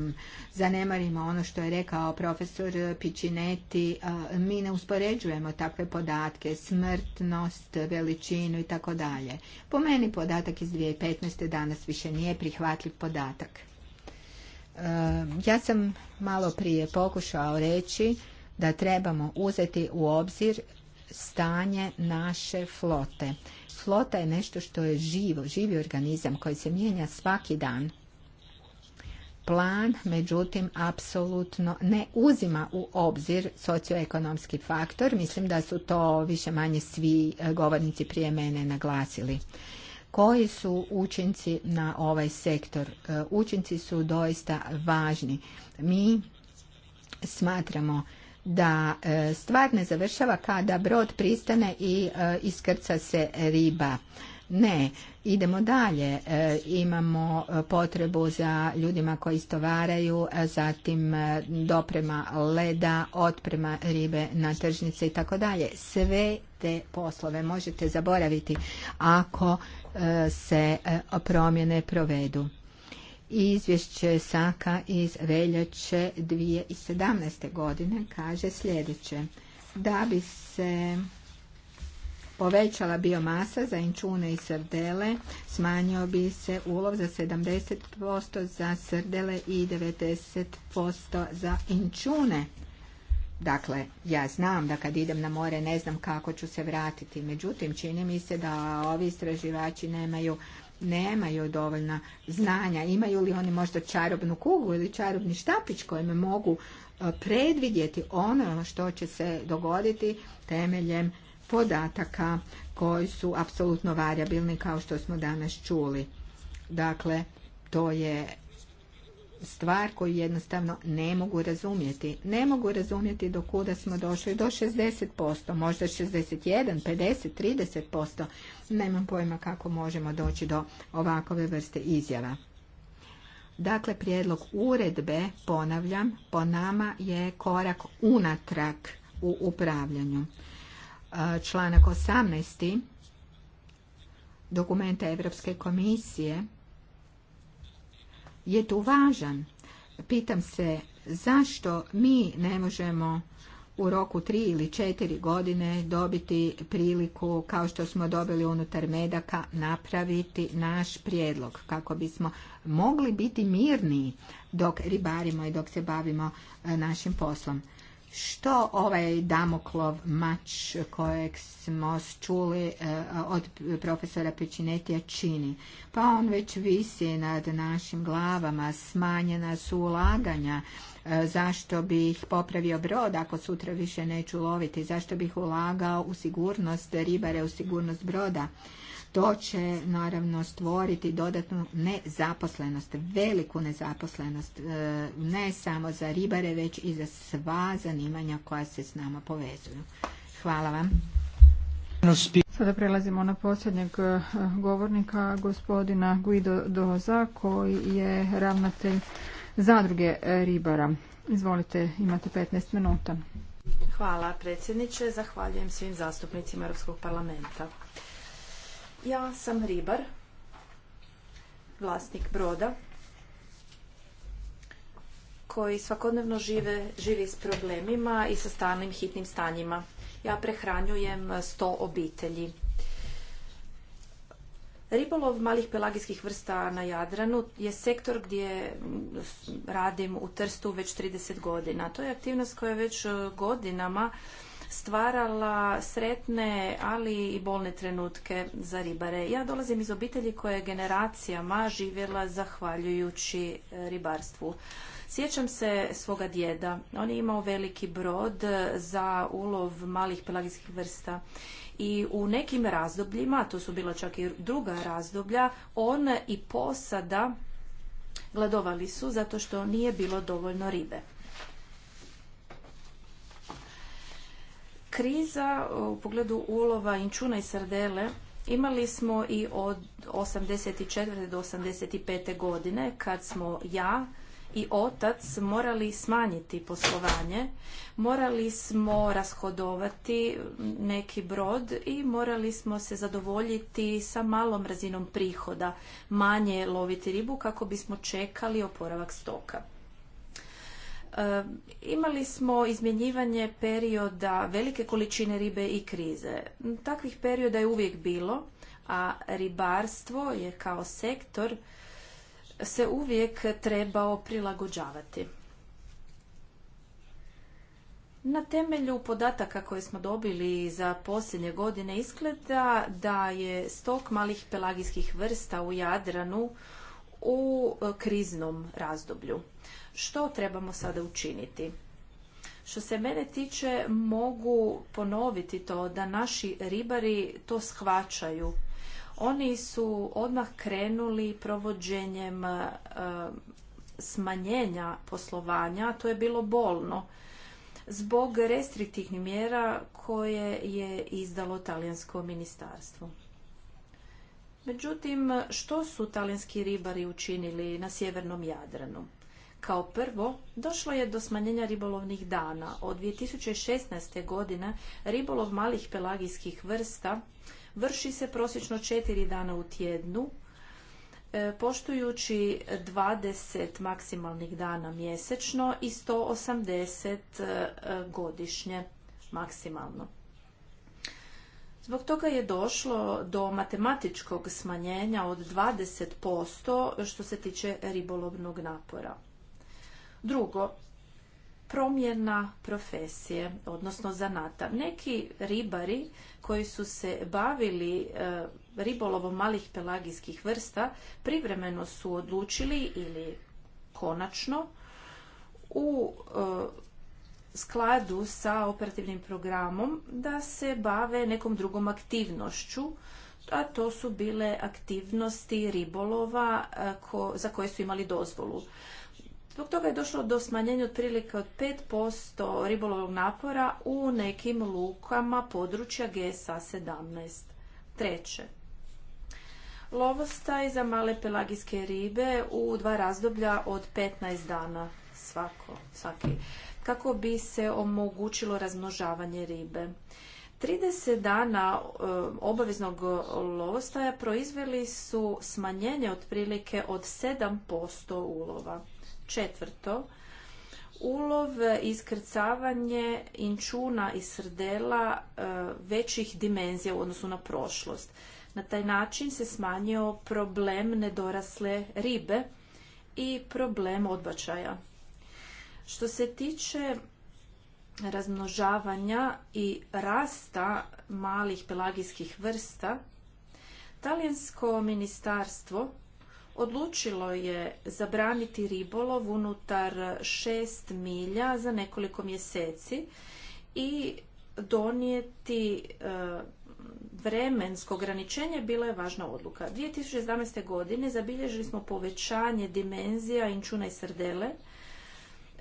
zanemarimo ono što je rekao profesor Pičineti, mi ne uspoređujemo takve podatke, smrtnost, veličinu i tako dalje. Po meni podatak iz 2015. danas više nije prihvatljiv podatak. E, ja sam malo prije pokušao reći da trebamo uzeti u obzir stanje naše flote flota je nešto što je živo, živi organizam koji se mijenja svaki dan. Plan, međutim, apsolutno ne uzima u obzir socioekonomski faktor. Mislim da su to više manje svi eh, govornici prije mene naglasili. Koji su učinci na ovaj sektor? Eh, učinci su doista važni. Mi smatramo da e, stvar ne završava kada brod pristane i e, iskrca se riba. Ne, idemo dalje. E, imamo potrebu za ljudima koji istovaraju, zatim doprema leda, otprema ribe na tržnice i tako dalje. Sve te poslove možete zaboraviti ako se promjene provedu izvješće Saka iz veljače 2017. godine kaže sljedeće. Da bi se povećala biomasa za inčune i srdele, smanjio bi se ulov za 70% za srdele i 90% za inčune. Dakle, ja znam da kad idem na more ne znam kako ću se vratiti. Međutim, čini mi se da ovi istraživači nemaju nemaju dovoljna znanja. Imaju li oni možda čarobnu kugu ili čarobni štapić kojima mogu e, predvidjeti ono što će se dogoditi temeljem podataka koji su apsolutno variabilni kao što smo danas čuli. Dakle, to je stvar koju jednostavno ne mogu razumjeti. Ne mogu razumjeti do kuda smo došli, do 60%, možda 61, 50, 30%. Nemam pojma kako možemo doći do ovakove vrste izjava. Dakle, prijedlog uredbe, ponavljam, po nama je korak unatrag u upravljanju. E, članak 18. dokumenta Europske komisije je tu važan. Pitam se zašto mi ne možemo u roku tri ili četiri godine dobiti priliku, kao što smo dobili unutar medaka, napraviti naš prijedlog kako bismo mogli biti mirniji dok ribarimo i dok se bavimo e, našim poslom što ovaj damoklov mač kojeg smo čuli e, od profesora Pečinetija čini? Pa on već visi nad našim glavama, smanjena su ulaganja, e, zašto bih popravio brod ako sutra više neću loviti, zašto bih ulagao u sigurnost ribare, u sigurnost broda. To će naravno stvoriti dodatnu nezaposlenost, veliku nezaposlenost, e, ne samo za ribare, već i za sva zanimanja koja se s nama povezuju. Hvala vam. Sada prelazimo na posljednjeg e, govornika, gospodina Guido Doza, koji je ravnatelj zadruge ribara. Izvolite, imate 15 minuta. Hvala predsjedniče, zahvaljujem svim zastupnicima Europskog parlamenta. Ja sam ribar, vlasnik broda, koji svakodnevno žive, živi s problemima i sa stalnim hitnim stanjima. Ja prehranjujem sto obitelji. Ribolov malih pelagijskih vrsta na Jadranu je sektor gdje radim u Trstu već 30 godina. To je aktivnost koja već e, godinama stvarala sretne, ali i bolne trenutke za ribare. Ja dolazim iz obitelji koja je generacijama živjela zahvaljujući e, ribarstvu. Sjećam se svoga djeda. On je imao veliki brod za ulov malih pelagijskih vrsta i u nekim razdobljima, to su bila čak i druga razdoblja, on i posada gladovali su zato što nije bilo dovoljno ribe. kriza u pogledu ulova inčuna i sardele imali smo i od 84. do 85. godine kad smo ja i otac morali smanjiti poslovanje, morali smo rashodovati neki brod i morali smo se zadovoljiti sa malom razinom prihoda, manje loviti ribu kako bismo čekali oporavak stoka. E, imali smo izmjenjivanje perioda velike količine ribe i krize. Takvih perioda je uvijek bilo, a ribarstvo je kao sektor se uvijek trebao prilagođavati. Na temelju podataka koje smo dobili za posljednje godine izgleda da je stok malih pelagijskih vrsta u Jadranu u kriznom razdoblju. Što trebamo sada učiniti? Što se mene tiče, mogu ponoviti to da naši ribari to shvaćaju. Oni su odmah krenuli provođenjem eh, smanjenja poslovanja, to je bilo bolno zbog restriktivnih mjera koje je izdalo talijansko ministarstvo. Međutim, što su talijanski ribari učinili na sjevernom Jadranu? Kao prvo, došlo je do smanjenja ribolovnih dana. Od 2016. godine ribolov malih pelagijskih vrsta vrši se prosječno četiri dana u tjednu, e, poštujući 20 maksimalnih dana mjesečno i 180 e, godišnje maksimalno. Zbog toga je došlo do matematičkog smanjenja od 20% što se tiče ribolovnog napora. Drugo, promjena profesije, odnosno zanata. Neki ribari koji su se bavili e, ribolovom malih pelagijskih vrsta privremeno su odlučili ili konačno u e, skladu sa operativnim programom da se bave nekom drugom aktivnošću, a to su bile aktivnosti ribolova e, za koje su imali dozvolu. Zbog toga je došlo do smanjenja otprilike od 5% ribolovog napora u nekim lukama područja GSA 17. Treće. Lovostaj za male pelagijske ribe u dva razdoblja od 15 dana svako, svaki, kako bi se omogućilo razmnožavanje ribe. 30 dana e, obaveznog lovostaja proizveli su smanjenje otprilike od 7% ulova. Četvrto, ulov, iskrcavanje inčuna i srdela e, većih dimenzija u odnosu na prošlost. Na taj način se smanjio problem nedorasle ribe i problem odbačaja. Što se tiče razmnožavanja i rasta malih pelagijskih vrsta, talijansko ministarstvo odlučilo je zabraniti ribolov unutar šest milja za nekoliko mjeseci i donijeti e, vremensko ograničenje bila je važna odluka. 2017. godine zabilježili smo povećanje dimenzija inčuna i srdele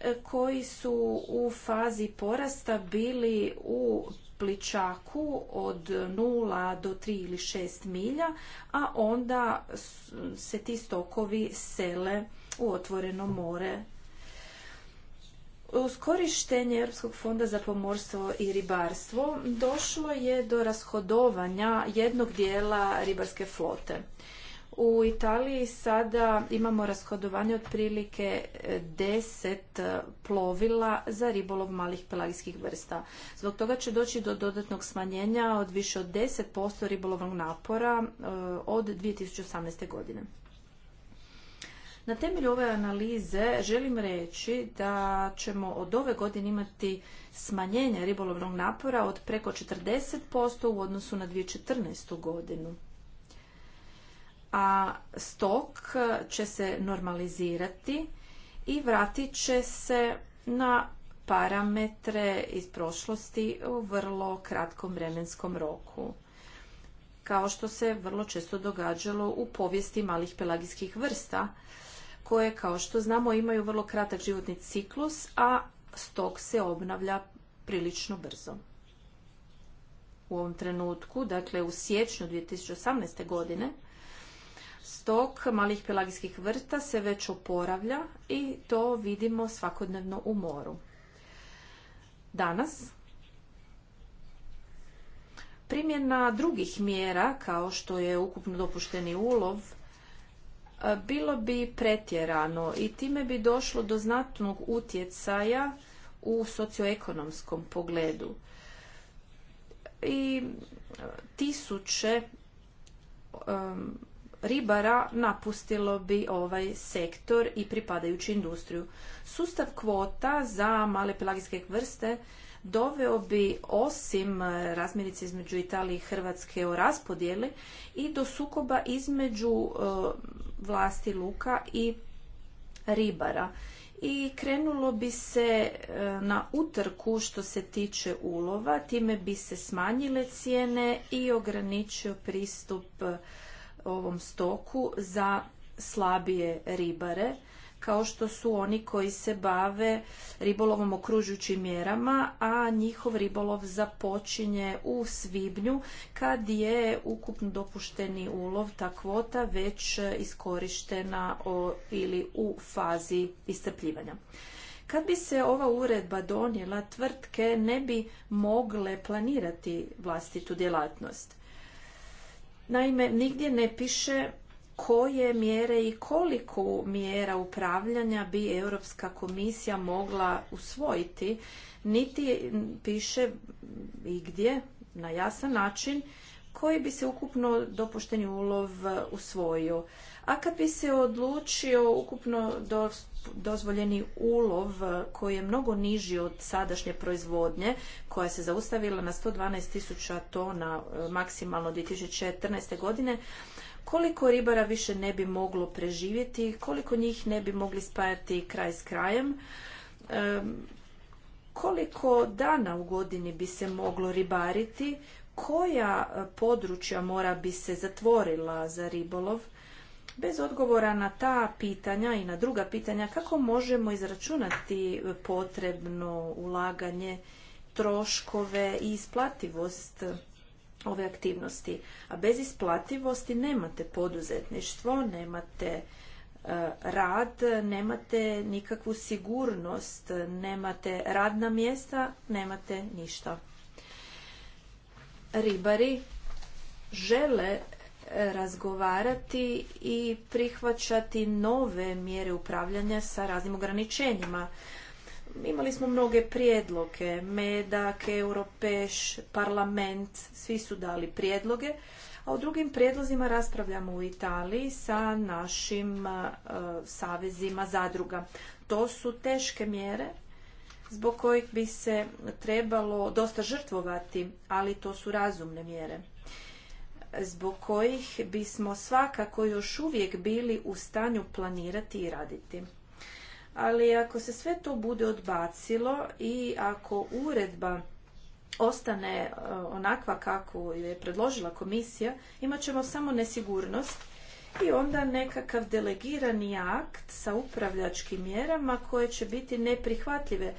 e, koji su u fazi porasta bili u pličaku od 0 do 3 ili 6 milja, a onda se ti stokovi sele u otvoreno more. Uz korištenje Europskog fonda za pomorstvo i ribarstvo došlo je do rashodovanja jednog dijela ribarske flote. U Italiji sada imamo rashodovanje otprilike 10 e, e, plovila za ribolov malih pelagijskih vrsta. Zbog toga će doći do dodatnog smanjenja od više od 10% ribolovnog napora e, od 2018. godine. Na temelju ove analize želim reći da ćemo od ove godine imati smanjenje ribolovnog napora od preko 40% u odnosu na 2014. godinu a stok će se normalizirati i vratit će se na parametre iz prošlosti u vrlo kratkom vremenskom roku kao što se vrlo često događalo u povijesti malih pelagijskih vrsta, koje, kao što znamo, imaju vrlo kratak životni ciklus, a stok se obnavlja prilično brzo. U ovom trenutku, dakle u siječnju 2018. godine, stok malih pelagijskih vrta se već oporavlja i to vidimo svakodnevno u moru. Danas primjena drugih mjera kao što je ukupno dopušteni ulov e, bilo bi pretjerano i time bi došlo do znatnog utjecaja u socioekonomskom pogledu. I e, tisuće e, ribara napustilo bi ovaj sektor i pripadajuću industriju. Sustav kvota za male pelagijske vrste doveo bi osim razmirice između Italije i Hrvatske o raspodjeli i do sukoba između e, vlasti luka i ribara. I krenulo bi se e, na utrku što se tiče ulova, time bi se smanjile cijene i ograničio pristup ovom stoku za slabije ribare kao što su oni koji se bave ribolovom okružujućim mjerama, a njihov ribolov započinje u svibnju kad je ukupno dopušteni ulov ta kvota već iskorištena ili u fazi iscrpljivanja. Kad bi se ova uredba donijela, tvrtke ne bi mogle planirati vlastitu djelatnost. Naime, nigdje ne piše koje mjere i koliko mjera upravljanja bi Europska komisija mogla usvojiti, niti piše gdje na jasan način koji bi se ukupno dopušteni ulov usvojio a kad bi se odlučio ukupno dozvoljeni ulov koji je mnogo niži od sadašnje proizvodnje koja se zaustavila na 112 tisuća tona e, maksimalno 2014. godine, koliko ribara više ne bi moglo preživjeti, koliko njih ne bi mogli spajati kraj s krajem, e, koliko dana u godini bi se moglo ribariti, koja e, područja mora bi se zatvorila za ribolov, Bez odgovora na ta pitanja i na druga pitanja kako možemo izračunati potrebno ulaganje, troškove i isplativost ove aktivnosti. A bez isplativosti nemate poduzetništvo, nemate e, rad, nemate nikakvu sigurnost, nemate radna mjesta, nemate ništa. Ribari žele razgovarati i prihvaćati nove mjere upravljanja sa raznim ograničenjima. Imali smo mnoge prijedloge, Medak, Europeš, parlament, svi su dali prijedloge, a o drugim prijedlozima raspravljamo u Italiji sa našim e, savezima zadruga. To su teške mjere zbog kojih bi se trebalo dosta žrtvovati, ali to su razumne mjere zbog kojih bismo svakako još uvijek bili u stanju planirati i raditi. Ali ako se sve to bude odbacilo i ako uredba ostane e, onakva kako je predložila komisija, imat ćemo samo nesigurnost i onda nekakav delegirani akt sa upravljačkim mjerama koje će biti neprihvatljive,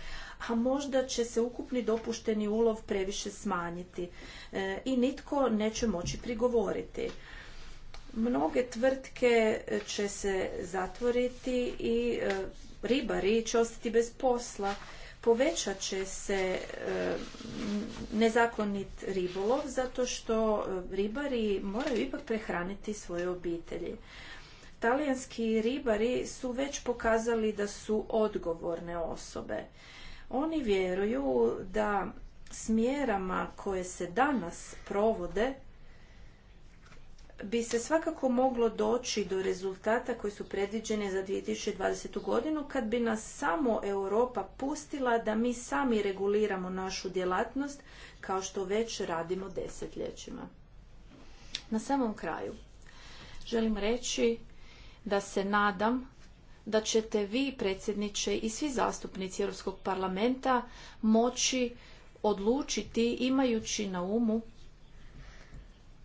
a možda će se ukupni dopušteni ulov previše smanjiti e, i nitko neće moći prigovoriti. Mnoge tvrtke će se zatvoriti i e, ribari će ostati bez posla. Povećat će se e, nezakonit ribolov zato što ribari moraju ipak prehraniti svoje obitelji. Talijanski ribari su već pokazali da su odgovorne osobe. Oni vjeruju da s mjerama koje se danas provode bi se svakako moglo doći do rezultata koji su predviđeni za 2020. godinu kad bi nas samo Europa pustila da mi sami reguliramo našu djelatnost kao što već radimo desetljećima. Na samom kraju želim reći da se nadam da ćete vi, predsjedniče, i svi zastupnici Europskog parlamenta moći odlučiti imajući na umu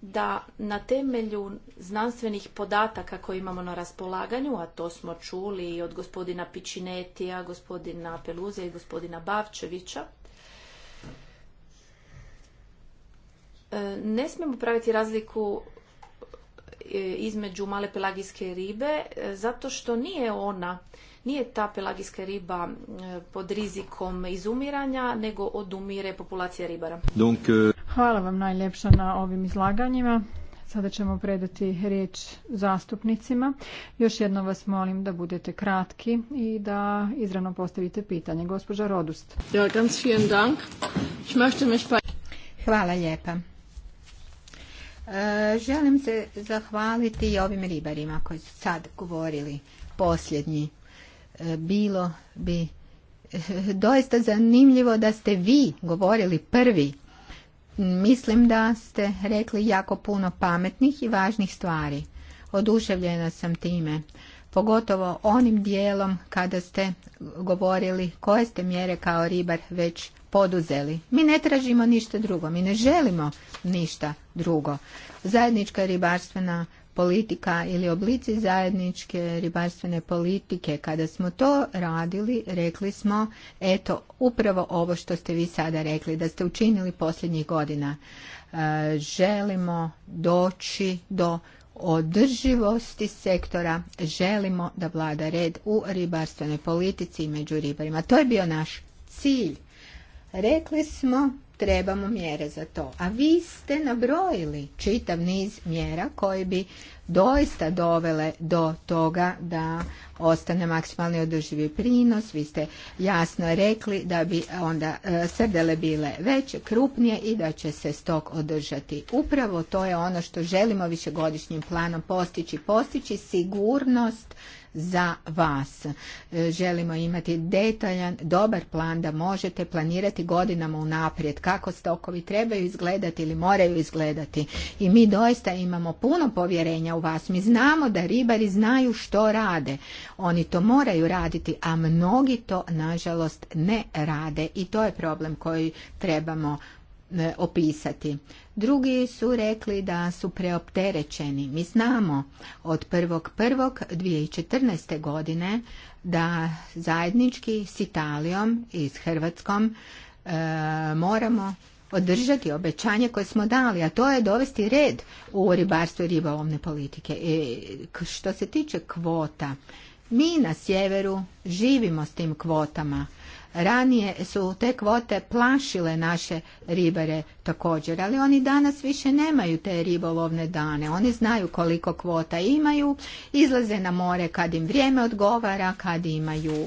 da na temelju znanstvenih podataka koje imamo na raspolaganju, a to smo čuli i od gospodina Pičinetija, gospodina Peluze i gospodina Bavčevića, e, ne smijemo praviti razliku E, između male pelagijske ribe e, zato što nije ona, nije ta pelagijska riba e, pod rizikom izumiranja, nego odumire populacija ribara. Hvala vam najljepša na ovim izlaganjima. Sada ćemo predati riječ zastupnicima. Još jedno vas molim da budete kratki i da izravno postavite pitanje. Gospođa Rodust. Hvala lijepa. E, želim se zahvaliti i ovim ribarima koji su sad govorili posljednji. E, bilo bi e, doista zanimljivo da ste vi govorili prvi. Mislim da ste rekli jako puno pametnih i važnih stvari. Oduševljena sam time. Pogotovo onim dijelom kada ste govorili koje ste mjere kao ribar već poduzeli. Mi ne tražimo ništa drugo, mi ne želimo ništa drugo. Zajednička ribarstvena politika ili oblici zajedničke ribarstvene politike. Kada smo to radili, rekli smo, eto, upravo ovo što ste vi sada rekli, da ste učinili posljednjih godina. E, želimo doći do održivosti sektora, želimo da vlada red u ribarstvenoj politici i među ribarima. To je bio naš cilj. Rekli smo trebamo mjere za to. A vi ste nabrojili čitav niz mjera koji bi doista dovele do toga da ostane maksimalni održivi prinos. Vi ste jasno rekli da bi onda e, srdele bile veće, krupnije i da će se stok održati. Upravo to je ono što želimo višegodišnjim planom postići. Postići sigurnost za vas. E, želimo imati detaljan, dobar plan da možete planirati godinama unaprijed kako stokovi trebaju izgledati ili moraju izgledati. I mi doista imamo puno povjerenja u vas. Mi znamo da ribari znaju što rade. Oni to moraju raditi, a mnogi to nažalost ne rade i to je problem koji trebamo E, opisati. Drugi su rekli da su preopterećeni. Mi znamo od 1.1.2014. godine da zajednički s Italijom i s Hrvatskom e, moramo održati obećanje koje smo dali, a to je dovesti red u ribarstvo i ribolovne politike. E, što se tiče kvota, mi na sjeveru živimo s tim kvotama Ranije su te kvote plašile naše ribare također, ali oni danas više nemaju te ribolovne dane. Oni znaju koliko kvota imaju, izlaze na more kad im vrijeme odgovara, kad imaju e,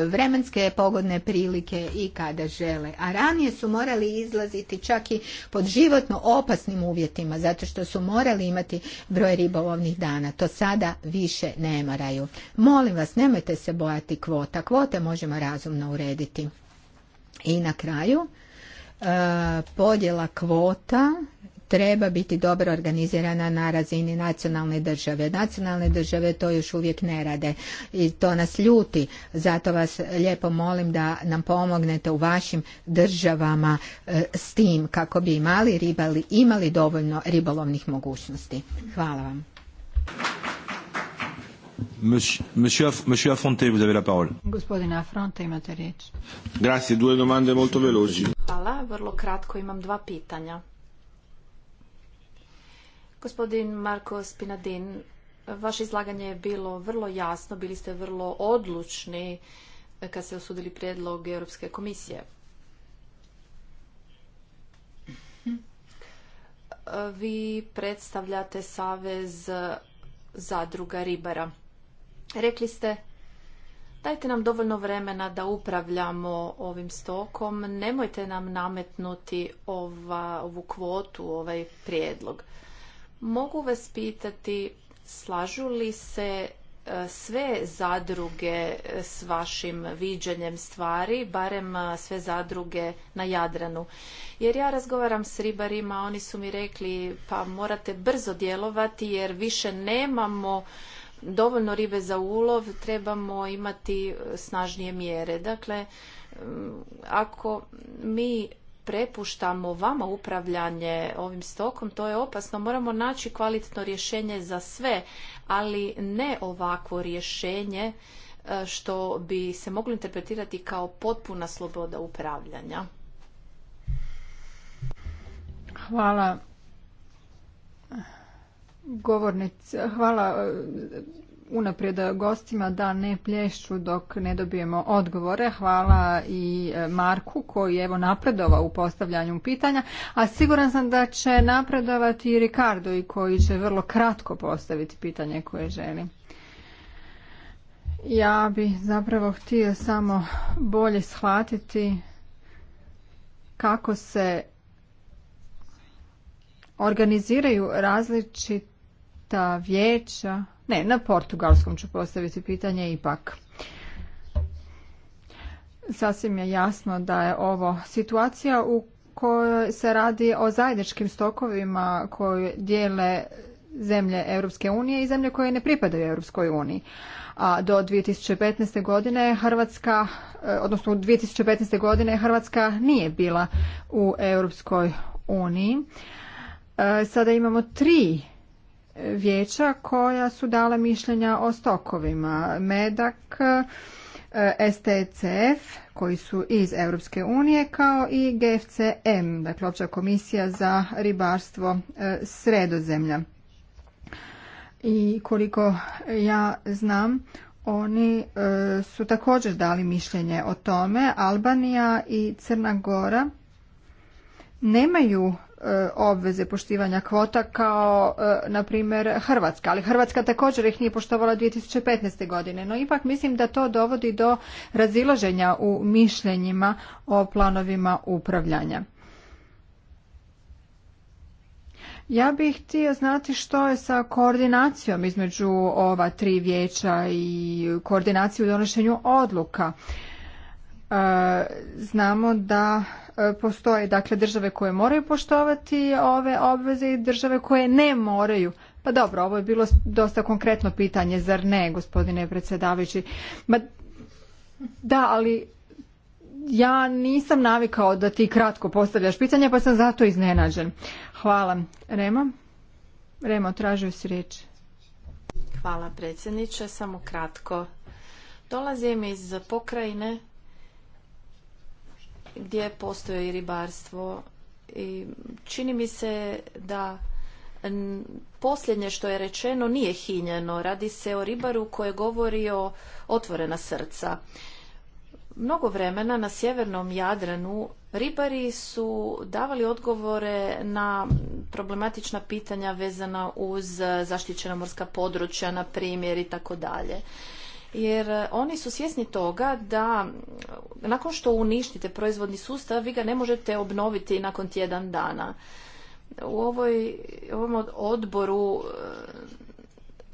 e, vremenske pogodne prilike i kada žele. A ranije su morali izlaziti čak i pod životno opasnim uvjetima, zato što su morali imati broj ribolovnih dana. To sada više ne moraju. Molim vas, nemojte se bojati kvota. Kvote možemo razumno na urediti. I na kraju, e, podjela kvota treba biti dobro organizirana na razini nacionalne države. Nacionalne države to još uvijek ne rade i to nas ljuti. Zato vas lijepo molim da nam pomognete u vašim državama e, s tim kako bi mali ribali imali dovoljno ribolovnih mogućnosti. Hvala vam. Monsieur, monsieur Affronte, vous avez la parole. Gospodine imate riječ. Grazie, due domande molto veloci. Hvala, vrlo kratko imam dva pitanja. Gospodin Marko Spinadin, vaše izlaganje je bilo vrlo jasno, bili ste vrlo odlučni eh, kad ste osudili prijedlog Europske komisije. Eh, vi predstavljate Savez zadruga ribara. Rekli ste dajte nam dovoljno vremena da upravljamo ovim stokom, nemojte nam nametnuti ova, ovu kvotu, ovaj prijedlog. Mogu vas pitati, slažu li se e, sve zadruge e, s vašim viđenjem stvari, barem e, sve zadruge na Jadranu. Jer ja razgovaram s ribarima, oni su mi rekli pa morate brzo djelovati jer više nemamo dovoljno ribe za ulov, trebamo imati e, snažnije mjere. Dakle, mm, ako mi prepuštamo vama upravljanje ovim stokom, to je opasno. Moramo naći kvalitetno rješenje za sve, ali ne ovako rješenje e, što bi se moglo interpretirati kao potpuna sloboda upravljanja. Hvala govornica, hvala e, unaprijed gostima da ne plješću dok ne dobijemo odgovore. Hvala i e, Marku koji je evo napredovao u postavljanju pitanja, a siguran sam da će napredovati i Ricardo i koji će vrlo kratko postaviti pitanje koje želi. Ja bi zapravo htio samo bolje shvatiti kako se organiziraju različiti ta vijeća. Ne, na portugalskom ću postaviti pitanje ipak. Sasvim je jasno da je ovo situacija u kojoj se radi o zajedničkim stokovima koje dijele zemlje Europske unije i zemlje koje ne pripadaju Europskoj uniji. A do 2015. godine Hrvatska, e, odnosno u 2015. godine Hrvatska nije bila u Europskoj uniji. E, sada imamo tri vijeća koja su dala mišljenja o stokovima. Medak, e, STCF koji su iz Europske unije kao i GFCM, dakle opća komisija za ribarstvo e, sredozemlja. I koliko ja znam, oni e, su također dali mišljenje o tome. Albanija i Crna Gora nemaju E, obveze poštivanja kvota kao e, na primjer Hrvatska, ali Hrvatska također ih nije poštovala 2015. godine. No ipak mislim da to dovodi do razilaženja u mišljenjima o planovima upravljanja. Ja bih htio znati što je sa koordinacijom između ova tri vijeća i koordinaciju u donošenju odluka znamo da e, postoje dakle države koje moraju poštovati ove obveze i države koje ne moraju. Pa dobro, ovo je bilo dosta konkretno pitanje, zar ne, gospodine predsjedavajući? da, ali ja nisam navikao da ti kratko postavljaš pitanje, pa sam zato iznenađen. Hvala. Rema? Rema, tražio si riječ. Hvala predsjedniče, samo kratko. Dolazim iz pokrajine gdje postoje i ribarstvo i čini mi se da posljednje što je rečeno nije hinjeno. Radi se o ribaru koji je govorio otvorena srca. Mnogo vremena na sjevernom Jadranu ribari su davali odgovore na problematična pitanja vezana uz zaštićena morska područja, na primjer i tako dalje jer e, oni su svjesni toga da nakon što uništite proizvodni sustav vi ga ne možete obnoviti nakon tjedan dana. U ovoj, ovom odboru e,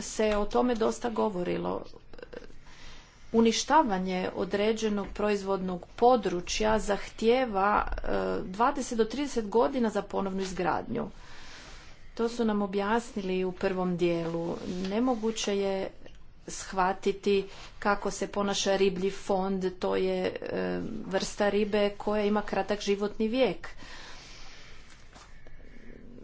se o tome dosta govorilo. E, uništavanje određenog proizvodnog područja zahtjeva 20 do 30 godina za ponovnu izgradnju. To su nam objasnili u prvom dijelu. Nemoguće je shvatiti kako se ponaša riblji fond, to je e, vrsta ribe koja ima kratak životni vijek.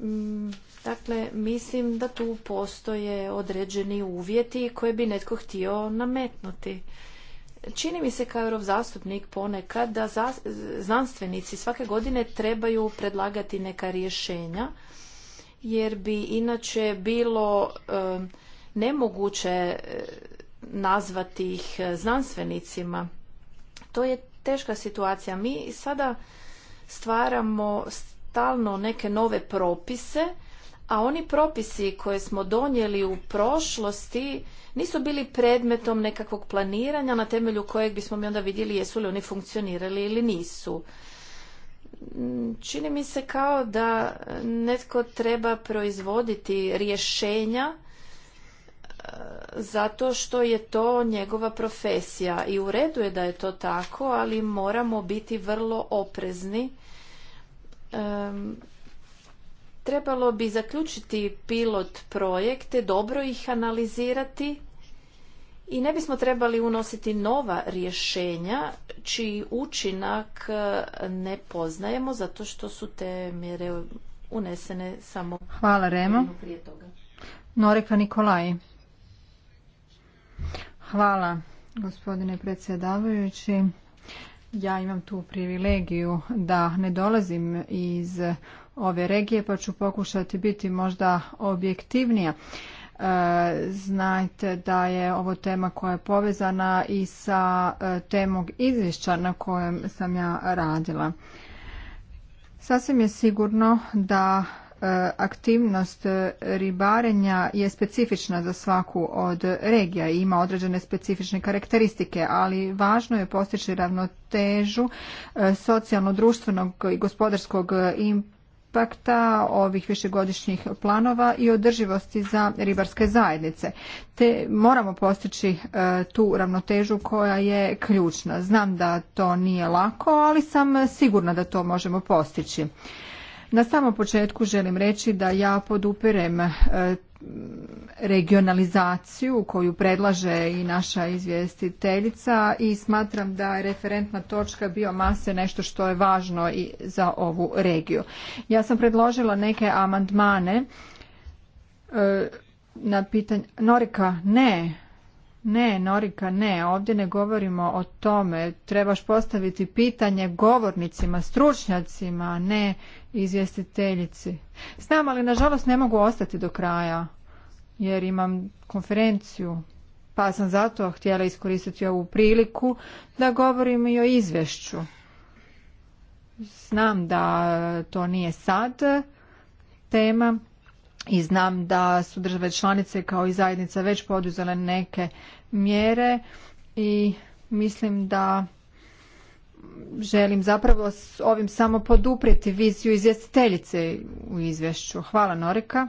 Mm, dakle, mislim da tu postoje određeni uvjeti koje bi netko htio nametnuti. Čini mi se kao europ zastupnik ponekad da znanstvenici svake godine trebaju predlagati neka rješenja, jer bi inače bilo e, nemoguće e, nazvati ih e, znanstvenicima. To je teška situacija. Mi sada stvaramo stalno neke nove propise, a oni propisi koje smo donijeli u prošlosti nisu bili predmetom nekakvog planiranja na temelju kojeg bismo mi onda vidjeli jesu li oni funkcionirali ili nisu. Čini mi se kao da netko treba proizvoditi rješenja zato što je to njegova profesija i u redu je da je to tako, ali moramo biti vrlo oprezni. trebalo bi zaključiti pilot projekte, dobro ih analizirati i ne bismo trebali unositi nova rješenja čiji učinak e, ne poznajemo zato što su te mjere unesene samo Hvala Remo. prije toga. Noreka Nikolaj. Hvala gospodine predsjedavajući. Ja imam tu privilegiju da ne dolazim iz ove regije pa ću pokušati biti možda objektivnija. E, znajte da je ovo tema koja je povezana i sa e, temog izvješća na kojem sam ja radila. Sasvim je sigurno da E, aktivnost ribarenja je specifična za svaku od regija i ima određene specifične karakteristike, ali važno je postići ravnotežu e, socijalno-društvenog i gospodarskog impakta ovih višegodišnjih planova i održivosti za ribarske zajednice. Te moramo postići e, tu ravnotežu koja je ključna. Znam da to nije lako, ali sam sigurna da to možemo postići. Na samom početku želim reći da ja podupirem e, regionalizaciju koju predlaže i naša izvjestiteljica i smatram da je referentna točka biomase nešto što je važno i za ovu regiju. Ja sam predložila neke amandmane e, na pitanje... Norika, ne, ne, Norika, ne, ovdje ne govorimo o tome. Trebaš postaviti pitanje govornicima, stručnjacima, ne izvjestiteljici. Znam, ali nažalost ne mogu ostati do kraja, jer imam konferenciju, pa sam zato htjela iskoristiti ovu priliku da govorim i o izvješću. Znam da to nije sad tema i znam da su države članice kao i zajednica već poduzele neke mjere i mislim da želim zapravo s ovim samo poduprijeti viziju izvjestiteljice u izvješću. Hvala Norika.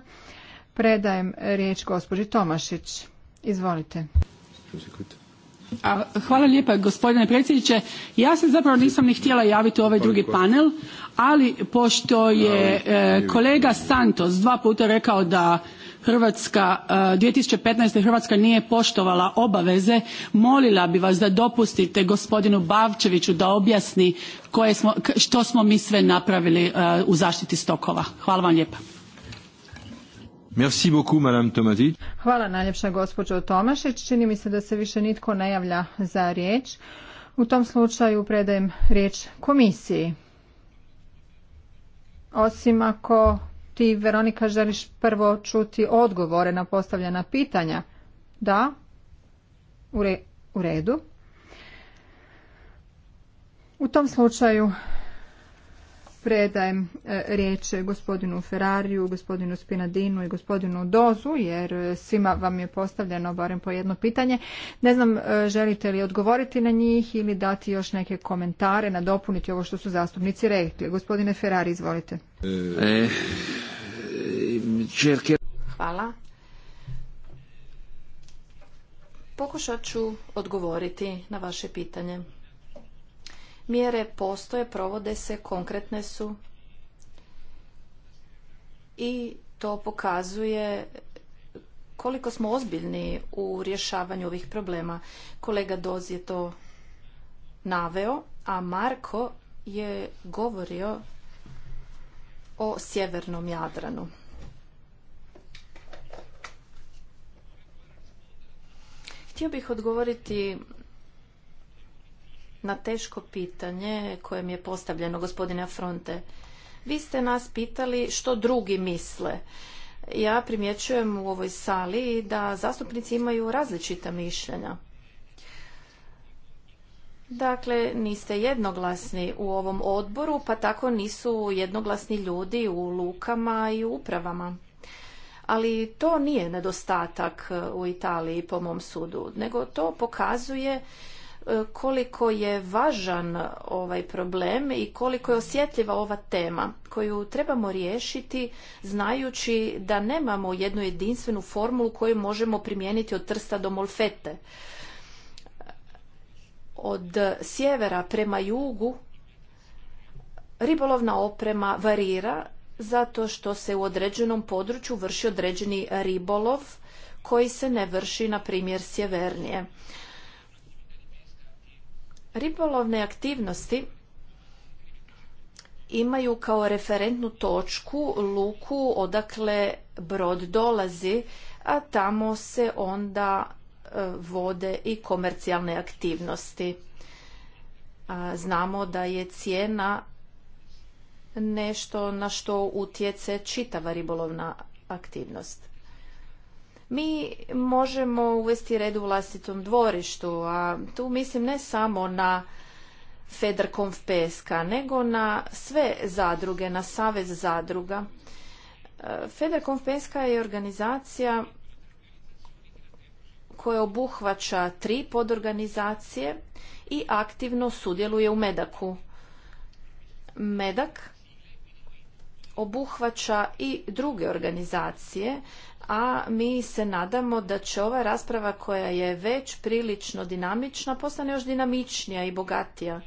Predajem riječ gospođi Tomašić. Izvolite. hvala lijepa gospodine predsjedniče. Ja se zapravo nisam ni htjela javiti u ovaj drugi panel, ali pošto je e, kolega Santos dva puta rekao da Hrvatska 2015. E, Hrvatska nije poštovala obaveze molila bih vas da dopustite gospodinu Bavčeviću da objasni koje smo, što smo mi sve napravili e, u zaštiti stokova. Hvala vam lijepa. Hvala najljepša gospođo Tomašić. Čini mi se da se više nitko ne javlja za riječ. U tom slučaju predajem riječ komisiji. Osim ako ti, Veronika, želiš prvo čuti odgovore na postavljena pitanja? Da? U redu. U tom slučaju predajem e, riječ gospodinu Ferrariju, gospodinu Spinadinu i gospodinu Dozu, jer e, svima vam je postavljeno barem po jedno pitanje. Ne znam, e, želite li odgovoriti na njih ili dati još neke komentare, nadopuniti ovo što su zastupnici rekli. Gospodine Ferrari, izvolite. Hvala. Pokušat ću odgovoriti na vaše pitanje. Mjere postoje, provode se, konkretne su i to pokazuje koliko smo ozbiljni u rješavanju ovih problema. Kolega Doz je to naveo, a Marko je govorio o sjevernom Jadranu. Htio bih odgovoriti na teško pitanje koje mi je postavljeno gospodine Fronte. Vi ste nas pitali što drugi misle. Ja primjećujem u ovoj sali da zastupnici imaju različita mišljenja. Dakle, niste jednoglasni u ovom odboru, pa tako nisu jednoglasni ljudi u lukama i upravama. Ali to nije nedostatak u Italiji po mom sudu, nego to pokazuje E, koliko je važan ovaj problem i koliko je osjetljiva ova tema koju trebamo riješiti znajući da nemamo jednu jedinstvenu formulu koju možemo primijeniti od Trsta do Molfete. Od sjevera prema jugu ribolovna oprema varira zato što se u određenom području vrši određeni ribolov koji se ne vrši na primjer sjevernije ribolovne aktivnosti imaju kao referentnu točku luku odakle brod dolazi, a tamo se onda e, vode i komercijalne aktivnosti. Znamo da je cijena nešto na što utjece čitava ribolovna aktivnost. Mi možemo uvesti red u vlastitom dvorištu, a tu mislim ne samo na Federkonf Peska, nego na sve zadruge, na Savez zadruga. E, Federkonf Peska je organizacija koja obuhvaća tri podorganizacije i aktivno sudjeluje u Medaku. Medak obuhvaća i druge organizacije a mi se nadamo da će ova rasprava koja je već prilično dinamična postane još dinamičnija i bogatija.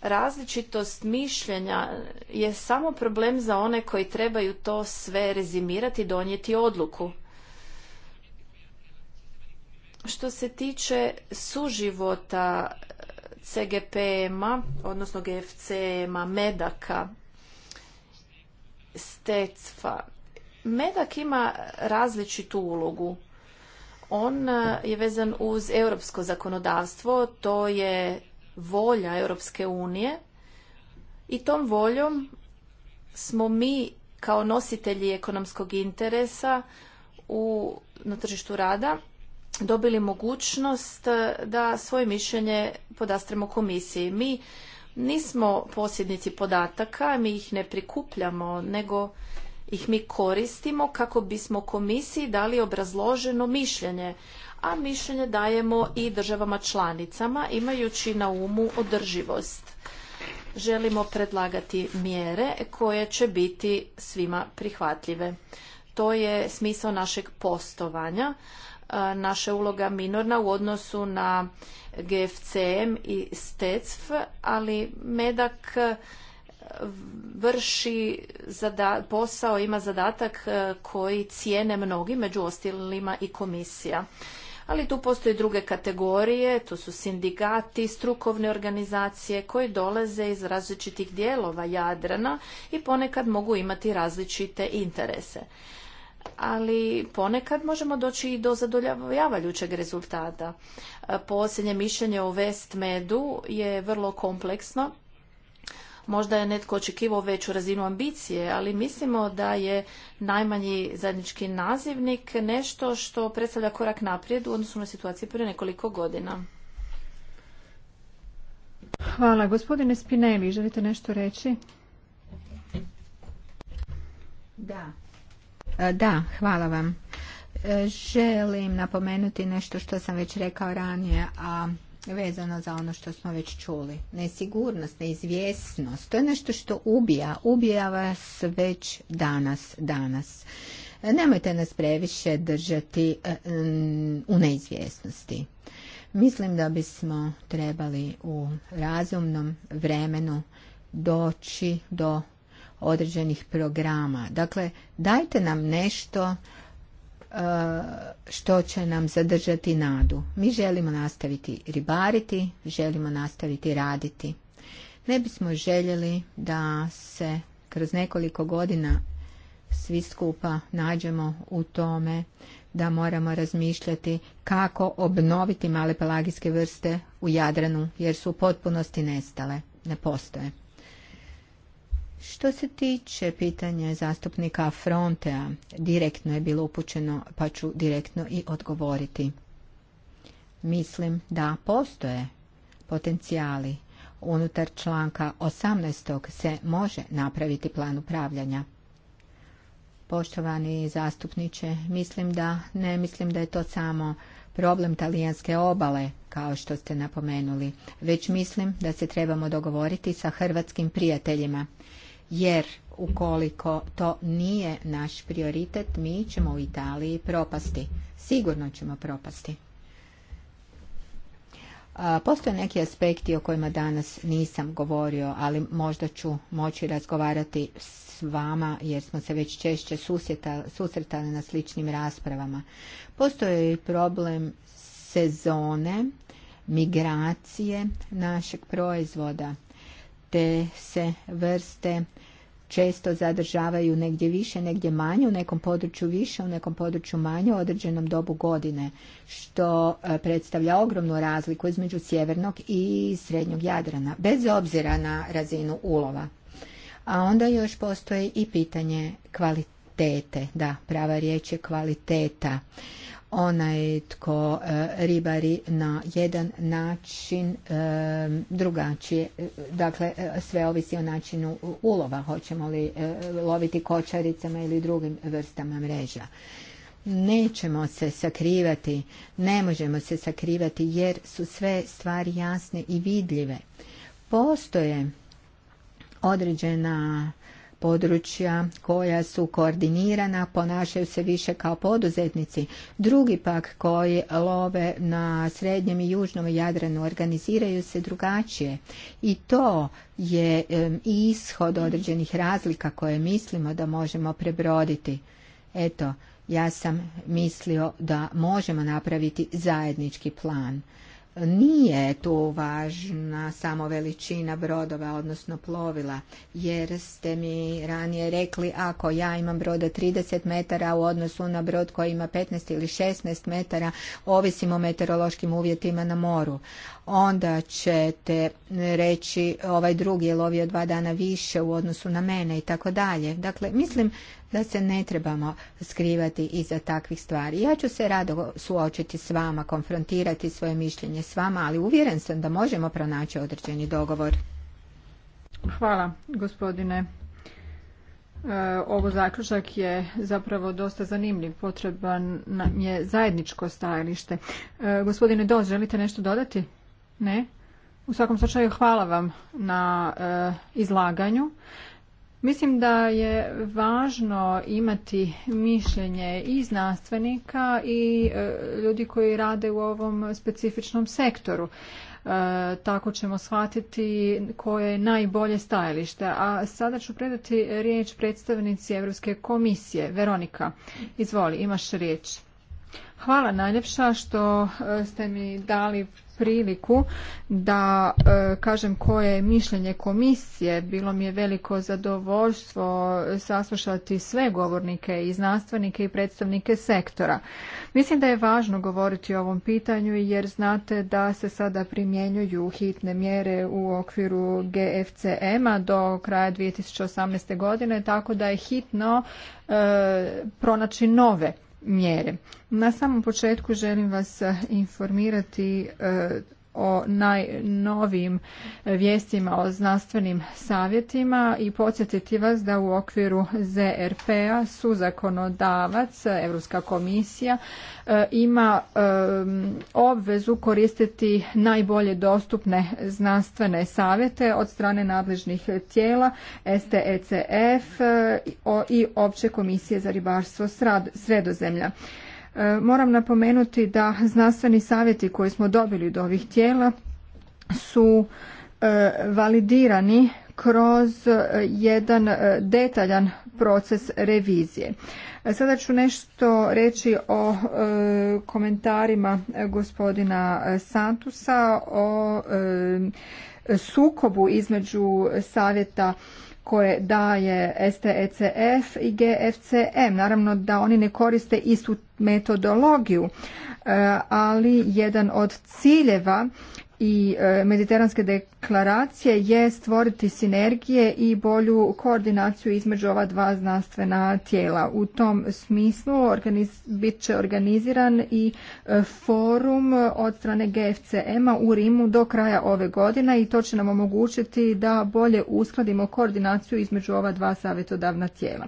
Različitost mišljenja je samo problem za one koji trebaju to sve rezimirati i donijeti odluku. Što se tiče suživota CGPM-a, odnosno GFC-ma, Medaka, Stecfa Medak ima različitu ulogu. On e, je vezan uz europsko zakonodavstvo, to je volja Europske unije i tom voljom smo mi kao nositelji ekonomskog interesa u, na tržištu rada dobili mogućnost e, da svoje mišljenje podastremo komisiji. Mi nismo posjednici podataka, mi ih ne prikupljamo, nego ih mi koristimo kako bismo komisiji dali obrazloženo mišljenje, a mišljenje dajemo i državama članicama imajući na umu održivost. Želimo predlagati mjere koje će biti svima prihvatljive. To je smisao našeg postovanja. E, naša uloga minorna u odnosu na GFCM i STECF, ali medak vrši posao, ima zadatak e, koji cijene mnogi, među ostalima i komisija. Ali tu postoje druge kategorije, to su sindikati, strukovne organizacije koji dolaze iz različitih dijelova Jadrana i ponekad mogu imati različite interese ali ponekad možemo doći i do zadovoljavajućeg rezultata. E, posljednje mišljenje o Westmedu je vrlo kompleksno Možda je netko očekivao veću razinu ambicije, ali mislimo da je najmanji zajednički nazivnik nešto što predstavlja korak naprijed u odnosu na situaciju prije nekoliko godina. Hvala. Gospodine Spinelli, želite nešto reći? Da. E, da, hvala vam. E, želim napomenuti nešto što sam već rekao ranije, a vezano za ono što smo već čuli. Nesigurnost, neizvjesnost, to je nešto što ubija, ubija vas već danas, danas. Nemojte nas previše držati eh, u neizvjesnosti. Mislim da bismo trebali u razumnom vremenu doći do određenih programa. Dakle, dajte nam nešto što će nam zadržati nadu. Mi želimo nastaviti ribariti, želimo nastaviti raditi. Ne bismo željeli da se kroz nekoliko godina svi skupa nađemo u tome da moramo razmišljati kako obnoviti male pelagijske vrste u Jadranu jer su u potpunosti nestale, ne postoje. Što se tiče pitanja zastupnika Frontea, direktno je bilo upućeno, pa ću direktno i odgovoriti. Mislim da postoje potencijali. Unutar članka 18. se može napraviti plan upravljanja. Poštovani zastupniče, mislim da ne mislim da je to samo problem talijanske obale, kao što ste napomenuli, već mislim da se trebamo dogovoriti sa hrvatskim prijateljima jer ukoliko to nije naš prioritet, mi ćemo u Italiji propasti. Sigurno ćemo propasti. Postoje neki aspekti o kojima danas nisam govorio, ali možda ću moći razgovarati s vama jer smo se već češće susretali na sličnim raspravama. Postoje i problem sezone, migracije našeg proizvoda te se vrste često zadržavaju negdje više, negdje manje, u nekom području više, u nekom području manje u određenom dobu godine, što e, predstavlja ogromnu razliku između sjevernog i srednjog Jadrana, bez obzira na razinu ulova. A onda još postoji i pitanje kvalitete, da, prava riječ je kvaliteta onaj tko e, ribari na jedan način e, drugačije. E, dakle, sve ovisi o načinu ulova. Hoćemo li loviti kočaricama ili drugim vrstama mreža. Nećemo se sakrivati, ne možemo se sakrivati jer su sve stvari jasne i vidljive. Postoje određena područja koja su koordinirana, ponašaju se više kao poduzetnici. Drugi pak koji love na srednjem i južnom Jadranu organiziraju se drugačije i to je ishod određenih razlika koje mislimo da možemo prebroditi. Eto, ja sam mislio da možemo napraviti zajednički plan nije tu važna samo veličina brodova, odnosno plovila, jer ste mi ranije rekli ako ja imam broda 30 metara u odnosu na brod koji ima 15 ili 16 metara, ovisim o meteorološkim uvjetima na moru. Onda ćete reći ovaj drugi je lovio dva dana više u odnosu na mene i tako dalje. Dakle, mislim da se ne trebamo skrivati iza takvih stvari. Ja ću se rado suočiti s vama, konfrontirati svoje mišljenje s vama, ali uvjeren sam da možemo pronaći određeni dogovor. Hvala, gospodine. E, ovo zaključak je zapravo dosta zanimljiv, potreban nam je zajedničko stajalište. E, gospodine Doz, želite nešto dodati? Ne? U svakom slučaju hvala vam na e, izlaganju. Mislim da je važno imati mišljenje i znanstvenika i e, ljudi koji rade u ovom specifičnom sektoru. E, tako ćemo shvatiti koje je najbolje stajalište. A sada ću predati riječ predstavnici Europske komisije. Veronika, izvoli, imaš riječ. Hvala najljepša što e, ste mi dali priliku da e, kažem koje je mišljenje komisije. Bilo mi je veliko zadovoljstvo saslušati sve govornike i znanstvenike i predstavnike sektora. Mislim da je važno govoriti o ovom pitanju jer znate da se sada primjenjuju hitne mjere u okviru GFCM-a do kraja 2018. godine, tako da je hitno e, pronaći nove mjere. Na samom početku želim vas informirati e, o najnovijim vijestima o znanstvenim savjetima i podsjetiti vas da u okviru ZRP-a su zakonodavac, Europska komisija e, ima e, obvezu koristiti najbolje dostupne znanstvene savjete od strane nadležnih tijela STECF e, i Opće komisije za ribarstvo sredozemlja. E, moram napomenuti da znanstveni savjeti koji smo dobili od ovih tijela su e, validirani kroz e, jedan detaljan proces revizije. Sada ću nešto reći o komentarima gospodina Santusa o sukobu između savjeta koje daje STECF i GFCM. Naravno da oni ne koriste istu metodologiju, e, ali jedan od ciljeva i e, mediteranske deklaracije je stvoriti sinergije i bolju koordinaciju između ova dva znanstvena tijela. U tom smislu bit će organiziran i e, forum od strane GFCM-a u Rimu do kraja ove godine i to će nam omogućiti da bolje uskladimo koordinaciju između ova dva savjetodavna tijela.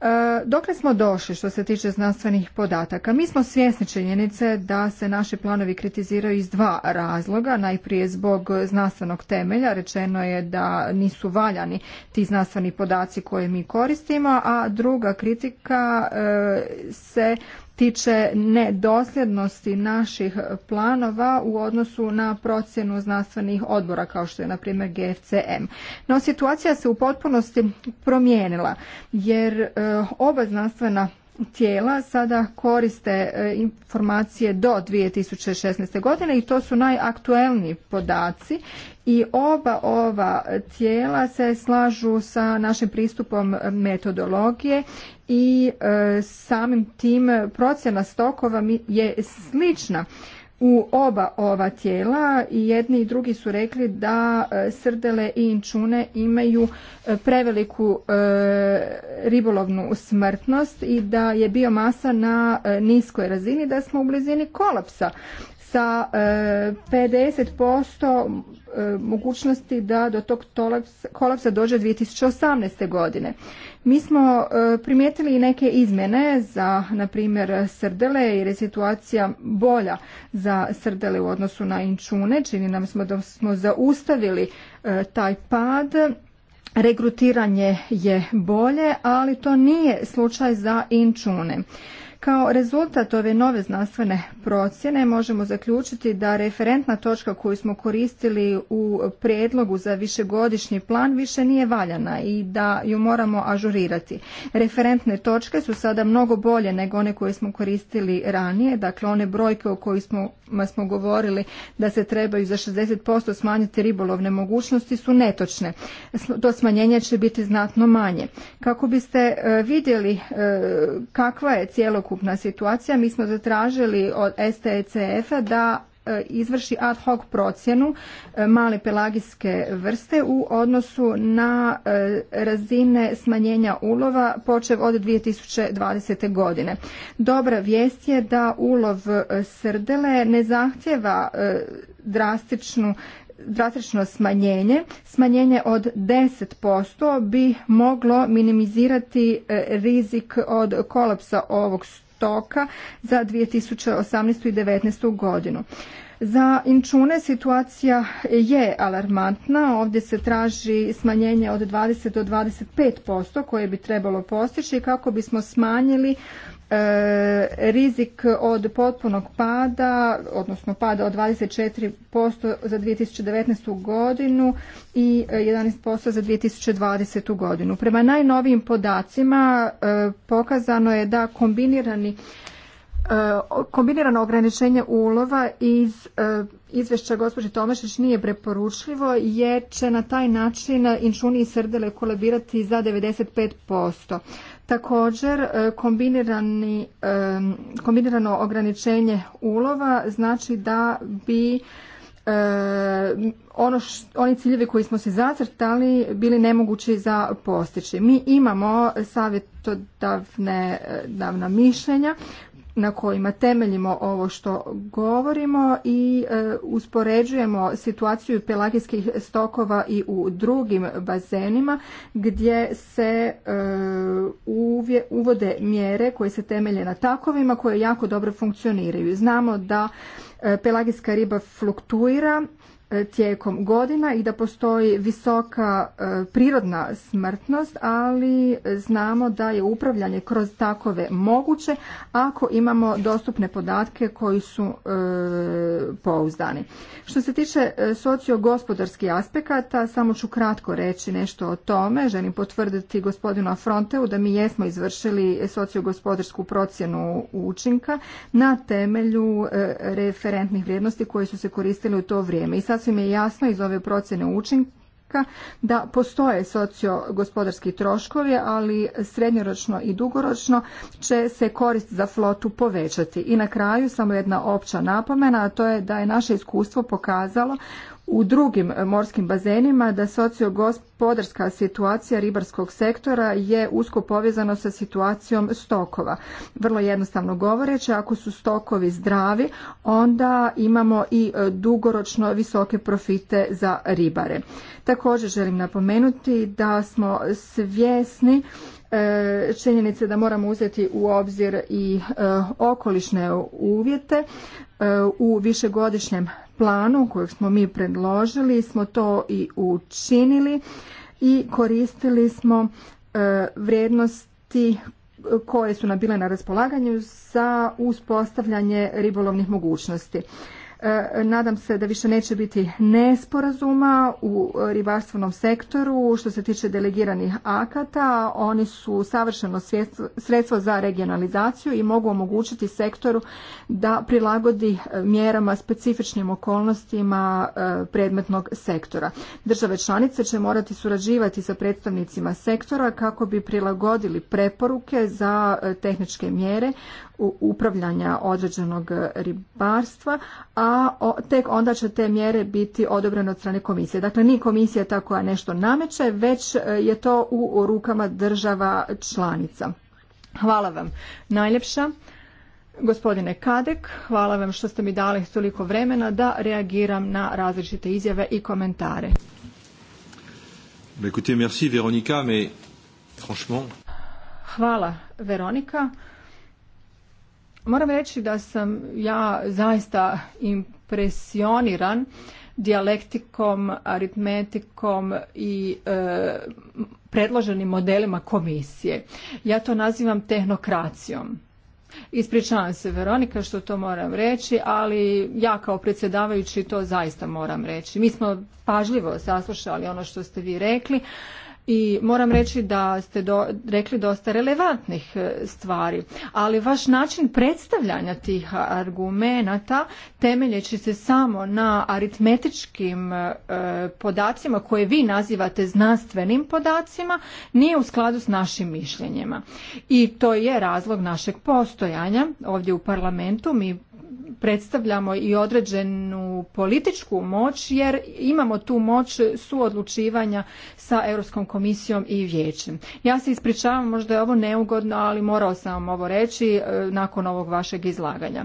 E, dokle smo došli što se tiče znanstvenih podataka? Mi smo svjesni činjenice da se naši planovi kritiziraju iz dva razloga. Najprije zbog znanstvenog temelja. Rečeno je da nisu valjani ti znanstveni podaci koje mi koristimo, a druga kritika e, se tiče nedosljednosti naših planova u odnosu na procjenu znanstvenih odbora kao što je na primjer GFCM. No situacija se u potpunosti promijenila jer e, oba znanstvena tijela sada koriste e, informacije do 2016. godine i to su najaktuelniji podaci i oba ova tijela se slažu sa našim pristupom metodologije i e, samim tim procjena stokova je slična u oba ova tijela i jedni i drugi su rekli da e, srdele i inčune imaju e, preveliku ribolovnu smrtnost i da je biomasa na niskoj razini da smo u blizini kolapsa sa 50% E, mogućnosti da do tog kolapsa dođe 2018. godine. Mi smo e, primijetili i neke izmjene za, na primjer, srdele jer je situacija bolja za srdele u odnosu na inčune. Čini nam smo da smo zaustavili e, taj pad Regrutiranje je bolje, ali to nije slučaj za inčune. Kao rezultat ove nove znanstvene procjene možemo zaključiti da referentna točka koju smo koristili u prijedlogu za višegodišnji plan više nije valjana i da ju moramo ažurirati. Referentne točke su sada mnogo bolje nego one koje smo koristili ranije, dakle one brojke o kojima smo smo govorili da se trebaju za 60% smanjiti ribolovne mogućnosti su netočne. To smanjenje će biti znatno manje. Kako biste e, vidjeli e, kakva je cjelokupna situacija, mi smo zatražili od STECF-a da E, izvrši ad hoc procjenu e, male pelagijske vrste u odnosu na e, razine smanjenja ulova počev od 2020. godine. Dobra vijest je da ulov srdele ne zahtjeva drastičnu drastično smanjenje, smanjenje od 10% bi moglo minimizirati rizik od kolapsa ovog stoka za 2018. i 2019. godinu. Za inčune situacija je alarmantna. Ovdje se traži smanjenje od 20 do 25% koje bi trebalo postići kako bismo smanjili E, rizik od potpunog pada, odnosno pada od 24% za 2019. godinu i 11% za 2020. godinu. Prema najnovijim podacima e, pokazano je da kombinirani e, Kombinirano ograničenje ulova iz izvješća gospođe Tomašić nije preporučljivo jer će na taj način inčuni i srdele kolabirati za 95%. Također, e, e, kombinirano ograničenje ulova znači da bi e, ono oni ciljevi koji smo se zacrtali bili nemogući za postići. Mi imamo savjetodavne davna mišljenja na kojima temeljimo ovo što govorimo i e, uspoređujemo situaciju pelagijskih stokova i u drugim bazenima gdje se e, uvode mjere koje se temelje na takovima koje jako dobro funkcioniraju. Znamo da e, pelagijska riba fluktuira E, tijekom godina i da postoji visoka e, prirodna smrtnost, ali znamo da je upravljanje kroz takove moguće ako imamo dostupne podatke koji su e, pouzdani. Što se tiče sociogospodarskih aspekata, samo ću kratko reći nešto o tome. Želim potvrditi gospodinu Afronteu da mi jesmo izvršili sociogospodarsku procjenu učinka na temelju referentnih vrijednosti koje su se koristile u to vrijeme. I sad sasvim je jasno iz ove procjene učinka da postoje sociogospodarski troškovi, ali srednjoročno i dugoročno će se korist za flotu povećati. I na kraju samo jedna opća napomena, a to je da je naše iskustvo pokazalo u drugim morskim bazenima da sociogospodarska situacija ribarskog sektora je usko povezana sa situacijom stokova. Vrlo jednostavno govoreći, ako su stokovi zdravi, onda imamo i e, dugoročno visoke profite za ribare. Također želim napomenuti da smo svjesni e, činjenice da moramo uzeti u obzir i e, okolišne uvjete u višegodišnjem planu kojeg smo mi predložili smo to i učinili i koristili smo e, vrijednosti koje su nam bile na raspolaganju za uspostavljanje ribolovnih mogućnosti. E, nadam se da više neće biti nesporazuma u ribarstvenom sektoru što se tiče delegiranih akata. Oni su savršeno sredstvo za regionalizaciju i mogu omogućiti sektoru da prilagodi e, mjerama specifičnim okolnostima e, predmetnog sektora. Države članice će morati surađivati sa predstavnicima sektora kako bi prilagodili preporuke za tehničke mjere upravljanja određenog ribarstva, a tek onda će te mjere biti odobrene od strane komisije. Dakle, ni komisija ta koja nešto nameće, već e, je to u rukama država članica. Hvala vam najljepša. Gospodine Kadek, hvala vam što ste mi dali toliko vremena da reagiram na različite izjave i komentare. Hvala Veronika, Moram reći da sam ja zaista impresioniran dijalektikom, aritmetikom i e, predloženim modelima komisije. Ja to nazivam tehnokracijom. Ispričavam se Veronika što to moram reći, ali ja kao predsjedavajući to zaista moram reći. Mi smo pažljivo saslušali ono što ste vi rekli i moram reći da ste rekli dosta relevantnih e, stvari, ali vaš način predstavljanja tih argumenata temeljeći se samo na aritmetičkim e, podacima koje vi nazivate znanstvenim podacima nije u skladu s našim mišljenjima. I to je razlog našeg postojanja ovdje u parlamentu. Mi predstavljamo i određenu političku moć jer imamo tu moć suodlučivanja sa Europskom komisijom i vijećem. Ja se ispričavam, možda je ovo neugodno, ali morao sam vam ovo reći e, nakon ovog vašeg izlaganja.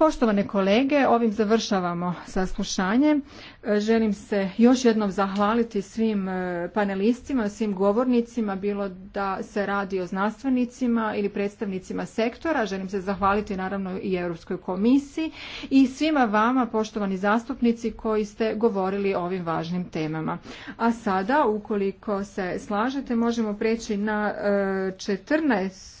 Poštovane kolege, ovim završavamo saslušanje. E, želim se još jednom zahvaliti svim e, panelistima, svim govornicima, bilo da se radi o znanstvenicima ili predstavnicima sektora. Želim se zahvaliti naravno i Europskoj komisiji i svima vama, poštovani zastupnici, koji ste govorili o ovim važnim temama. A sada, ukoliko se slažete, možemo preći na 14 e,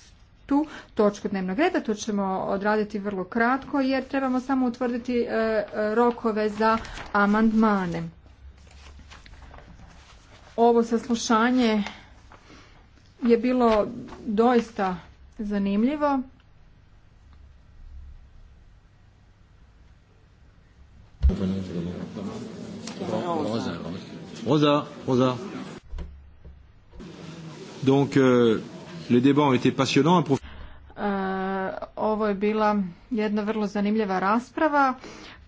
tu točku dnevnog reda. To ćemo odraditi vrlo kratko jer trebamo samo utvrditi e, e, rokove za amandmane. Ovo saslušanje je bilo doista zanimljivo. Donc, euh, E, ovo je bila jedna vrlo zanimljiva rasprava.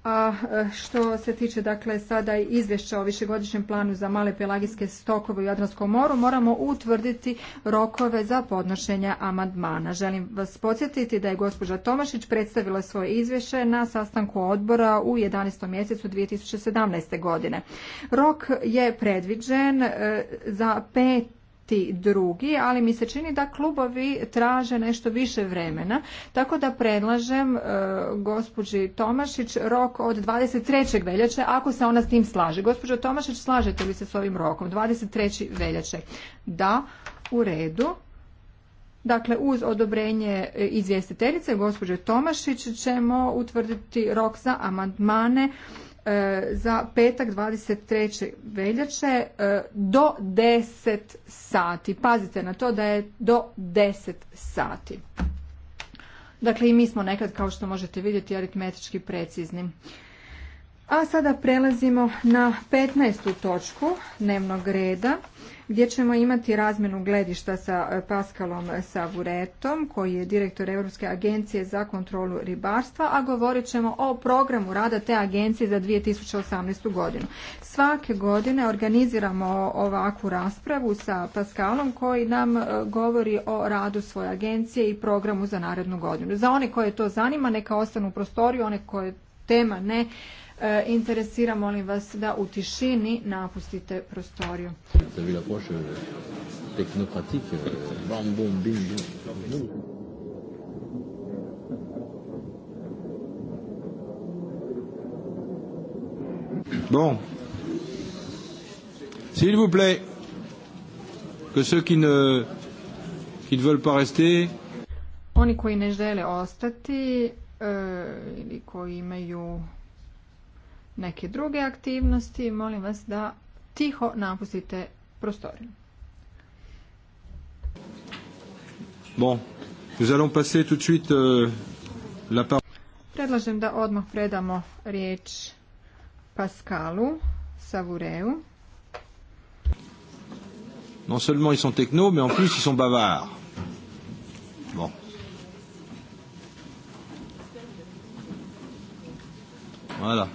A e, što se tiče dakle sada izvješća o višegodišnjem planu za male pelagijske stokove u Jadranskom moru, moramo utvrditi rokove za podnošenje amandmana. Želim vas podsjetiti da je gospođa Tomašić predstavila svoje izvješće na sastanku odbora u 11. mjesecu 2017. godine. Rok je predviđen e, za pet ti drugi, ali mi se čini da klubovi traže nešto više vremena, tako da predlažem e, gospođi Tomašić rok od 23. veljače, ako se ona s tim slaže. Gospođo Tomašić, slažete li se s ovim rokom? 23. veljače. Da, u redu. Dakle, uz odobrenje e, izvjestiteljice, gospođe Tomašić, ćemo utvrditi rok za amandmane E, za petak 23. veljače e, do 10 sati. Pazite na to da je do 10 sati. Dakle, i mi smo nekad, kao što možete vidjeti, aritmetički precizni. A sada prelazimo na 15. točku dnevnog reda gdje ćemo imati razmjenu gledišta sa e, Paskalom Savuretom, koji je direktor Europske agencije za kontrolu ribarstva, a govorit ćemo o programu rada te agencije za 2018. godinu. Svake godine organiziramo ovakvu raspravu sa Paskalom koji nam e, govori o radu svoje agencije i programu za narednu godinu. Za one koje to zanima, neka ostanu u prostoriju, one koje tema ne, E, interesira, molim vas, da u tišini napustite prostoriju. Bon. S'il vous plaît, que ceux qui ne, qui ne veulent pas rester... Oni koji ne žele ostati e, ili koji imaju neke druge aktivnosti, molim vas da tiho napustite prostoriju. Bon, nous allons passer tout de suite euh, la parole. Predlažem da odmah predamo riječ Pascalu Savureu. Non seulement ils sont techno, mais en plus ils sont bavards. Bon. Voilà.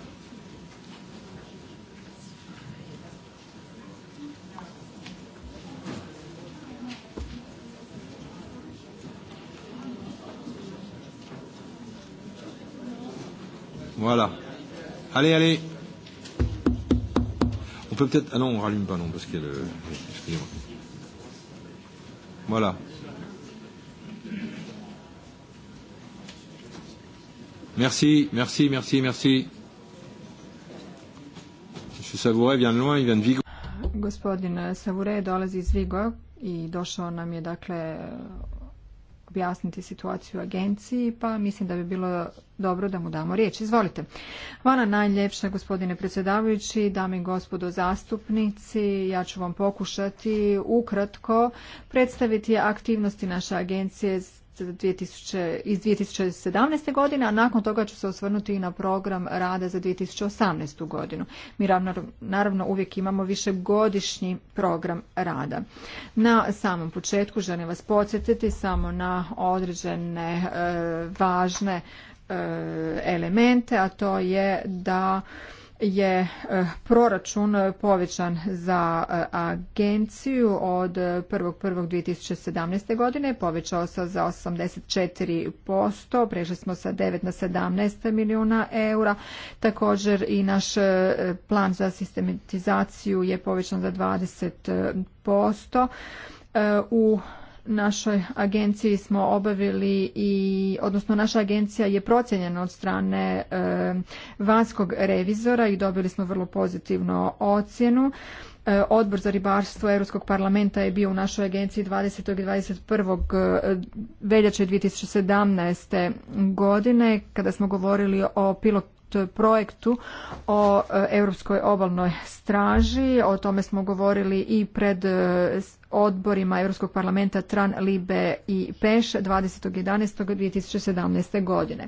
Voilà. Allez, allez. On peut peut-être... Ah non, on rallume pas, non, parce qu'il y a le... Excusez-moi. Voilà. Merci, merci, merci, merci. Monsieur Savouret vient de loin, il vient de Vigo. Gospodin Savouret dolazi iz Vigo i došao nam je dakle objasniti situaciju u agenciji, pa mislim da bi bilo dobro da mu damo riječ. Izvolite. Hvala najljepša gospodine predsjedavajući, dame i gospodo zastupnici. Ja ću vam pokušati ukratko predstaviti aktivnosti naše agencije iz 2017. godine, a nakon toga ću se osvrnuti i na program rada za 2018. godinu. Mi naravno uvijek imamo godišnji program rada. Na samom početku želim vas podsjetiti samo na određene e, važne e, elemente, a to je da je eh, proračun eh, povećan za eh, agenciju od 1.1.2017. godine, povećao se za 84%, prešli smo sa 9 na 17 milijuna eura. Također i naš plan za sistematizaciju je povećan za 20%. U našoj agenciji smo obavili i, odnosno naša agencija je procijenjena od strane Vanskog e, vanjskog revizora i dobili smo vrlo pozitivnu ocjenu. E, odbor za ribarstvo Europskog parlamenta je bio u našoj agenciji 20. i 21. E, veljače 2017. godine kada smo govorili o pilot projektu o Europskoj obalnoj straži. O tome smo govorili i pred odborima Europskog parlamenta Tran, Libe i Peš 20.11.2017. godine. E,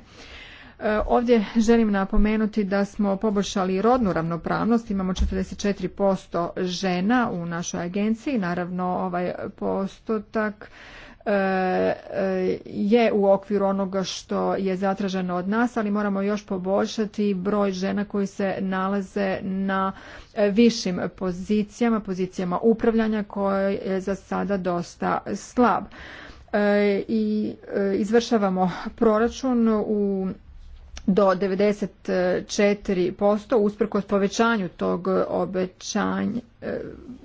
ovdje želim napomenuti da smo poboljšali rodnu ravnopravnost, imamo 44% žena u našoj agenciji, naravno ovaj postotak E, e, je u okviru onoga što je zatraženo od nas, ali moramo još poboljšati broj žena koji se nalaze na e, višim pozicijama, pozicijama upravljanja koje je za sada dosta slab. I izvršavamo proračun u do 94% usprkos povećanju tog obećanja, e,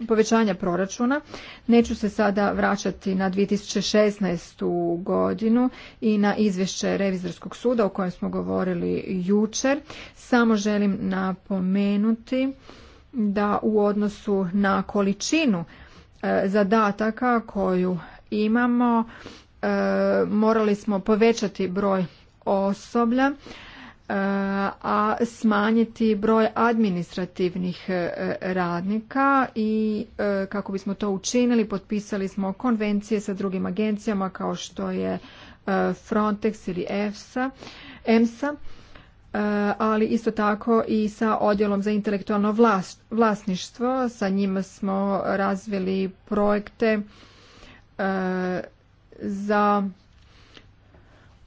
povećanja proračuna. Neću se sada vraćati na 2016. godinu i na izvješće Revizorskog suda o kojem smo govorili jučer. Samo želim napomenuti da u odnosu na količinu e, zadataka koju imamo e, morali smo povećati broj osoblja E, a smanjiti broj administrativnih e, radnika i e, kako bismo to učinili potpisali smo konvencije sa drugim agencijama kao što je Frontex ili EFSA, EMSA ali isto tako i sa odjelom za intelektualno vlasništvo. Sa njima smo razvili projekte za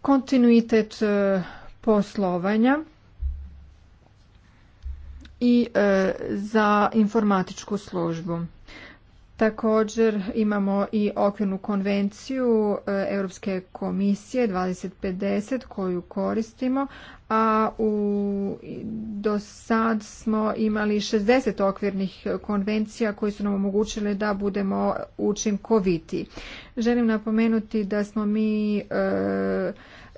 kontinuitet poslovanja i e, za informatičku službu. Također imamo i okvirnu konvenciju e, Europske komisije 2050 koju koristimo, a u, do sad smo imali 60 okvirnih konvencija koji su nam omogućile da budemo učinkoviti. Želim napomenuti da smo mi e,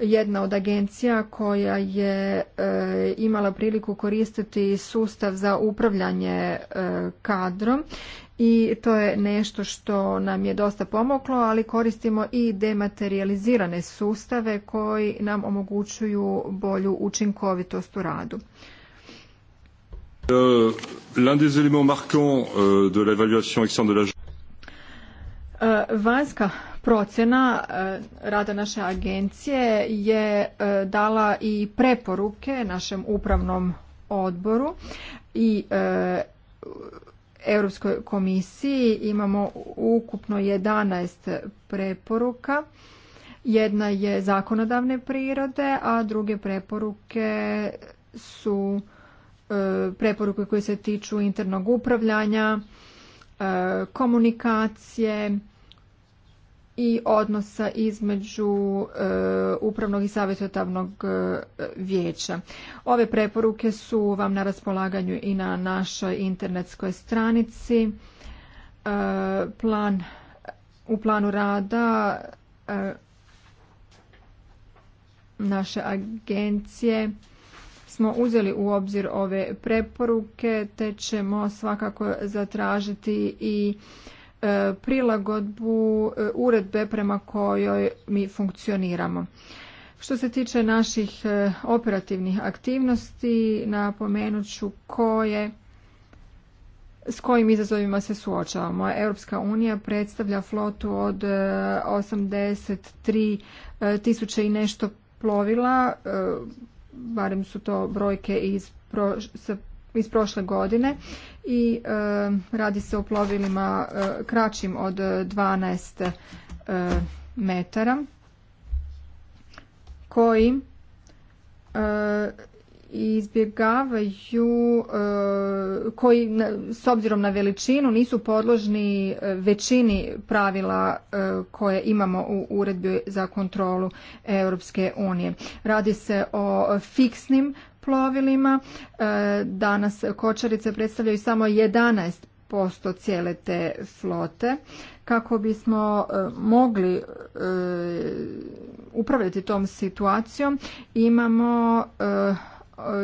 jedna od agencija koja je e, imala priliku koristiti sustav za upravljanje e, kadrom i to je nešto što nam je dosta pomoglo, ali koristimo i dematerializirane sustave koji nam omogućuju bolju učinkovitost u radu. Euh, l'un des éléments marquants euh, de l'évaluation de E, vanjska procjena e, rada naše agencije je e, dala i preporuke našem upravnom odboru i Europskoj komisiji. Imamo ukupno 11 preporuka. Jedna je zakonodavne prirode, a druge preporuke su preporuke koje se tiču internog upravljanja, E, komunikacije i odnosa između e, upravnog i savjetodavnog e, vijeća. Ove preporuke su vam na raspolaganju i na našoj internetskoj stranici. Plan, u planu rada naše agencije smo uzeli u obzir ove preporuke te ćemo svakako zatražiti i e, prilagodbu e, uredbe prema kojoj mi funkcioniramo. Što se tiče naših e, operativnih aktivnosti, napomenut ću koje s kojim izazovima se suočavamo. Europska unija predstavlja flotu od 83 tisuće i nešto plovila barem su to brojke iz, sa, iz prošle godine i e, radi se o plovilima e, kraćim od 12 e, metara koji e, izbjegavaju e, koji s obzirom na veličinu nisu podložni e, većini pravila e, koje imamo u uredbi za kontrolu Europske unije. Radi se o fiksnim plovilima. Danas kočarice predstavljaju samo 11 posto cijele te flote kako bismo mogli upravljati tom situacijom imamo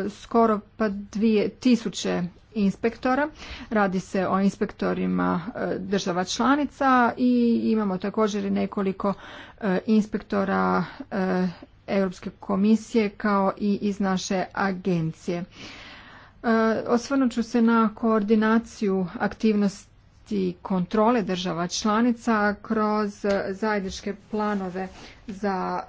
skoro pa dvije tisuće inspektora. Radi se o inspektorima e, država članica i imamo također i nekoliko e, inspektora e, Europske komisije kao i iz naše agencije. Osvrnut ću se na koordinaciju aktivnosti i kontrole država članica kroz zajedničke planove za e,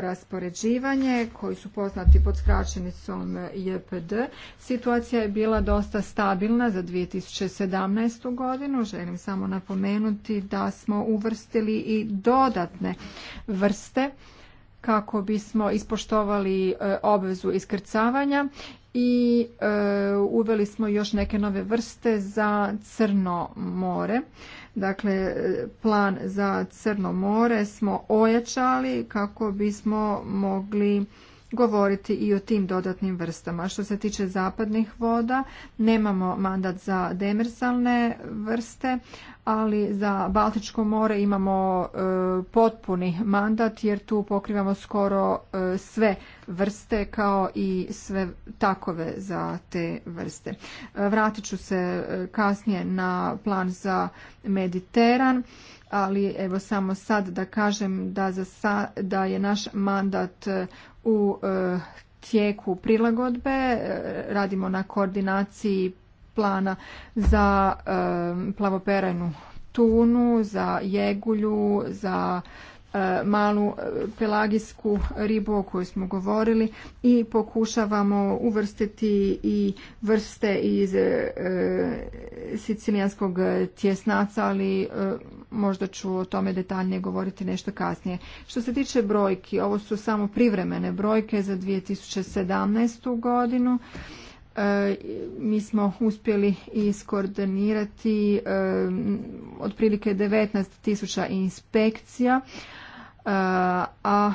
raspoređivanje koji su poznati pod skraćenicom JPD. Situacija je bila dosta stabilna za 2017. godinu. Želim samo napomenuti da smo uvrstili i dodatne vrste kako bismo ispoštovali e, obvezu iskrcavanja i e, uveli smo još neke nove vrste za Crno more. Dakle, e, plan za Crno more smo ojačali kako bismo mogli govoriti i o tim dodatnim vrstama. Što se tiče zapadnih voda, nemamo mandat za demersalne vrste, ali za Baltičko more imamo e, potpuni mandat jer tu pokrivamo skoro e, sve vrste kao i sve takove za te vrste. E, vratit ću se kasnije na plan za Mediteran, ali evo samo sad da kažem da, za da je naš mandat u tijeku prilagodbe, radimo na koordinaciji plana za plavoperenu tunu, za jegulju, za e, malu e, pelagijsku ribu o kojoj smo govorili i pokušavamo uvrstiti i vrste iz e, sicilijanskog tjesnaca, ali možda ću o tome detaljnije govoriti nešto kasnije. Što se tiče brojki, ovo su samo privremene brojke za 2017. godinu. E, mi smo uspjeli iskoordinirati e, otprilike 19.000 inspekcija, e, a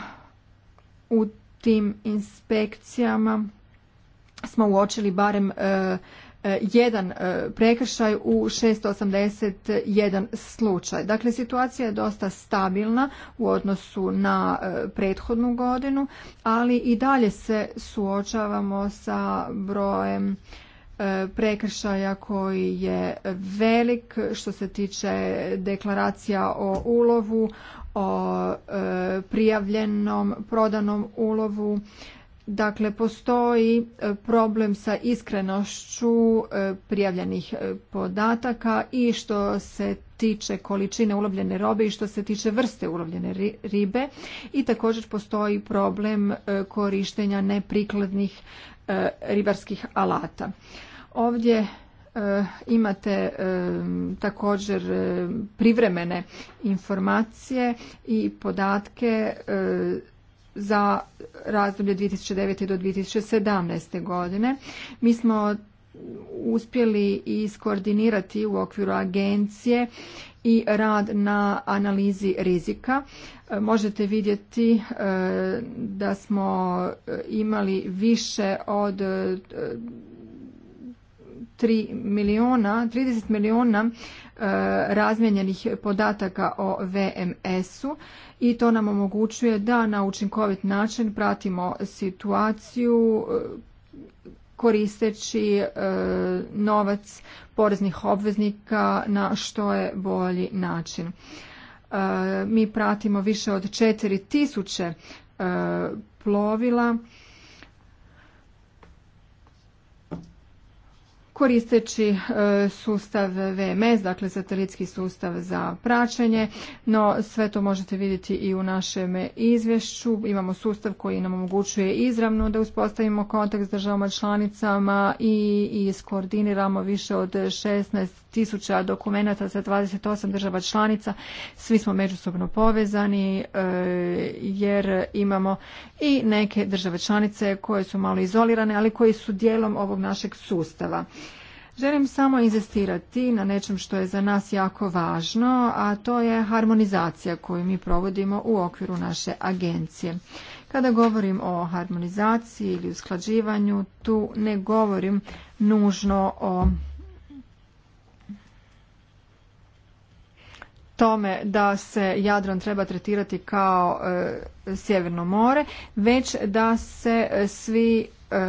u tim inspekcijama smo uočili barem jedan e, prekršaj u 681 slučaj. Dakle, situacija je dosta stabilna u odnosu na e, prethodnu godinu, ali i dalje se suočavamo sa brojem e, prekršaja koji je velik što se tiče deklaracija o ulovu, o prijavljenom, prodanom ulovu, Dakle, postoji e, problem sa iskrenošću e, prijavljenih e, podataka i što se tiče količine ulovljene robe i što se tiče vrste ulovljene ribe i također postoji problem korištenja neprikladnih ribarskih alata. Ovdje imate također privremene informacije i podatke za razdoblje 2009. do 2017. godine. Mi smo uspjeli iskoordinirati u okviru agencije i rad na analizi rizika. Možete vidjeti e, da smo imali više od 3 e, milijuna, 30 milijuna E, razmijenjenih podataka o VMS-u i to nam omogućuje da na učinkovit način pratimo situaciju e, koristeći e, novac poreznih obveznika na što je bolji način. Mi pratimo više od 4000 plovila koristeći e, sustav VMS, dakle satelitski sustav za praćenje, no sve to možete vidjeti i u našem izvješću. Imamo sustav koji nam omogućuje izravno da uspostavimo kontakt s državama članicama i iskoordiniramo više od 16 tisuća dokumenata za 28 država članica. Svi smo međusobno povezani e, jer imamo i neke države članice koje su malo izolirane, ali koji su dijelom ovog našeg sustava. Želim samo inzistirati na nečem što je za nas jako važno, a to je harmonizacija koju mi provodimo u okviru naše agencije. Kada govorim o harmonizaciji ili usklađivanju, tu ne govorim nužno o tome da se Jadran treba tretirati kao e, Sjeverno more, već da se e, svi e,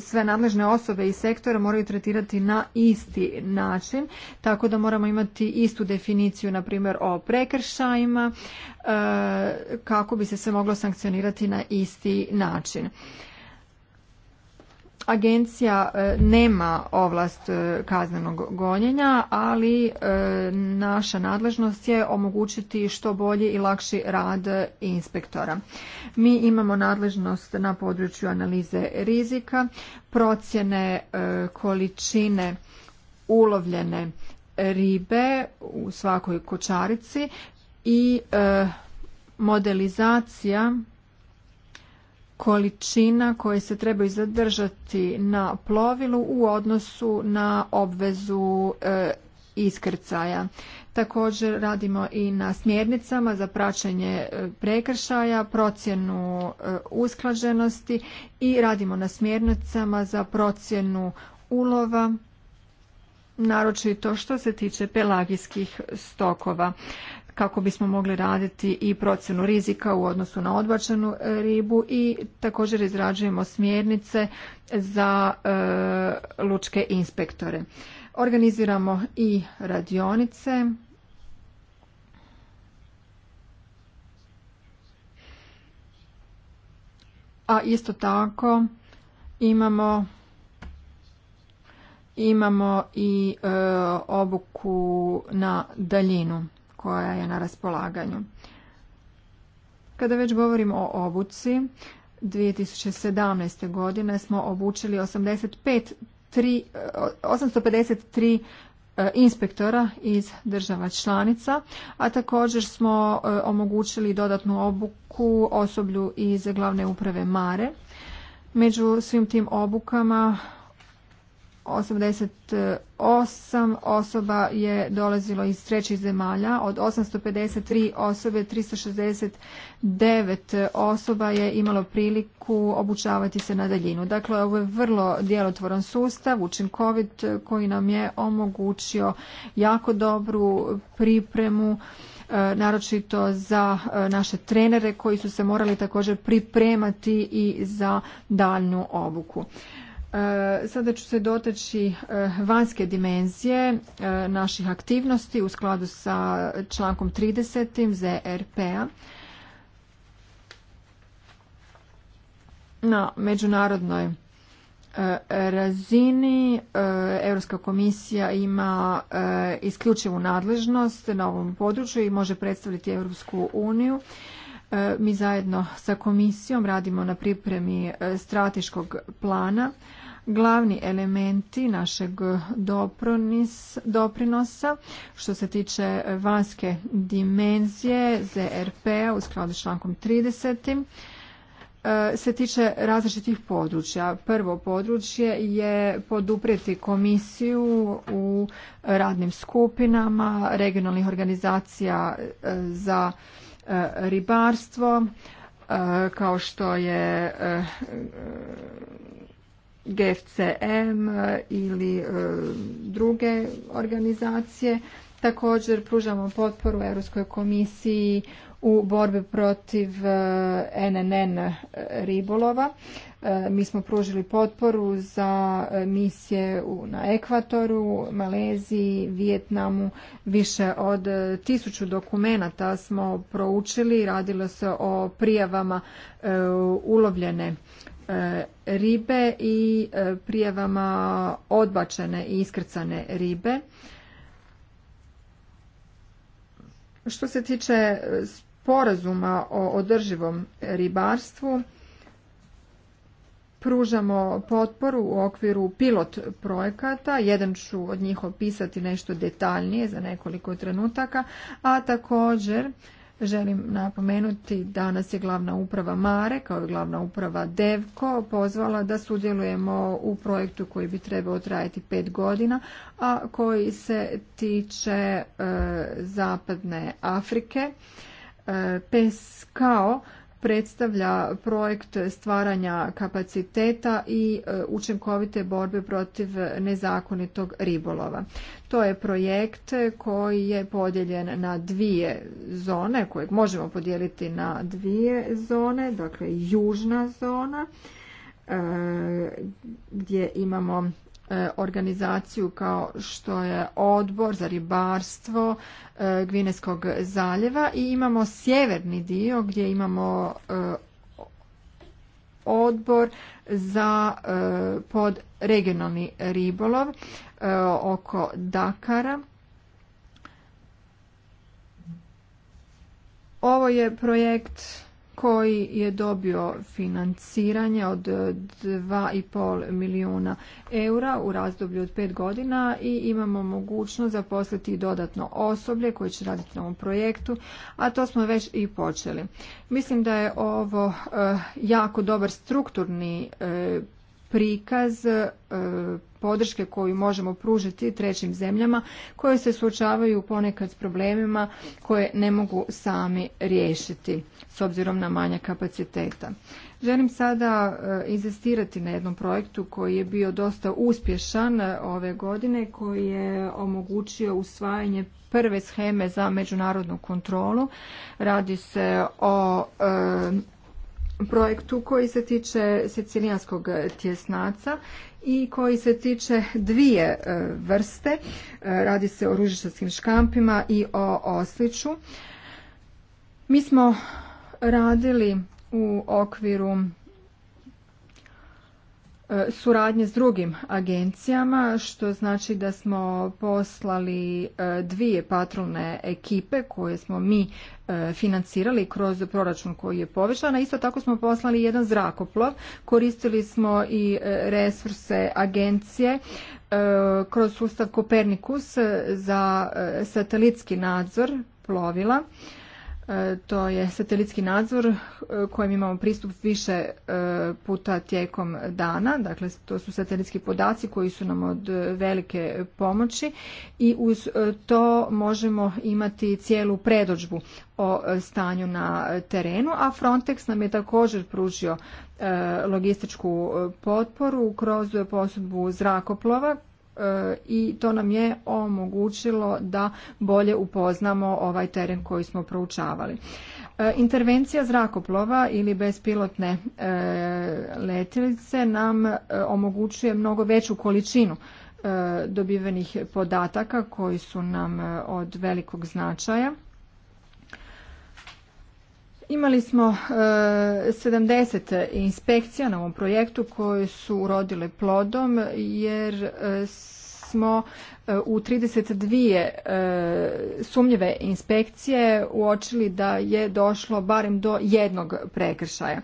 sve nadležne osobe i sektora moraju tretirati na isti način, tako da moramo imati istu definiciju, na primjer, o prekršajima, e, kako bi se sve moglo sankcionirati na isti način. Agencija e, nema ovlast e, kaznenog gonjenja, ali e, naša nadležnost je omogućiti što bolji i lakši rad inspektora. Mi imamo nadležnost na području analize rizika, procjene količine ulovljene ribe u svakoj kočarici i modelizacija količina koje se trebaju zadržati na plovilu u odnosu na obvezu e, iskrcaja. Također radimo i na smjernicama za praćenje e, prekršaja, procjenu e, usklađenosti i radimo na smjernicama za procjenu ulova, naročito što se tiče pelagijskih stokova kako bismo mogli raditi i procjenu rizika u odnosu na odbačenu e, ribu i također izrađujemo smjernice za e, lučke inspektore. Organiziramo i radionice. A isto tako imamo imamo i e, obuku na daljinu koja je na raspolaganju. Kada već govorimo o obuci, 2017. godine smo obučili 85, 3, 853 inspektora iz država članica, a također smo e, omogućili dodatnu obuku osoblju iz glavne uprave Mare. Među svim tim obukama 88 osoba je dolazilo iz trećih zemalja, od 853 osobe 369 osoba je imalo priliku obučavati se na daljinu. Dakle, ovo je vrlo djelotvoran sustav, učinkovit koji nam je omogućio jako dobru pripremu eh, naročito za eh, naše trenere koji su se morali također pripremati i za daljnu obuku. E, sada ću se dotaći e, vanjske dimenzije e, naših aktivnosti u skladu sa člankom 30. ZRP-a. Na međunarodnoj razini Europska komisija ima isključivu nadležnost na ovom području i može predstaviti Europsku uniju. Mi zajedno sa komisijom radimo na pripremi strateškog plana glavni elementi našeg doprinosa što se tiče vanjske dimenzije ZRP-a u skladu s člankom 30 e, se tiče različitih područja. Prvo područje je poduprijeti komisiju u radnim skupinama regionalnih organizacija e, za e, ribarstvo, kao što je GFCM e, ili e, druge organizacije. Također pružamo potporu Europskoj komisiji u borbi protiv NNN e, ribolova. Mi smo pružili potporu za misije na Ekvatoru, Maleziji, Vijetnamu. Više od tisuću dokumenata smo proučili. Radilo se o prijavama ulovljene E, ribe i e, prijavama odbačene i iskrcane ribe. Što se tiče sporazuma o održivom ribarstvu, pružamo potporu u okviru pilot projekata. Jedan ću od njih opisati nešto detaljnije za nekoliko trenutaka, a također Želim napomenuti danas je glavna uprava Mare kao i glavna uprava Devko pozvala da sudjelujemo u projektu koji bi trebao trajati pet godina, a koji se tiče e, zapadne Afrike. E, kao predstavlja projekt stvaranja kapaciteta i e, učinkovite borbe protiv nezakonitog ribolova. To je projekt koji je podijeljen na dvije zone, kojeg možemo podijeliti na dvije zone, dakle južna zona e, gdje imamo E, organizaciju kao što je odbor za ribarstvo e, Gvineskog zaljeva i imamo sjeverni dio gdje imamo e, odbor za pod regionalni ribolov oko Dakara. Ovo je projekt koji je dobio financiranje od 2,5 milijuna eura u razdoblju od pet godina i imamo mogućnost zaposliti dodatno osoblje koje će raditi na ovom projektu, a to smo već i počeli. Mislim da je ovo eh, jako dobar strukturni eh, prikaz e, podrške koju možemo pružiti trećim zemljama koje se suočavaju ponekad s problemima koje ne mogu sami riješiti s obzirom na manja kapaciteta. Želim sada e, inzistirati na jednom projektu koji je bio dosta uspješan e, ove godine, koji je omogućio usvajanje prve sheme za međunarodnu kontrolu. Radi se o projektu koji se tiče sicilijanskog tjesnaca i koji se tiče dvije e, vrste. E, radi se o ružičarskim škampima i o osliču. Mi smo radili u okviru suradnje s drugim agencijama, što znači da smo poslali e, dvije patrolne ekipe koje smo mi e, financirali kroz proračun koji je povećan, a isto tako smo poslali jedan zrakoplov, koristili smo i e, resurse agencije kroz sustav Kopernikus za satelitski nadzor plovila E, to je satelitski nadzor e, kojem imamo pristup više e, puta tijekom dana. Dakle, to su satelitski podaci koji su nam od velike pomoći i uz to možemo imati cijelu predođbu o stanju na terenu, a Frontex nam je također pružio logističku potporu kroz posudbu zrakoplova E, i to nam je omogućilo da bolje upoznamo ovaj teren koji smo proučavali. E, intervencija zrakoplova ili bespilotne e, letjelice nam omogućuje mnogo veću količinu dobivenih podataka koji su nam od velikog značaja Imali smo 70 e, inspekcija na ovom projektu koje su urodile plodom jer e, smo e, u 32 sumnjive inspekcije uočili da je došlo barem do jednog prekršaja.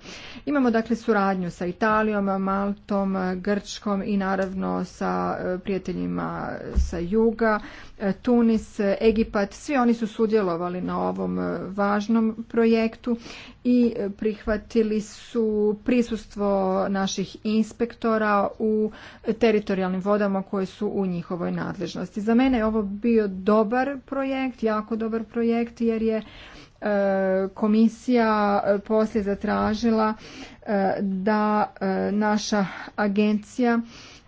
Imamo dakle suradnju sa Italijom, Maltom, Grčkom i naravno sa prijateljima sa juga. E, Tunis, e, Egipat, svi oni su sudjelovali na ovom e, važnom projektu i prihvatili su prisustvo naših inspektora u teritorijalnim vodama koje su u njihovoj nadležnosti. Za mene je ovo bio dobar projekt, jako dobar projekt jer je komisija poslije zatražila da naša agencija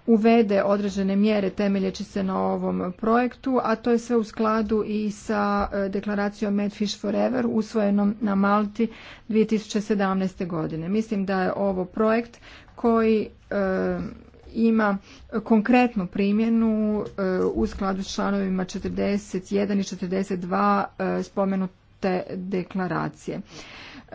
uvede određene mjere temeljeći se na ovom projektu, a to je sve u skladu i sa e, deklaracijom Medfish Forever usvojenom na Malti 2017. godine. Mislim da je ovo projekt koji e, ima konkretnu primjenu e, u skladu s članovima 41 i 42 e, spomenute deklaracije.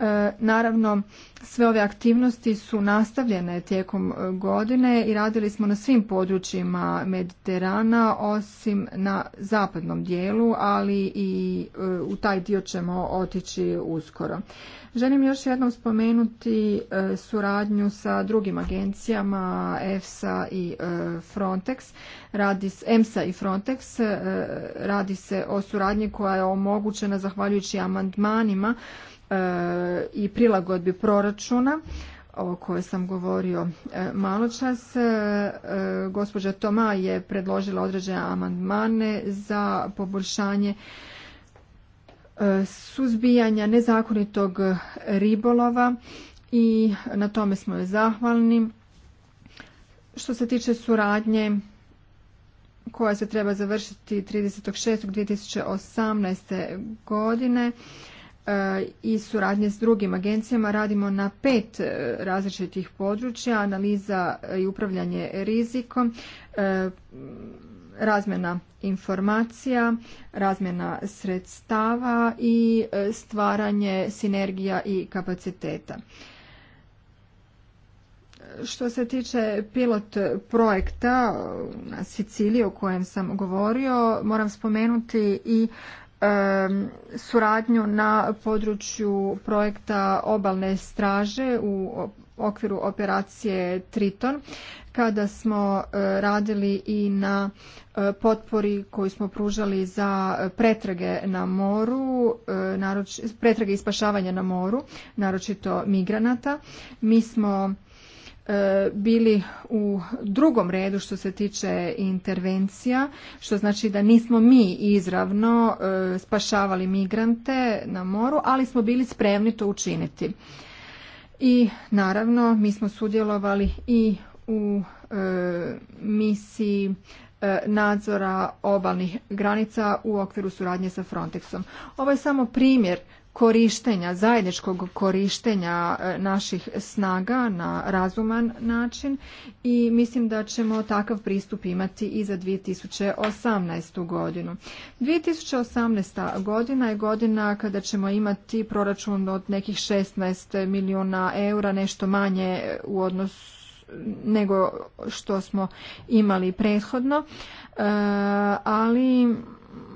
E, naravno, sve ove aktivnosti su nastavljene tijekom e, godine i radili smo na svim područjima Mediterana, osim na zapadnom dijelu, ali i e, u taj dio ćemo otići uskoro. Želim još jednom spomenuti suradnju sa drugim agencijama EFSA i Frontex, radi EMSA i Frontex, radi se o suradnji koja je omogućena zahvaljujući amandmanima E, i prilagodbi proračuna o kojoj sam govorio e, malo čas. E, gospođa Toma je predložila određene amandmane za poboljšanje suzbijanja nezakonitog ribolova i na tome smo joj zahvalni. Što se tiče suradnje koja se treba završiti 2018. godine, E, i suradnje s drugim agencijama radimo na pet e, različitih područja, analiza i upravljanje rizikom, e, razmjena informacija, razmjena sredstava i stvaranje sinergija i kapaciteta. Što se tiče pilot projekta na Siciliji o kojem sam govorio, moram spomenuti i suradnju na području projekta obalne straže u okviru operacije Triton kada smo e, radili i na e, potpori koju smo pružali za pretrage na moru, e, pretrage i spašavanje na moru, naročito migranata. Mi smo E, bili u drugom redu što se tiče intervencija, što znači da nismo mi izravno e, spašavali migrante na moru, ali smo bili spremni to učiniti. I naravno mi smo sudjelovali i u e, misiji nadzora obalnih granica u okviru suradnje sa Frontexom. Ovo je samo primjer korištenja, zajedničkog korištenja e, naših snaga na razuman način i mislim da ćemo takav pristup imati i za 2018. godinu. 2018. godina je godina kada ćemo imati proračun od nekih 16 milijuna eura, nešto manje u odnosu nego što smo imali prethodno, e, ali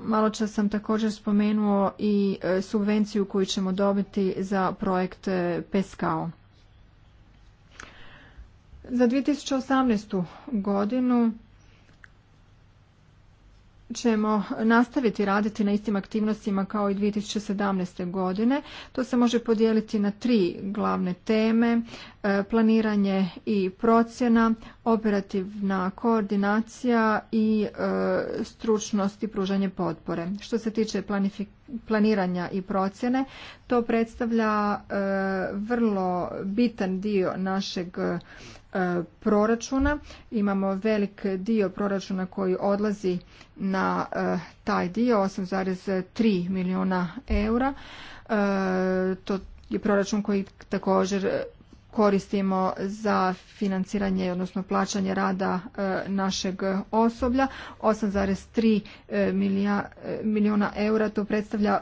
Malo čas sam također spomenuo i e, subvenciju koju ćemo dobiti za projekt Peskao. Za 2018. godinu ćemo nastaviti raditi na istim aktivnostima kao i 2017. godine. To se može podijeliti na tri glavne teme, e, planiranje i procjena, operativna koordinacija i e, stručnost i pružanje potpore. Što se tiče planiranja i procjene, to predstavlja e, vrlo bitan dio našeg E, proračuna. Imamo velik dio proračuna koji odlazi na e, taj dio, 8,3 milijuna eura. E, to je proračun koji također koristimo za financiranje, odnosno plaćanje rada našeg osoblja. 8,3 milijuna eura to predstavlja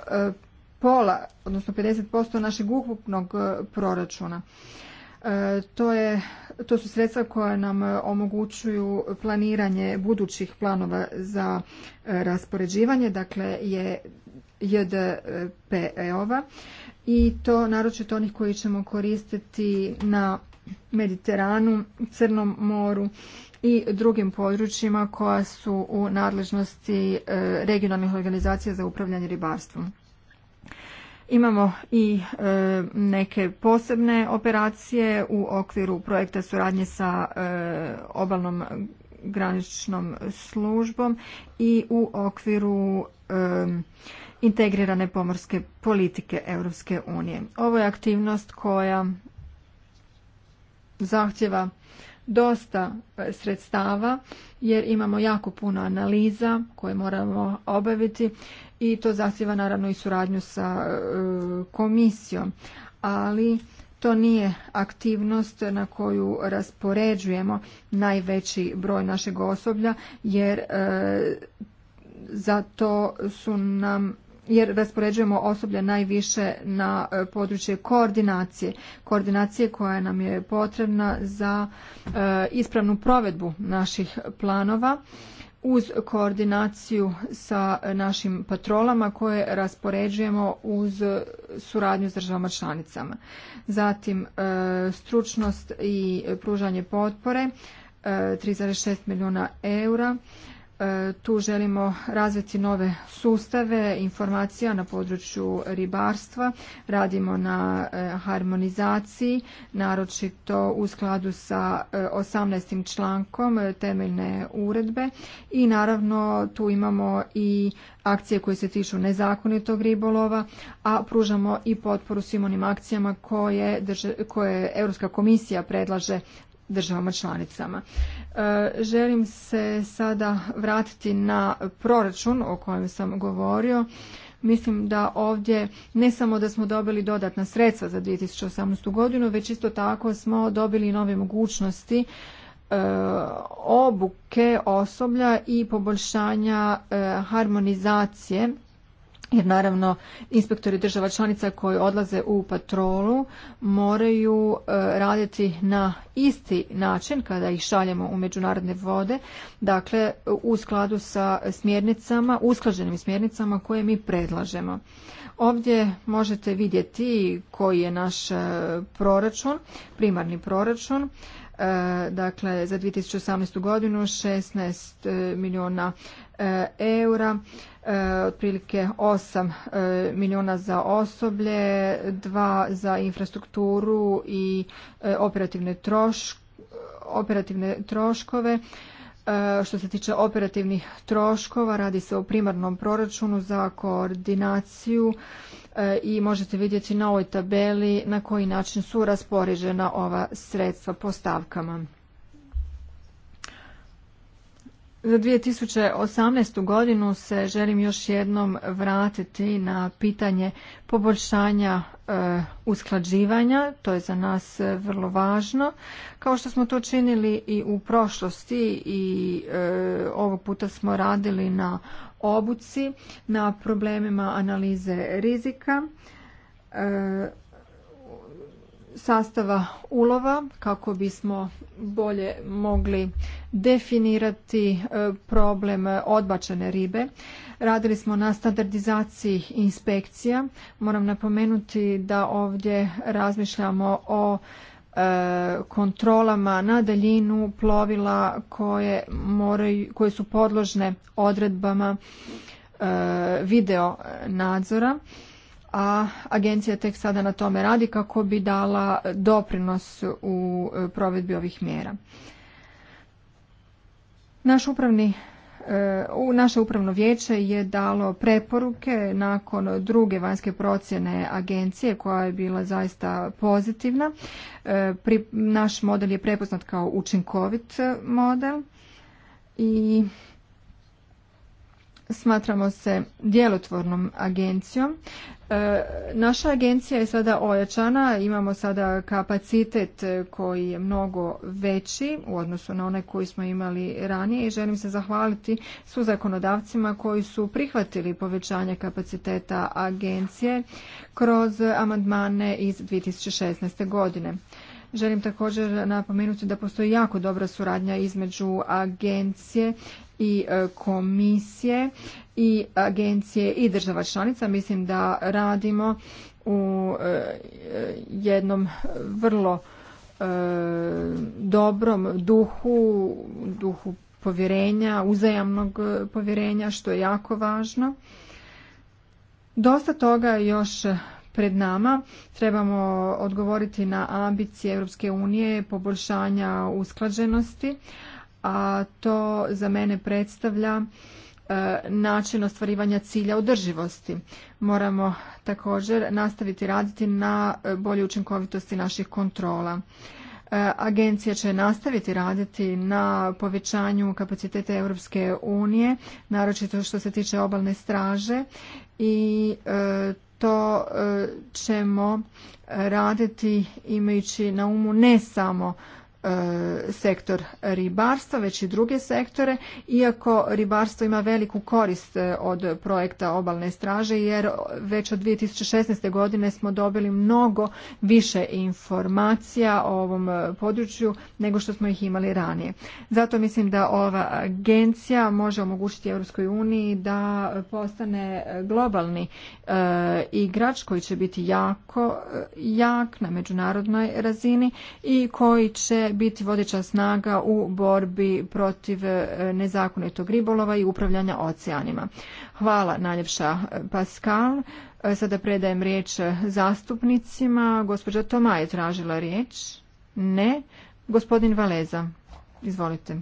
pola, odnosno 50% našeg ukupnog proračuna. E, to, je, to su sredstva koja nam e, omogućuju planiranje budućih planova za e, raspoređivanje, dakle je JDPE-ova i to naročito onih koji ćemo koristiti na Mediteranu, Crnom moru i drugim područjima koja su u nadležnosti regionalnih organizacija za upravljanje ribarstvom. Imamo i e, neke posebne operacije u okviru projekta suradnje sa e, obalnom graničnom službom i u okviru e, integrirane pomorske politike Europske unije. Ovo je aktivnost koja zahtjeva dosta e, sredstava jer imamo jako puno analiza koje moramo obaviti i to zahtjeva naravno i suradnju sa e, komisijom. Ali to nije aktivnost na koju raspoređujemo najveći broj našeg osoblja jer e, za to su nam jer raspoređujemo osoblje najviše na e, područje koordinacije. Koordinacije koja nam je potrebna za e, ispravnu provedbu naših planova uz koordinaciju sa našim patrolama koje raspoređujemo uz suradnju s državama članicama. Zatim e, stručnost i pružanje potpore 3,6 milijuna eura E, tu želimo razviti nove sustave informacija na području ribarstva. Radimo na e, harmonizaciji, naročito u skladu sa 18. E, člankom temeljne uredbe i naravno tu imamo i akcije koje se tiču nezakonitog ribolova, a pružamo i potporu svim onim akcijama koje, koje Europska komisija predlaže državama članicama. E, želim se sada vratiti na proračun o kojem sam govorio. Mislim da ovdje ne samo da smo dobili dodatna sredstva za 2018. godinu, već isto tako smo dobili nove mogućnosti e, obuke osoblja i poboljšanja e, harmonizacije jer naravno inspektori država članica koji odlaze u patrolu moraju e, raditi na isti način kada ih šaljemo u međunarodne vode, dakle u skladu sa smjernicama, usklađenim smjernicama koje mi predlažemo. Ovdje možete vidjeti koji je naš e, proračun, primarni proračun e, dakle za 2018. godinu 16 milijuna eura E, otprilike 8 e, milijuna za osoblje, 2 za infrastrukturu i e, operativne, operativne troškove. Što se tiče operativnih troškova, radi se o primarnom proračunu za koordinaciju i možete vidjeti na ovoj tabeli na koji način su raspoređena ova sredstva po stavkama. Za 2018. godinu se želim još jednom vratiti na pitanje poboljšanja e, usklađivanja. To je za nas e, vrlo važno. Kao što smo to činili i u prošlosti i e, ovog puta smo radili na obuci, na problemima analize rizika. E, sastava ulova kako bismo bolje mogli definirati e, problem odbačene ribe. Radili smo na standardizaciji inspekcija. Moram napomenuti da ovdje razmišljamo o e, kontrolama na daljinu plovila koje, moraju, koje su podložne odredbama e, video nadzora a agencija tek sada na tome radi kako bi dala doprinos u e, provedbi ovih mjera. Naš upravni e, naše upravno vijeće je dalo preporuke nakon druge vanjske procjene agencije koja je bila zaista pozitivna. E, naš model je prepoznat kao učinkovit model i smatramo se djelotvornom agencijom. E, naša agencija je sada ojačana, imamo sada kapacitet e, koji je mnogo veći u odnosu na one koji smo imali ranije i želim se zahvaliti su zakonodavcima koji su prihvatili povećanje kapaciteta agencije kroz amandmane iz 2016. godine. Želim također napomenuti da postoji jako dobra suradnja između agencije i e, komisije i agencije i država članica. Mislim da radimo u e, jednom vrlo e, dobrom duhu, duhu povjerenja, uzajamnog povjerenja, što je jako važno. Dosta toga još pred nama. Trebamo odgovoriti na ambicije Europske unije, poboljšanja usklađenosti, a to za mene predstavlja e, način ostvarivanja cilja održivosti. Moramo također nastaviti raditi na bolje učinkovitosti naših kontrola. E, Agencija će nastaviti raditi na povećanju kapaciteta Europske unije, naročito što se tiče obalne straže i e, što e, ćemo e, raditi imajući na umu ne samo E, sektor ribarstva, već i druge sektore, iako ribarstvo ima veliku korist e, od projekta obalne straže, jer već od 2016. godine smo dobili mnogo više informacija o ovom e, području nego što smo ih imali ranije. Zato mislim da ova agencija može omogućiti Europskoj uniji da postane globalni igrač koji će biti jako jak na međunarodnoj razini i koji će biti vodeća snaga u borbi protiv e, nezakonitog ribolova i upravljanja oceanima. Hvala najljepša e, Pascal. E, sada predajem riječ zastupnicima. Gospođa Toma je tražila riječ. Ne. Gospodin Valeza, izvolite.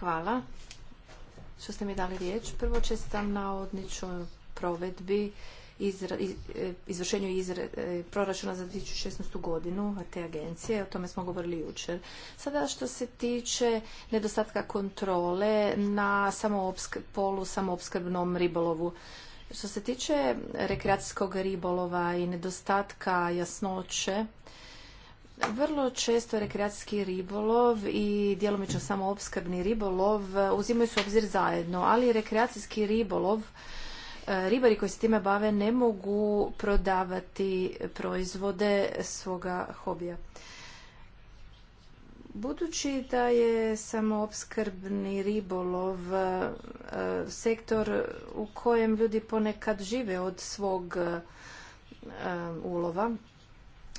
Hvala što ste mi dali riječ. Prvo čestam na odničnoj provedbi E, izvršenju e, proračuna za 2016. godinu te agencije, o tome smo govorili jučer. Sada što se tiče nedostatka kontrole na polu samoopskrbnom ribolovu, što se tiče rekreacijskog ribolova i nedostatka jasnoće, vrlo često rekreacijski ribolov i djelomično samoopskrbni ribolov uzimaju se obzir zajedno, ali rekreacijski ribolov ribari koji se time bave ne mogu prodavati proizvode svoga hobija. Budući da je samoopskrbni ribolov e, sektor u kojem ljudi ponekad žive od svog e, ulova,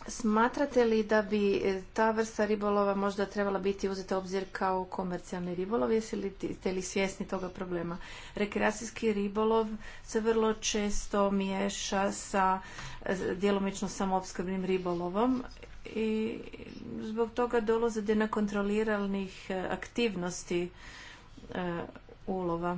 Smatrate li da bi e, ta vrsta ribolova možda trebala biti uzeta u obzir kao komercijalni ribolov? Jeste li, ste li svjesni toga problema? Rekreacijski ribolov se vrlo često miješa sa e, djelomično samoopskrbnim ribolovom i zbog toga dolaze do nekontroliranih e, aktivnosti ulova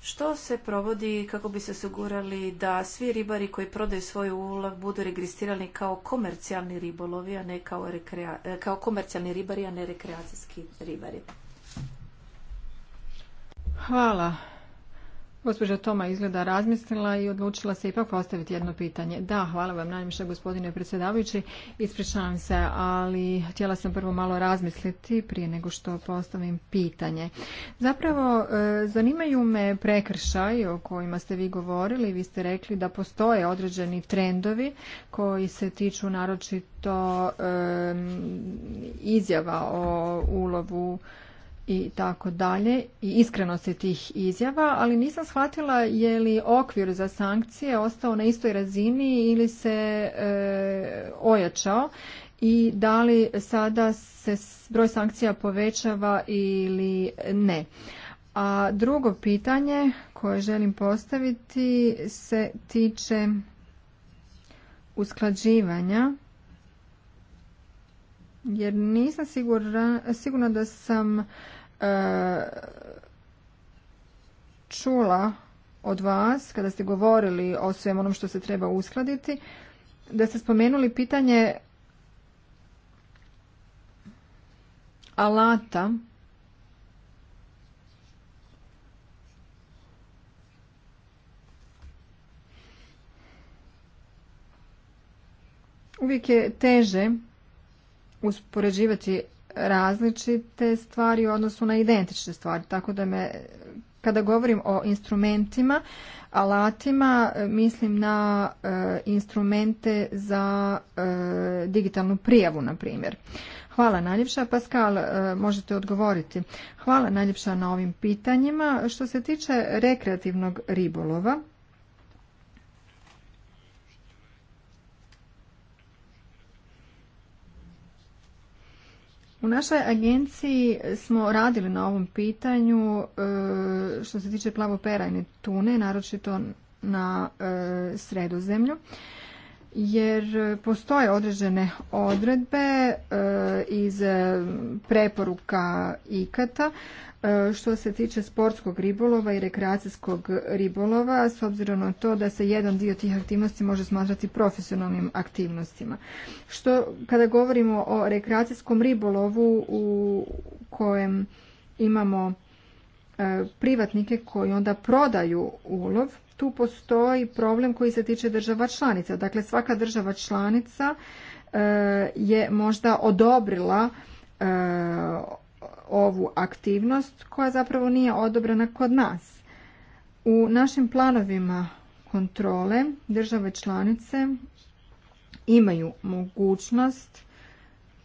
što se provodi kako bi se osigurali da svi ribari koji prodaju svoj ulov budu registrirani kao komercijalni ribolovi, a ne kao, rekrea, e, kao komercijalni ribari, a ne rekreacijski ribari? Hvala Gospođa Toma izgleda razmislila i odlučila se ipak postaviti jedno pitanje. Da, hvala vam najviše gospodine predsjedavajući. Ispričavam se, ali htjela sam prvo malo razmisliti prije nego što postavim pitanje. Zapravo, e, zanimaju me prekršaj o kojima ste vi govorili. Vi ste rekli da postoje određeni trendovi koji se tiču naročito e, izjava o ulovu i tako dalje i iskrenosti tih izjava, ali nisam shvatila je li okvir za sankcije ostao na istoj razini ili se e, ojačao i da li sada se broj sankcija povećava ili ne. A drugo pitanje koje želim postaviti se tiče usklađivanja jer nisam sigurna, sigurna da sam E, čula od vas kada ste govorili o svem onom što se treba uskladiti da ste spomenuli pitanje alata uvijek je teže uspoređivati različite stvari u odnosu na identične stvari. Tako da me, kada govorim o instrumentima, alatima, mislim na e, instrumente za e, digitalnu prijavu, na primjer. Hvala najljepša. Pascal, e, možete odgovoriti. Hvala najljepša na ovim pitanjima. Što se tiče rekreativnog ribolova, U našoj agenciji smo radili na ovom pitanju e, što se tiče plavoperajne tune, naročito na e, sredozemlju jer postoje određene odredbe e, iz e, preporuka ikata e, što se tiče sportskog ribolova i rekreacijskog ribolova s obzirom na to da se jedan dio tih aktivnosti može smatrati profesionalnim aktivnostima. Što kada govorimo o rekreacijskom ribolovu u kojem imamo privatnike koji onda prodaju ulov tu postoji problem koji se tiče država članica. Dakle, svaka država članica e, je možda odobrila e, ovu aktivnost koja zapravo nije odobrena kod nas. U našim planovima kontrole države članice imaju mogućnost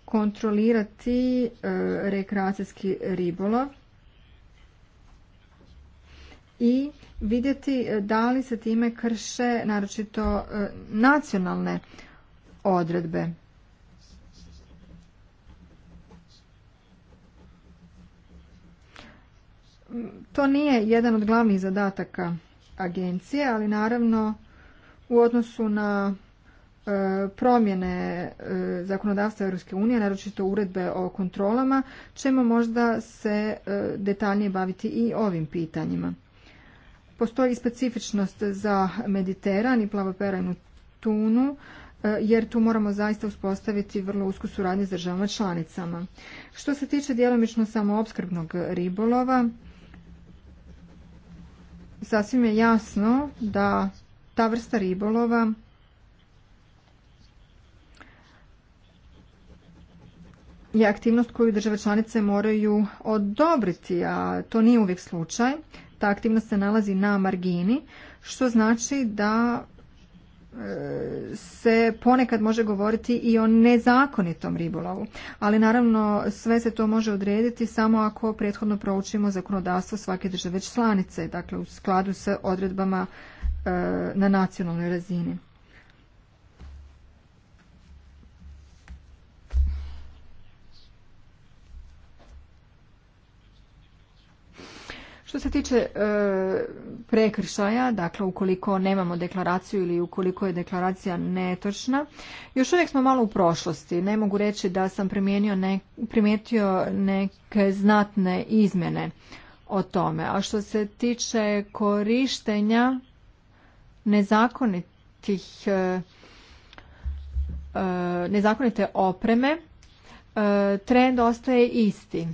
kontrolirati e, rekreacijski ribolov i vidjeti e, da li se time krše naročito e, nacionalne odredbe. To nije jedan od glavnih zadataka agencije, ali naravno u odnosu na e, promjene zakonodavstva Europske unije, naročito uredbe o kontrolama, ćemo možda se detaljnije baviti i ovim pitanjima. Postoji specifičnost za Mediteran i plavoperajnu tunu, e, jer tu moramo zaista uspostaviti vrlo usku suradnju s državama članicama. Što se tiče djelomično samoopskrbnog ribolova, sasvim je jasno da ta vrsta ribolova je aktivnost koju države članice moraju odobriti, a to nije uvijek slučaj ta aktivnost se nalazi na margini, što znači da e, se ponekad može govoriti i o nezakonitom ribolovu. Ali naravno sve se to može odrediti samo ako prethodno proučimo zakonodavstvo svake države članice, dakle u skladu sa odredbama e, na nacionalnoj razini. Što se tiče e, prekršaja, dakle ukoliko nemamo deklaraciju ili ukoliko je deklaracija netočna, još uvijek smo malo u prošlosti. Ne mogu reći da sam primijetio neke znatne izmjene o tome. A što se tiče korištenja nezakonitih e, e, nezakonite opreme, trend ostaje isti.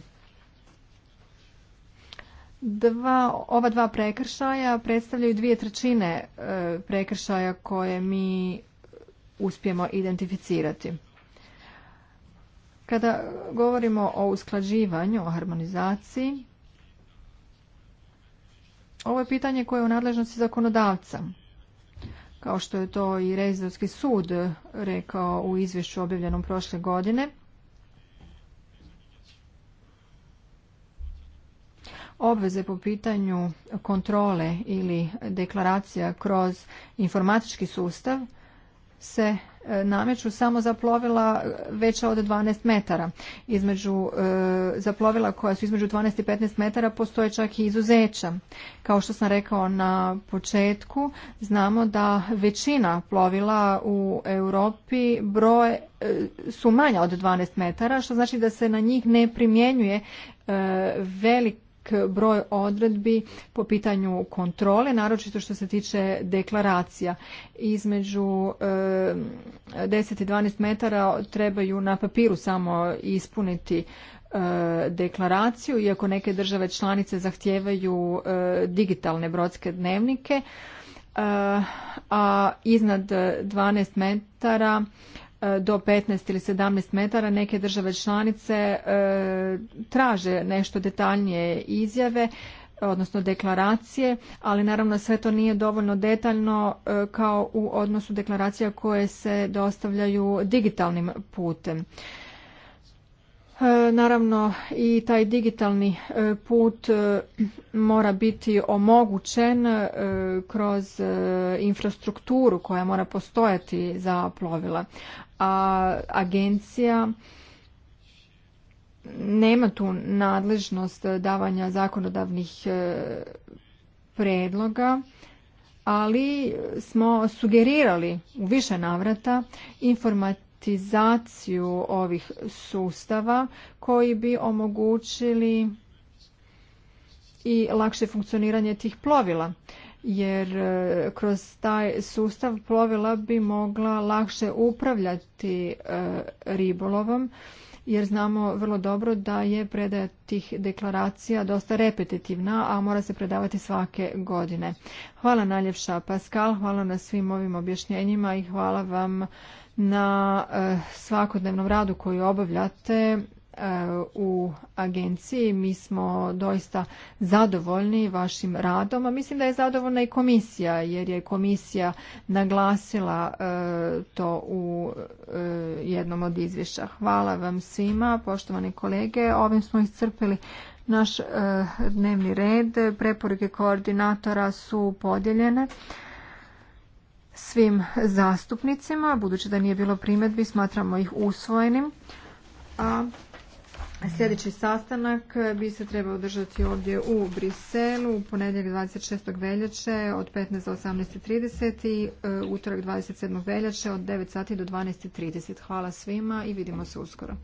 Dva, ova dva prekršaja predstavljaju dvije trećine e, prekršaja koje mi uspijemo identificirati. Kada govorimo o usklađivanju, o harmonizaciji, ovo je pitanje koje je u nadležnosti zakonodavca. Kao što je to i Rezidovski sud rekao u izvješću objavljenom prošle godine – obveze po pitanju kontrole ili deklaracija kroz informatički sustav se e, nameću samo za plovila e, veća od 12 metara. Između, e, za plovila koja su između 12 i 15 metara postoje čak i izuzeća. Kao što sam rekao na početku, znamo da većina plovila u Europi broje su manja od 12 metara, što znači da se na njih ne primjenjuje velik broj odredbi po pitanju kontrole, naročito što se tiče deklaracija. Između 10 eh, i 12 metara trebaju na papiru samo ispuniti eh, deklaraciju, iako neke države članice zahtijevaju eh, digitalne brodske dnevnike, a iznad 12 metara do 15 ili 17 metara. Neke države članice e, traže nešto detaljnije izjave odnosno deklaracije, ali naravno sve to nije dovoljno detaljno e, kao u odnosu deklaracija koje se dostavljaju digitalnim putem. E, naravno i taj digitalni e, put e, mora biti omogućen kroz infrastrukturu koja mora postojati za plovila. A agencija nema tu nadležnost davanja zakonodavnih predloga, ali smo sugerirali u više navrata informat automatizaciju ovih sustava koji bi omogućili i lakše funkcioniranje tih plovila jer e, kroz taj sustav plovila bi mogla lakše upravljati e, ribolovom jer znamo vrlo dobro da je predaja tih deklaracija dosta repetitivna, a mora se predavati svake godine. Hvala najljepša Pascal, hvala na svim ovim objašnjenjima i hvala vam na e, svakodnevnom radu koji obavljate e, u agenciji. Mi smo doista zadovoljni vašim radom, a mislim da je zadovoljna i komisija, jer je komisija naglasila e, to u jednom od izvješća. Hvala vam svima, poštovani kolege. Ovim smo iscrpili naš dnevni red. Preporuke koordinatora su podijeljene svim zastupnicima. Budući da nije bilo primjedbi, smatramo ih usvojenim. A sljedeći sastanak bi se trebao održati ovdje u Briselu u ponedjeljak 26. veljače od 15 do 18.30 i e, utorak 27. veljače od 9 sati do 12.30. Hvala svima i vidimo se uskoro.